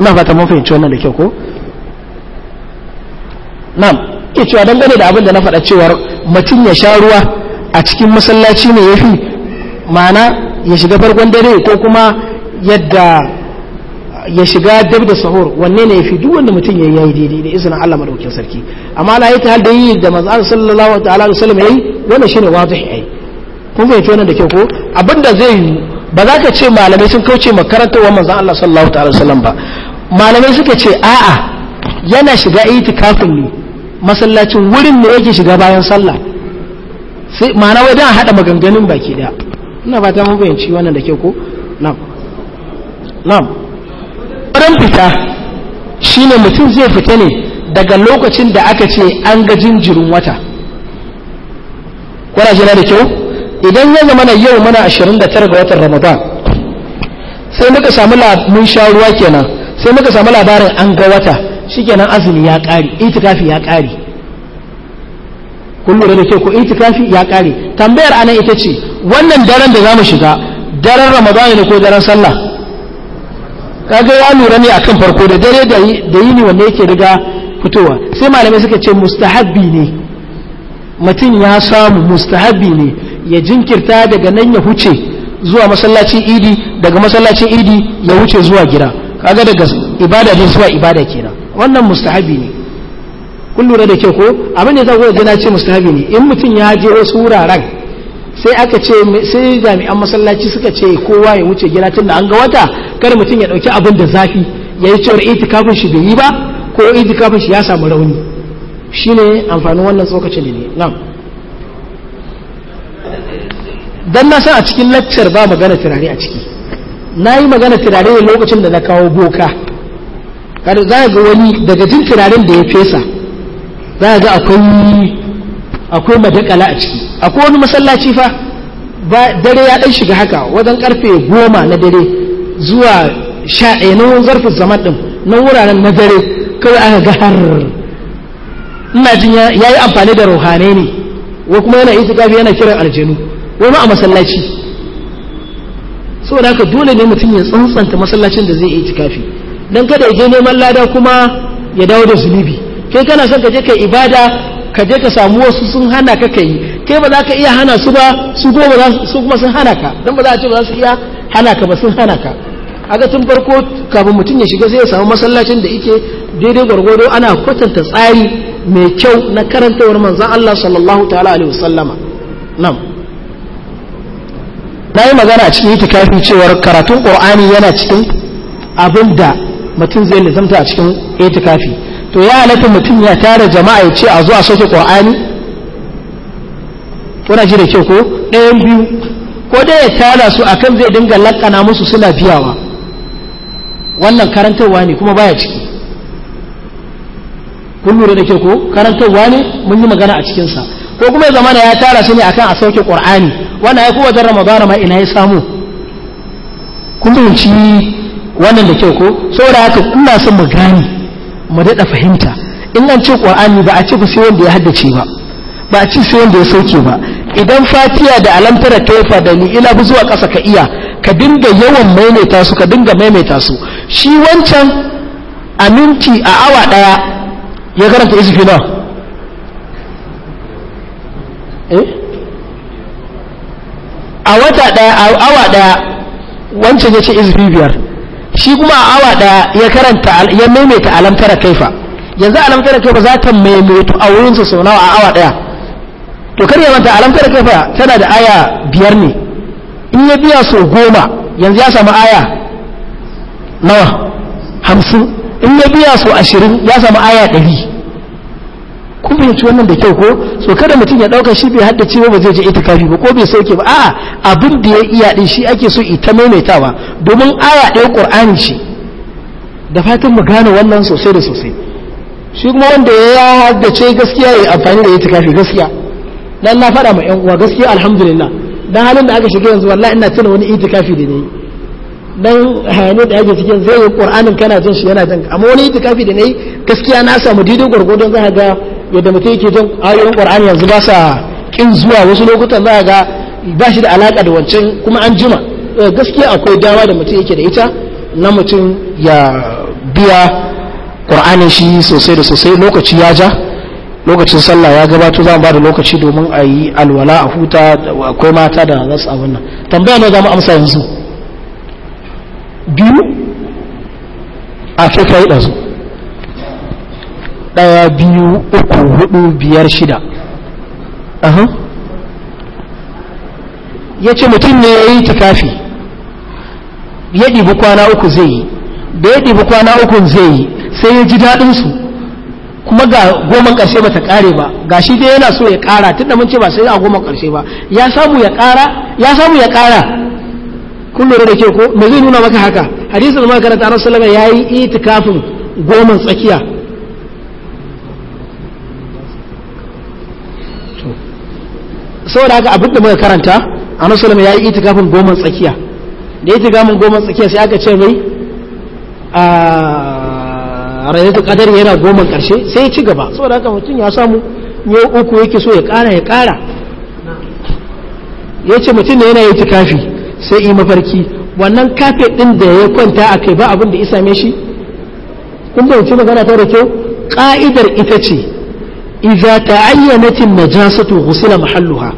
ina fata mun fahimci wannan da kyau ko na ke cewa dangane da abin da na faɗa cewa mutum ya sha ruwa a cikin masallaci ne ya fi ma'ana ya shiga farkon dare ko kuma yadda ya shiga dab da sahur wanne ne fi duk wanda mutum yayi yayi daidai da izinin Allah madaukin sarki amma la yata hal da yi da manzo sallallahu ta'ala alaihi wasallam yayi wannan shine wazihi ai kun fahimci wannan da kyau ko abinda zai yi ba za ka ce malamai sun kauce ma karantawar manzo Allah sallallahu ta'ala alaihi wasallam ba malamai suka ce a'a yana shiga itikafin ne masallacin wurin ne yake shiga bayan sallah sai ma'ana wai dan hada maganganun baki da ina fata mun fahimci wannan da kyau ko na'am na'am wurin fita shi ne mutum zai fita ne daga lokacin da aka ce an ga jinjirin wata kuna jina da kyau idan ya zama na yau muna 29 ga watan ramadan sai muka samu mun sha ruwa kenan sai muka samu labarin an ga wata shikenan azumi ya ita itikafi ya ƙari Kullum da kyau ko itikafi ya ƙari tambayar anan ita ce wannan daren da za mu shiga daren ramadan ne ko daren sallah kaga ya lura ne akan farko da dare da yini wanda yake riga fitowa sai malamai suka ce mustahabbi ne mutum ya samu mustahabbi ne ya jinkirta daga nan ya huce zuwa masallacin idi daga masallacin idi ya huce zuwa gida kaga daga ibada ne zuwa ibada kenan wannan mustahabbi ne kun lura da kyau ko abin da zan goya na ce mustahabi ne in mutum ya je wasu wuraren sai aka ce sai jami'an masallaci suka ce kowa ya wuce gida tun da an ga wata kar mutum ya ɗauki abin da zafi ya yi cewar itikafin shi bai yi ba ko itikafin shi ya samu rauni shine amfanin wannan tsokacin ne nan dan na san a cikin laccar ba magana turare a ciki na yi magana turare ne lokacin da na kawo boka kada za ga wani daga jin turaren da ya fesa za ga akwai akwai madakala a ciki akwai wani masallaci fa dare ya dan shiga haka wajen karfe goma na dare zuwa sha na wani zarfin zaman ɗin na wuraren na dare kawai aka ga har ina jin ya yi amfani da ruhanai ne wa kuma yana yi itikafi yana kiran aljanu wani a masallaci saboda haka dole ne mutum ya tsantsanta masallacin da zai itikafi dan kada ya je neman lada kuma ya dawo da zunubi kai kana son ka je kai ibada ka je ka samu wasu sun hana ka kai kai ba za ka iya hana su ba su ba su kuma sun hana ka dan ba za a ce ba za su iya hana ka ba sun hana ka aga tun farko kafin mutum ya shiga sai ya samu masallacin da yake daidai gwargwado ana kwatanta tsari mai kyau na karantawar manzon Allah sallallahu ta'ala alaihi wasallama nam Na yi magana a cikin itikafi cewa karatun qur'ani yana cikin abin da mutum zai lizamta a cikin itikafi to ya nafi mutum ya tara jama'a ya ce a zuwa a soke ƙwa'ani kuna ji da kyau ko ɗayan biyu ko dai ya tara su akan zai dinga lakana musu suna biyawa wannan karantarwa ne kuma baya ciki kun lura da kyau ko karantarwa ne mun yi magana a cikinsa ko kuma ya zamana ya tara su ne akan a sauke ƙur'ani wannan ya kowace ramadana ma ina ya samu kun fahimci wannan da kyau ko saboda haka ina son mu gani mu daɗa fahimta in an ce ƙwa'ani ba a ce sai wanda ya haddace ba ba a ce sai wanda ya sauke ba idan fatiya da alamtara taifa da ni ila bi zuwa ƙasa ka iya ka dinga yawan maimaita su ka dinga maimaita su shi wancan a minti a awa ɗaya ya karanta izifi nawa eh? a wata ɗaya a awa ɗaya wancan ya ce izifi biyar shi kuma a awa daya ya karanta ya maimaita alamtara kaifa yanzu alamtara kaifa za ta maimaitu a su sau nawa a awa daya to kar ya manta alamtara kaifa tana da aya biyar ne in ya biya sau goma yanzu ya samu aya nawa hamsin in ya biya sau ashirin ya samu aya ɗari kun fahimci wannan da kyau ko so kada mutum ya dauka shi bai haddace ba zai je itikafi ba ko bai sauke ba a'a abin da ya iya din shi ake so ita maimaitawa domin aya ɗaya qur'ani shi da fatan mu gane wannan sosai da sosai shi kuma wanda ya haddace gaskiya ya amfani da itikafi gaskiya dan na faɗa ma yan uwa gaskiya alhamdulillah dan halin da aka shiga yanzu wallahi ina tuna wani itikafi da nayi dan hayani da ake cikin zai yi qur'anin kana jin shi yana jin amma wani itikafi da nayi gaskiya na samu didin gwargwadon zai ga yadda mutum yake jin ayoyin ƙwar'ani yanzu ba sa ƙin zuwa wasu lokutan za ga ba shi da alaƙa da wancan kuma an jima eh, gaskiya akwai dama da mutum yake da ita na mutum ya biya qur'anin shi sosai da sosai lokaci ya ja lokacin sallah ya gabato za mu da lokaci domin a yi alwala a huta akwai mata da za su abin nan tambaya ne za mu amsa yanzu biyu a kai kai ɗazu ɗaya biyu uku hudu biyar shida ya ce mutum ne ya yi tikafi ya ɗibi kwana uku zai yi da ya ɗibi kwana uku zai yi sai ya ji daɗinsu kuma ga goma ƙarshe ba ta ƙare ba ga shi dai yana so ya ƙara tun da mun ce ba sai a goma ƙarshe ba ya samu ya ƙara ya samu ya ƙara kun lura da ke ko me zai nuna maka haka hadisul makarata rasulullah ya yi itikafin goma tsakiya saboda haka abin da muka karanta annabi sallallahu ya yi itikafin goma tsakiya da itikafin goma tsakiya sai aka ce mai a rayatul yana goma karshe sai ya ci gaba saboda haka mutum ya samu ya uku yake so ya kara ya kara ya ce mutum ne yana itikafi sai yi mafarki wannan kafe din da ya kwanta a kai ba abin da isa me shi kun bayyana magana ta da kyau ka'idar ita ce idza ta'ayyanat an-najasatu ghusila mahalluha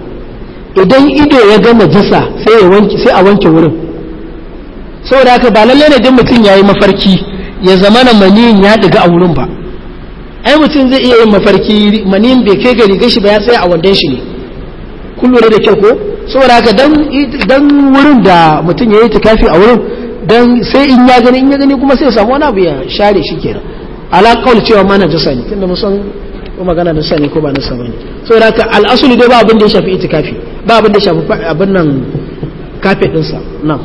idan ido ya ga najasa sai ya wanke sai a wanke wurin sau da aka ba lalle ne din mutum ya yi mafarki ya zama na maniyin ya diga a wurin ba ai mutum zai iya yin mafarki maniyin bai kai gari gashi ba ya tsaye a wandan shi ne kun da kyau ko saboda haka dan wurin da mutum ya yi tikafi a wurin dan sai in ya gani in ya gani kuma sai ya samu wani abu ya share shi kenan ala cewa mana jasa ne tunda musan ko magana na sani ko ba na sani ne da ka al'asuli dai ba abin da ya shafi itikafi ba abin da ya shafi abin nan kafe dinsa nan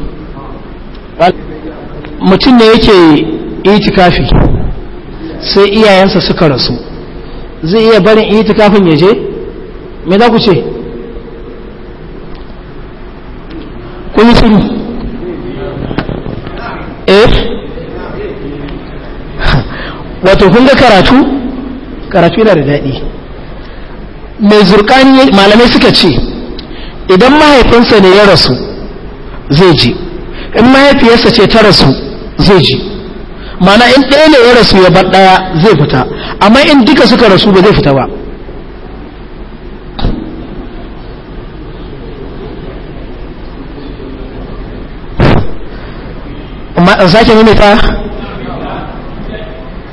mutum ne yake itikafi sai iyayensa suka rasu zai iya barin itikafin ya je me za ku ce kun yi shiru eh wato kun ga karatu karatu yana da daɗi mai zurkani malamai suka ce idan mahaifinsa ne ya rasu zai ji in mahaifiyarsa ce ta rasu zai ji mana in ɗaya ne ya rasu ya bar ɗaya zai fita amma in duka suka rasu ba zai fita ba amma in sake mimita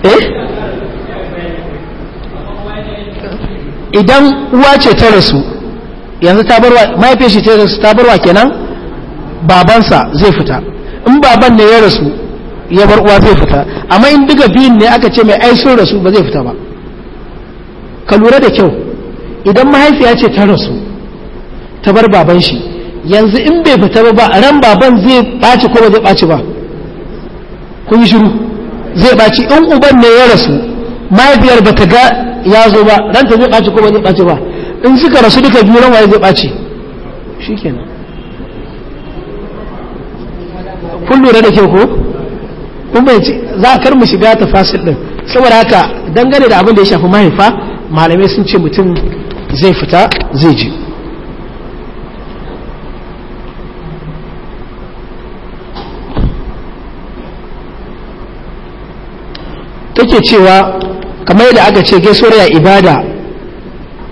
eh idan uwa ce ta rasu yanzu ta barwa mahaifiyar shi ta rasu ta barwa kenan babansa zai fita in baban ne ya rasu ya bar uwa zai fita amma in duka biyun ne aka ce mai ai sun rasu ba zai fita ba ka lura da kyau idan mahaifiya ce ta rasu ta bar baban shi yanzu in bai fita ba ran baban zai ɓaci ko ba zai ɓaci ba kun yi shiru zai ɓaci in uban ne ya rasu mahaifiyar ba ta ga ya zo ba dan ta zai ɓaci ko ba zai ɓaci ba in suka rasu duka biyu ran waye zai ɓaci shikenan kun lura da kyau ko kun bai za a kar mu shiga ta fasil din saboda haka dangane da abin da ya shafi mahaifa malamai sun ce mutum zai fita zai ji take cewa kamar yadda aka ce gaisuwar ya ibada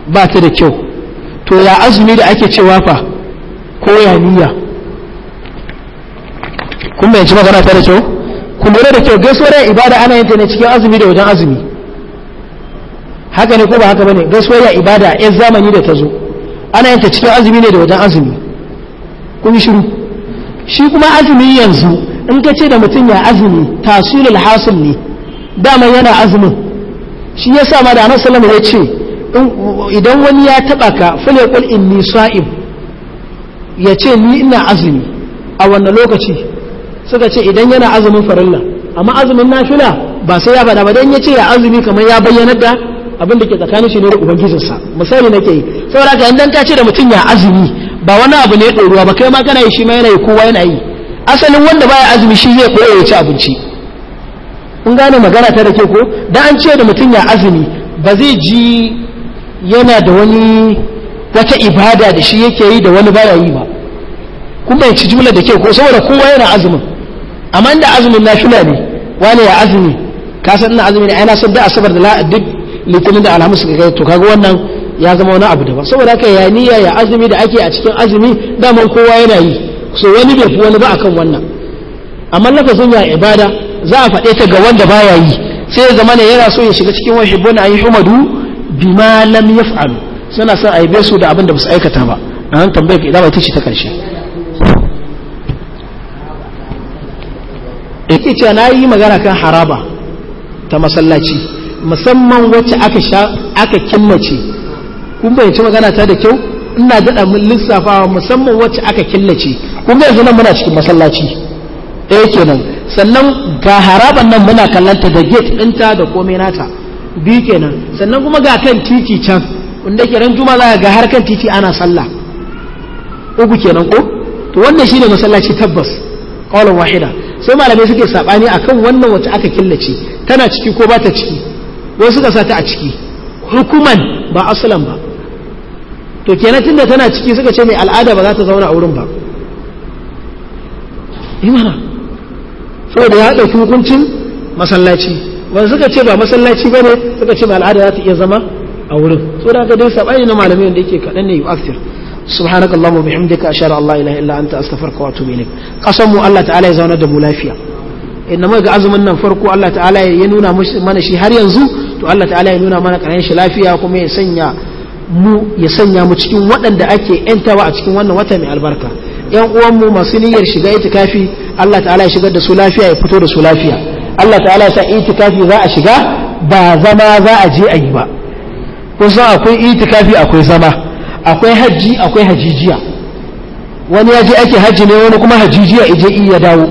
ba ta da kyau to ya azumi da ake cewa fa ko ya niyya kun bayanci magana ta da kyau ku lura da kyau gaisuwar ya ibada ana yin ta ne cikin azumi da wajen azumi haka ne ko ba haka bane gaisuwar ya ibada yan zamani da ta zo ana yin ta cikin azumi ne da wajen azumi kun shiru shi kuma azumi yanzu in ka ce da mutum ya azumi tasulul hasil ne dama yana azumin shi yasa ma da annabi sallallahu ya ce idan wani ya taba ka fule qul inni sa'im ya ce ni ina azumi a wannan lokaci suka ce idan yana azumin farilla amma azumin nafila ba sai ya bada ba dan ya ce ya azumi kamar ya bayyana da abin da ke tsakanin shi ne da ubangijinsa misali nake yi saboda ka idan ka ce da mutum ya azumi ba wani abu ne ya ɗoruwa ba kai ma kana yi shi ma yana yi kowa yana yi asalin wanda baya azumi shi zai koya ya ci abinci kun gane magana ta da ke ko da an ce da mutum ya azumi ba zai ji yana da wani wata ibada da shi yake yi da wani baya yi ba kun ci jumla da ke ko saboda kowa yana azumin amma da azumin nafila ne wani ya azumi ka san ina azumi ne ai na san da asabar da duk litinin da alhamis ga to kaga wannan ya zama wani abu daban saboda haka ya niyya ya azumi da ake a cikin azumi daman kowa yana yi so wani bai fi wani ba akan wannan amma lafazin ya ibada za a faɗe ta ga wanda baya yi sai zama ne yana so ya shiga cikin wani hibbun ayi humadu bima lam yaf'alu suna son aibe su da abin da ba su aikata ba nan tambayar ka idan ba ita ce ta karshe yake cewa na yi magana kan haraba ta masallaci musamman wacce aka sha aka killace kun bayyace magana ta da kyau ina daɗa mun lissafawa musamman wacce aka killace kun ga nan muna cikin masallaci ɗaya eh kenan sannan ga haraban nan muna kallanta da gate ɗinta da komai nata biyu kenan sannan kuma ga kan titi can wanda ke ran juma za ga har kan titi ana sallah uku kenan ko to wannan shine masallaci tabbas qawlan wahida sai malamai suke sabani akan wannan wacce aka killace tana ciki ko ba ta ciki wai suka sa ta a ciki hukuman ba asalan ba to kenan tunda tana ciki suka ce mai al'ada ba za ta zauna a wurin ba imana eh saboda ya ɗauki hukuncin masallaci wanda suka ce masallaci ba ne suka ce al'ada za ta iya zama a wurin saboda haka dai saɓani na malamai wanda yake kaɗan ne yu'athir سبحانك اللهم وبحمدك اشهد ان لا اله الا انت استغفرك واتوب اليك قسم الله تعالى ya zauna da mu lafiya inna muka ga azumin nan farko Allah ta'ala ya nuna mana shi har yanzu to Allah ta'ala ya nuna mana karan shi lafiya kuma ya sanya mu sanya mu cikin waɗanda ake yantawa a cikin wannan watan mai albarka yan uwanmu masu niyyar shiga itikafi Allah ta'ala ya shigar da su lafiya ya fito da su lafiya Allah ta'ala ya sa itikafi za a shiga ba zama za a je a yi ba kusan akwai itikafi akwai zama akwai hajji akwai hajijiya wani ya je ake hajji ne wani kuma hajijiya ije ya dawo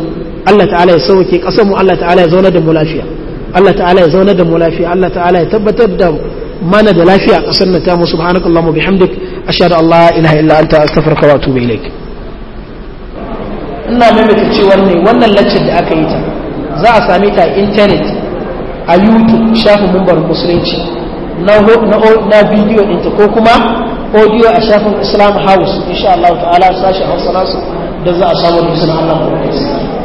Allah ta'ala ya sauke kasar mu Allah ta'ala ya zauna da mu lafiya Allah ta'ala ya zauna da mu lafiya Allah ta'ala ya tabbatar da mana da lafiya kasar na ta mu subhanakallahumma bihamdik ashhadu an la ilaha illa anta astaghfiruka wa atubu ilaik ina maimaita cewar ne wannan laccar da aka yi ta za a same ta intanet a youtube shafin mumbar musulunci na bidiyo ɗinta ko kuma audio a shafin islam house insha Allah ta'ala sashi hausa nasu da za a samu da suna Allah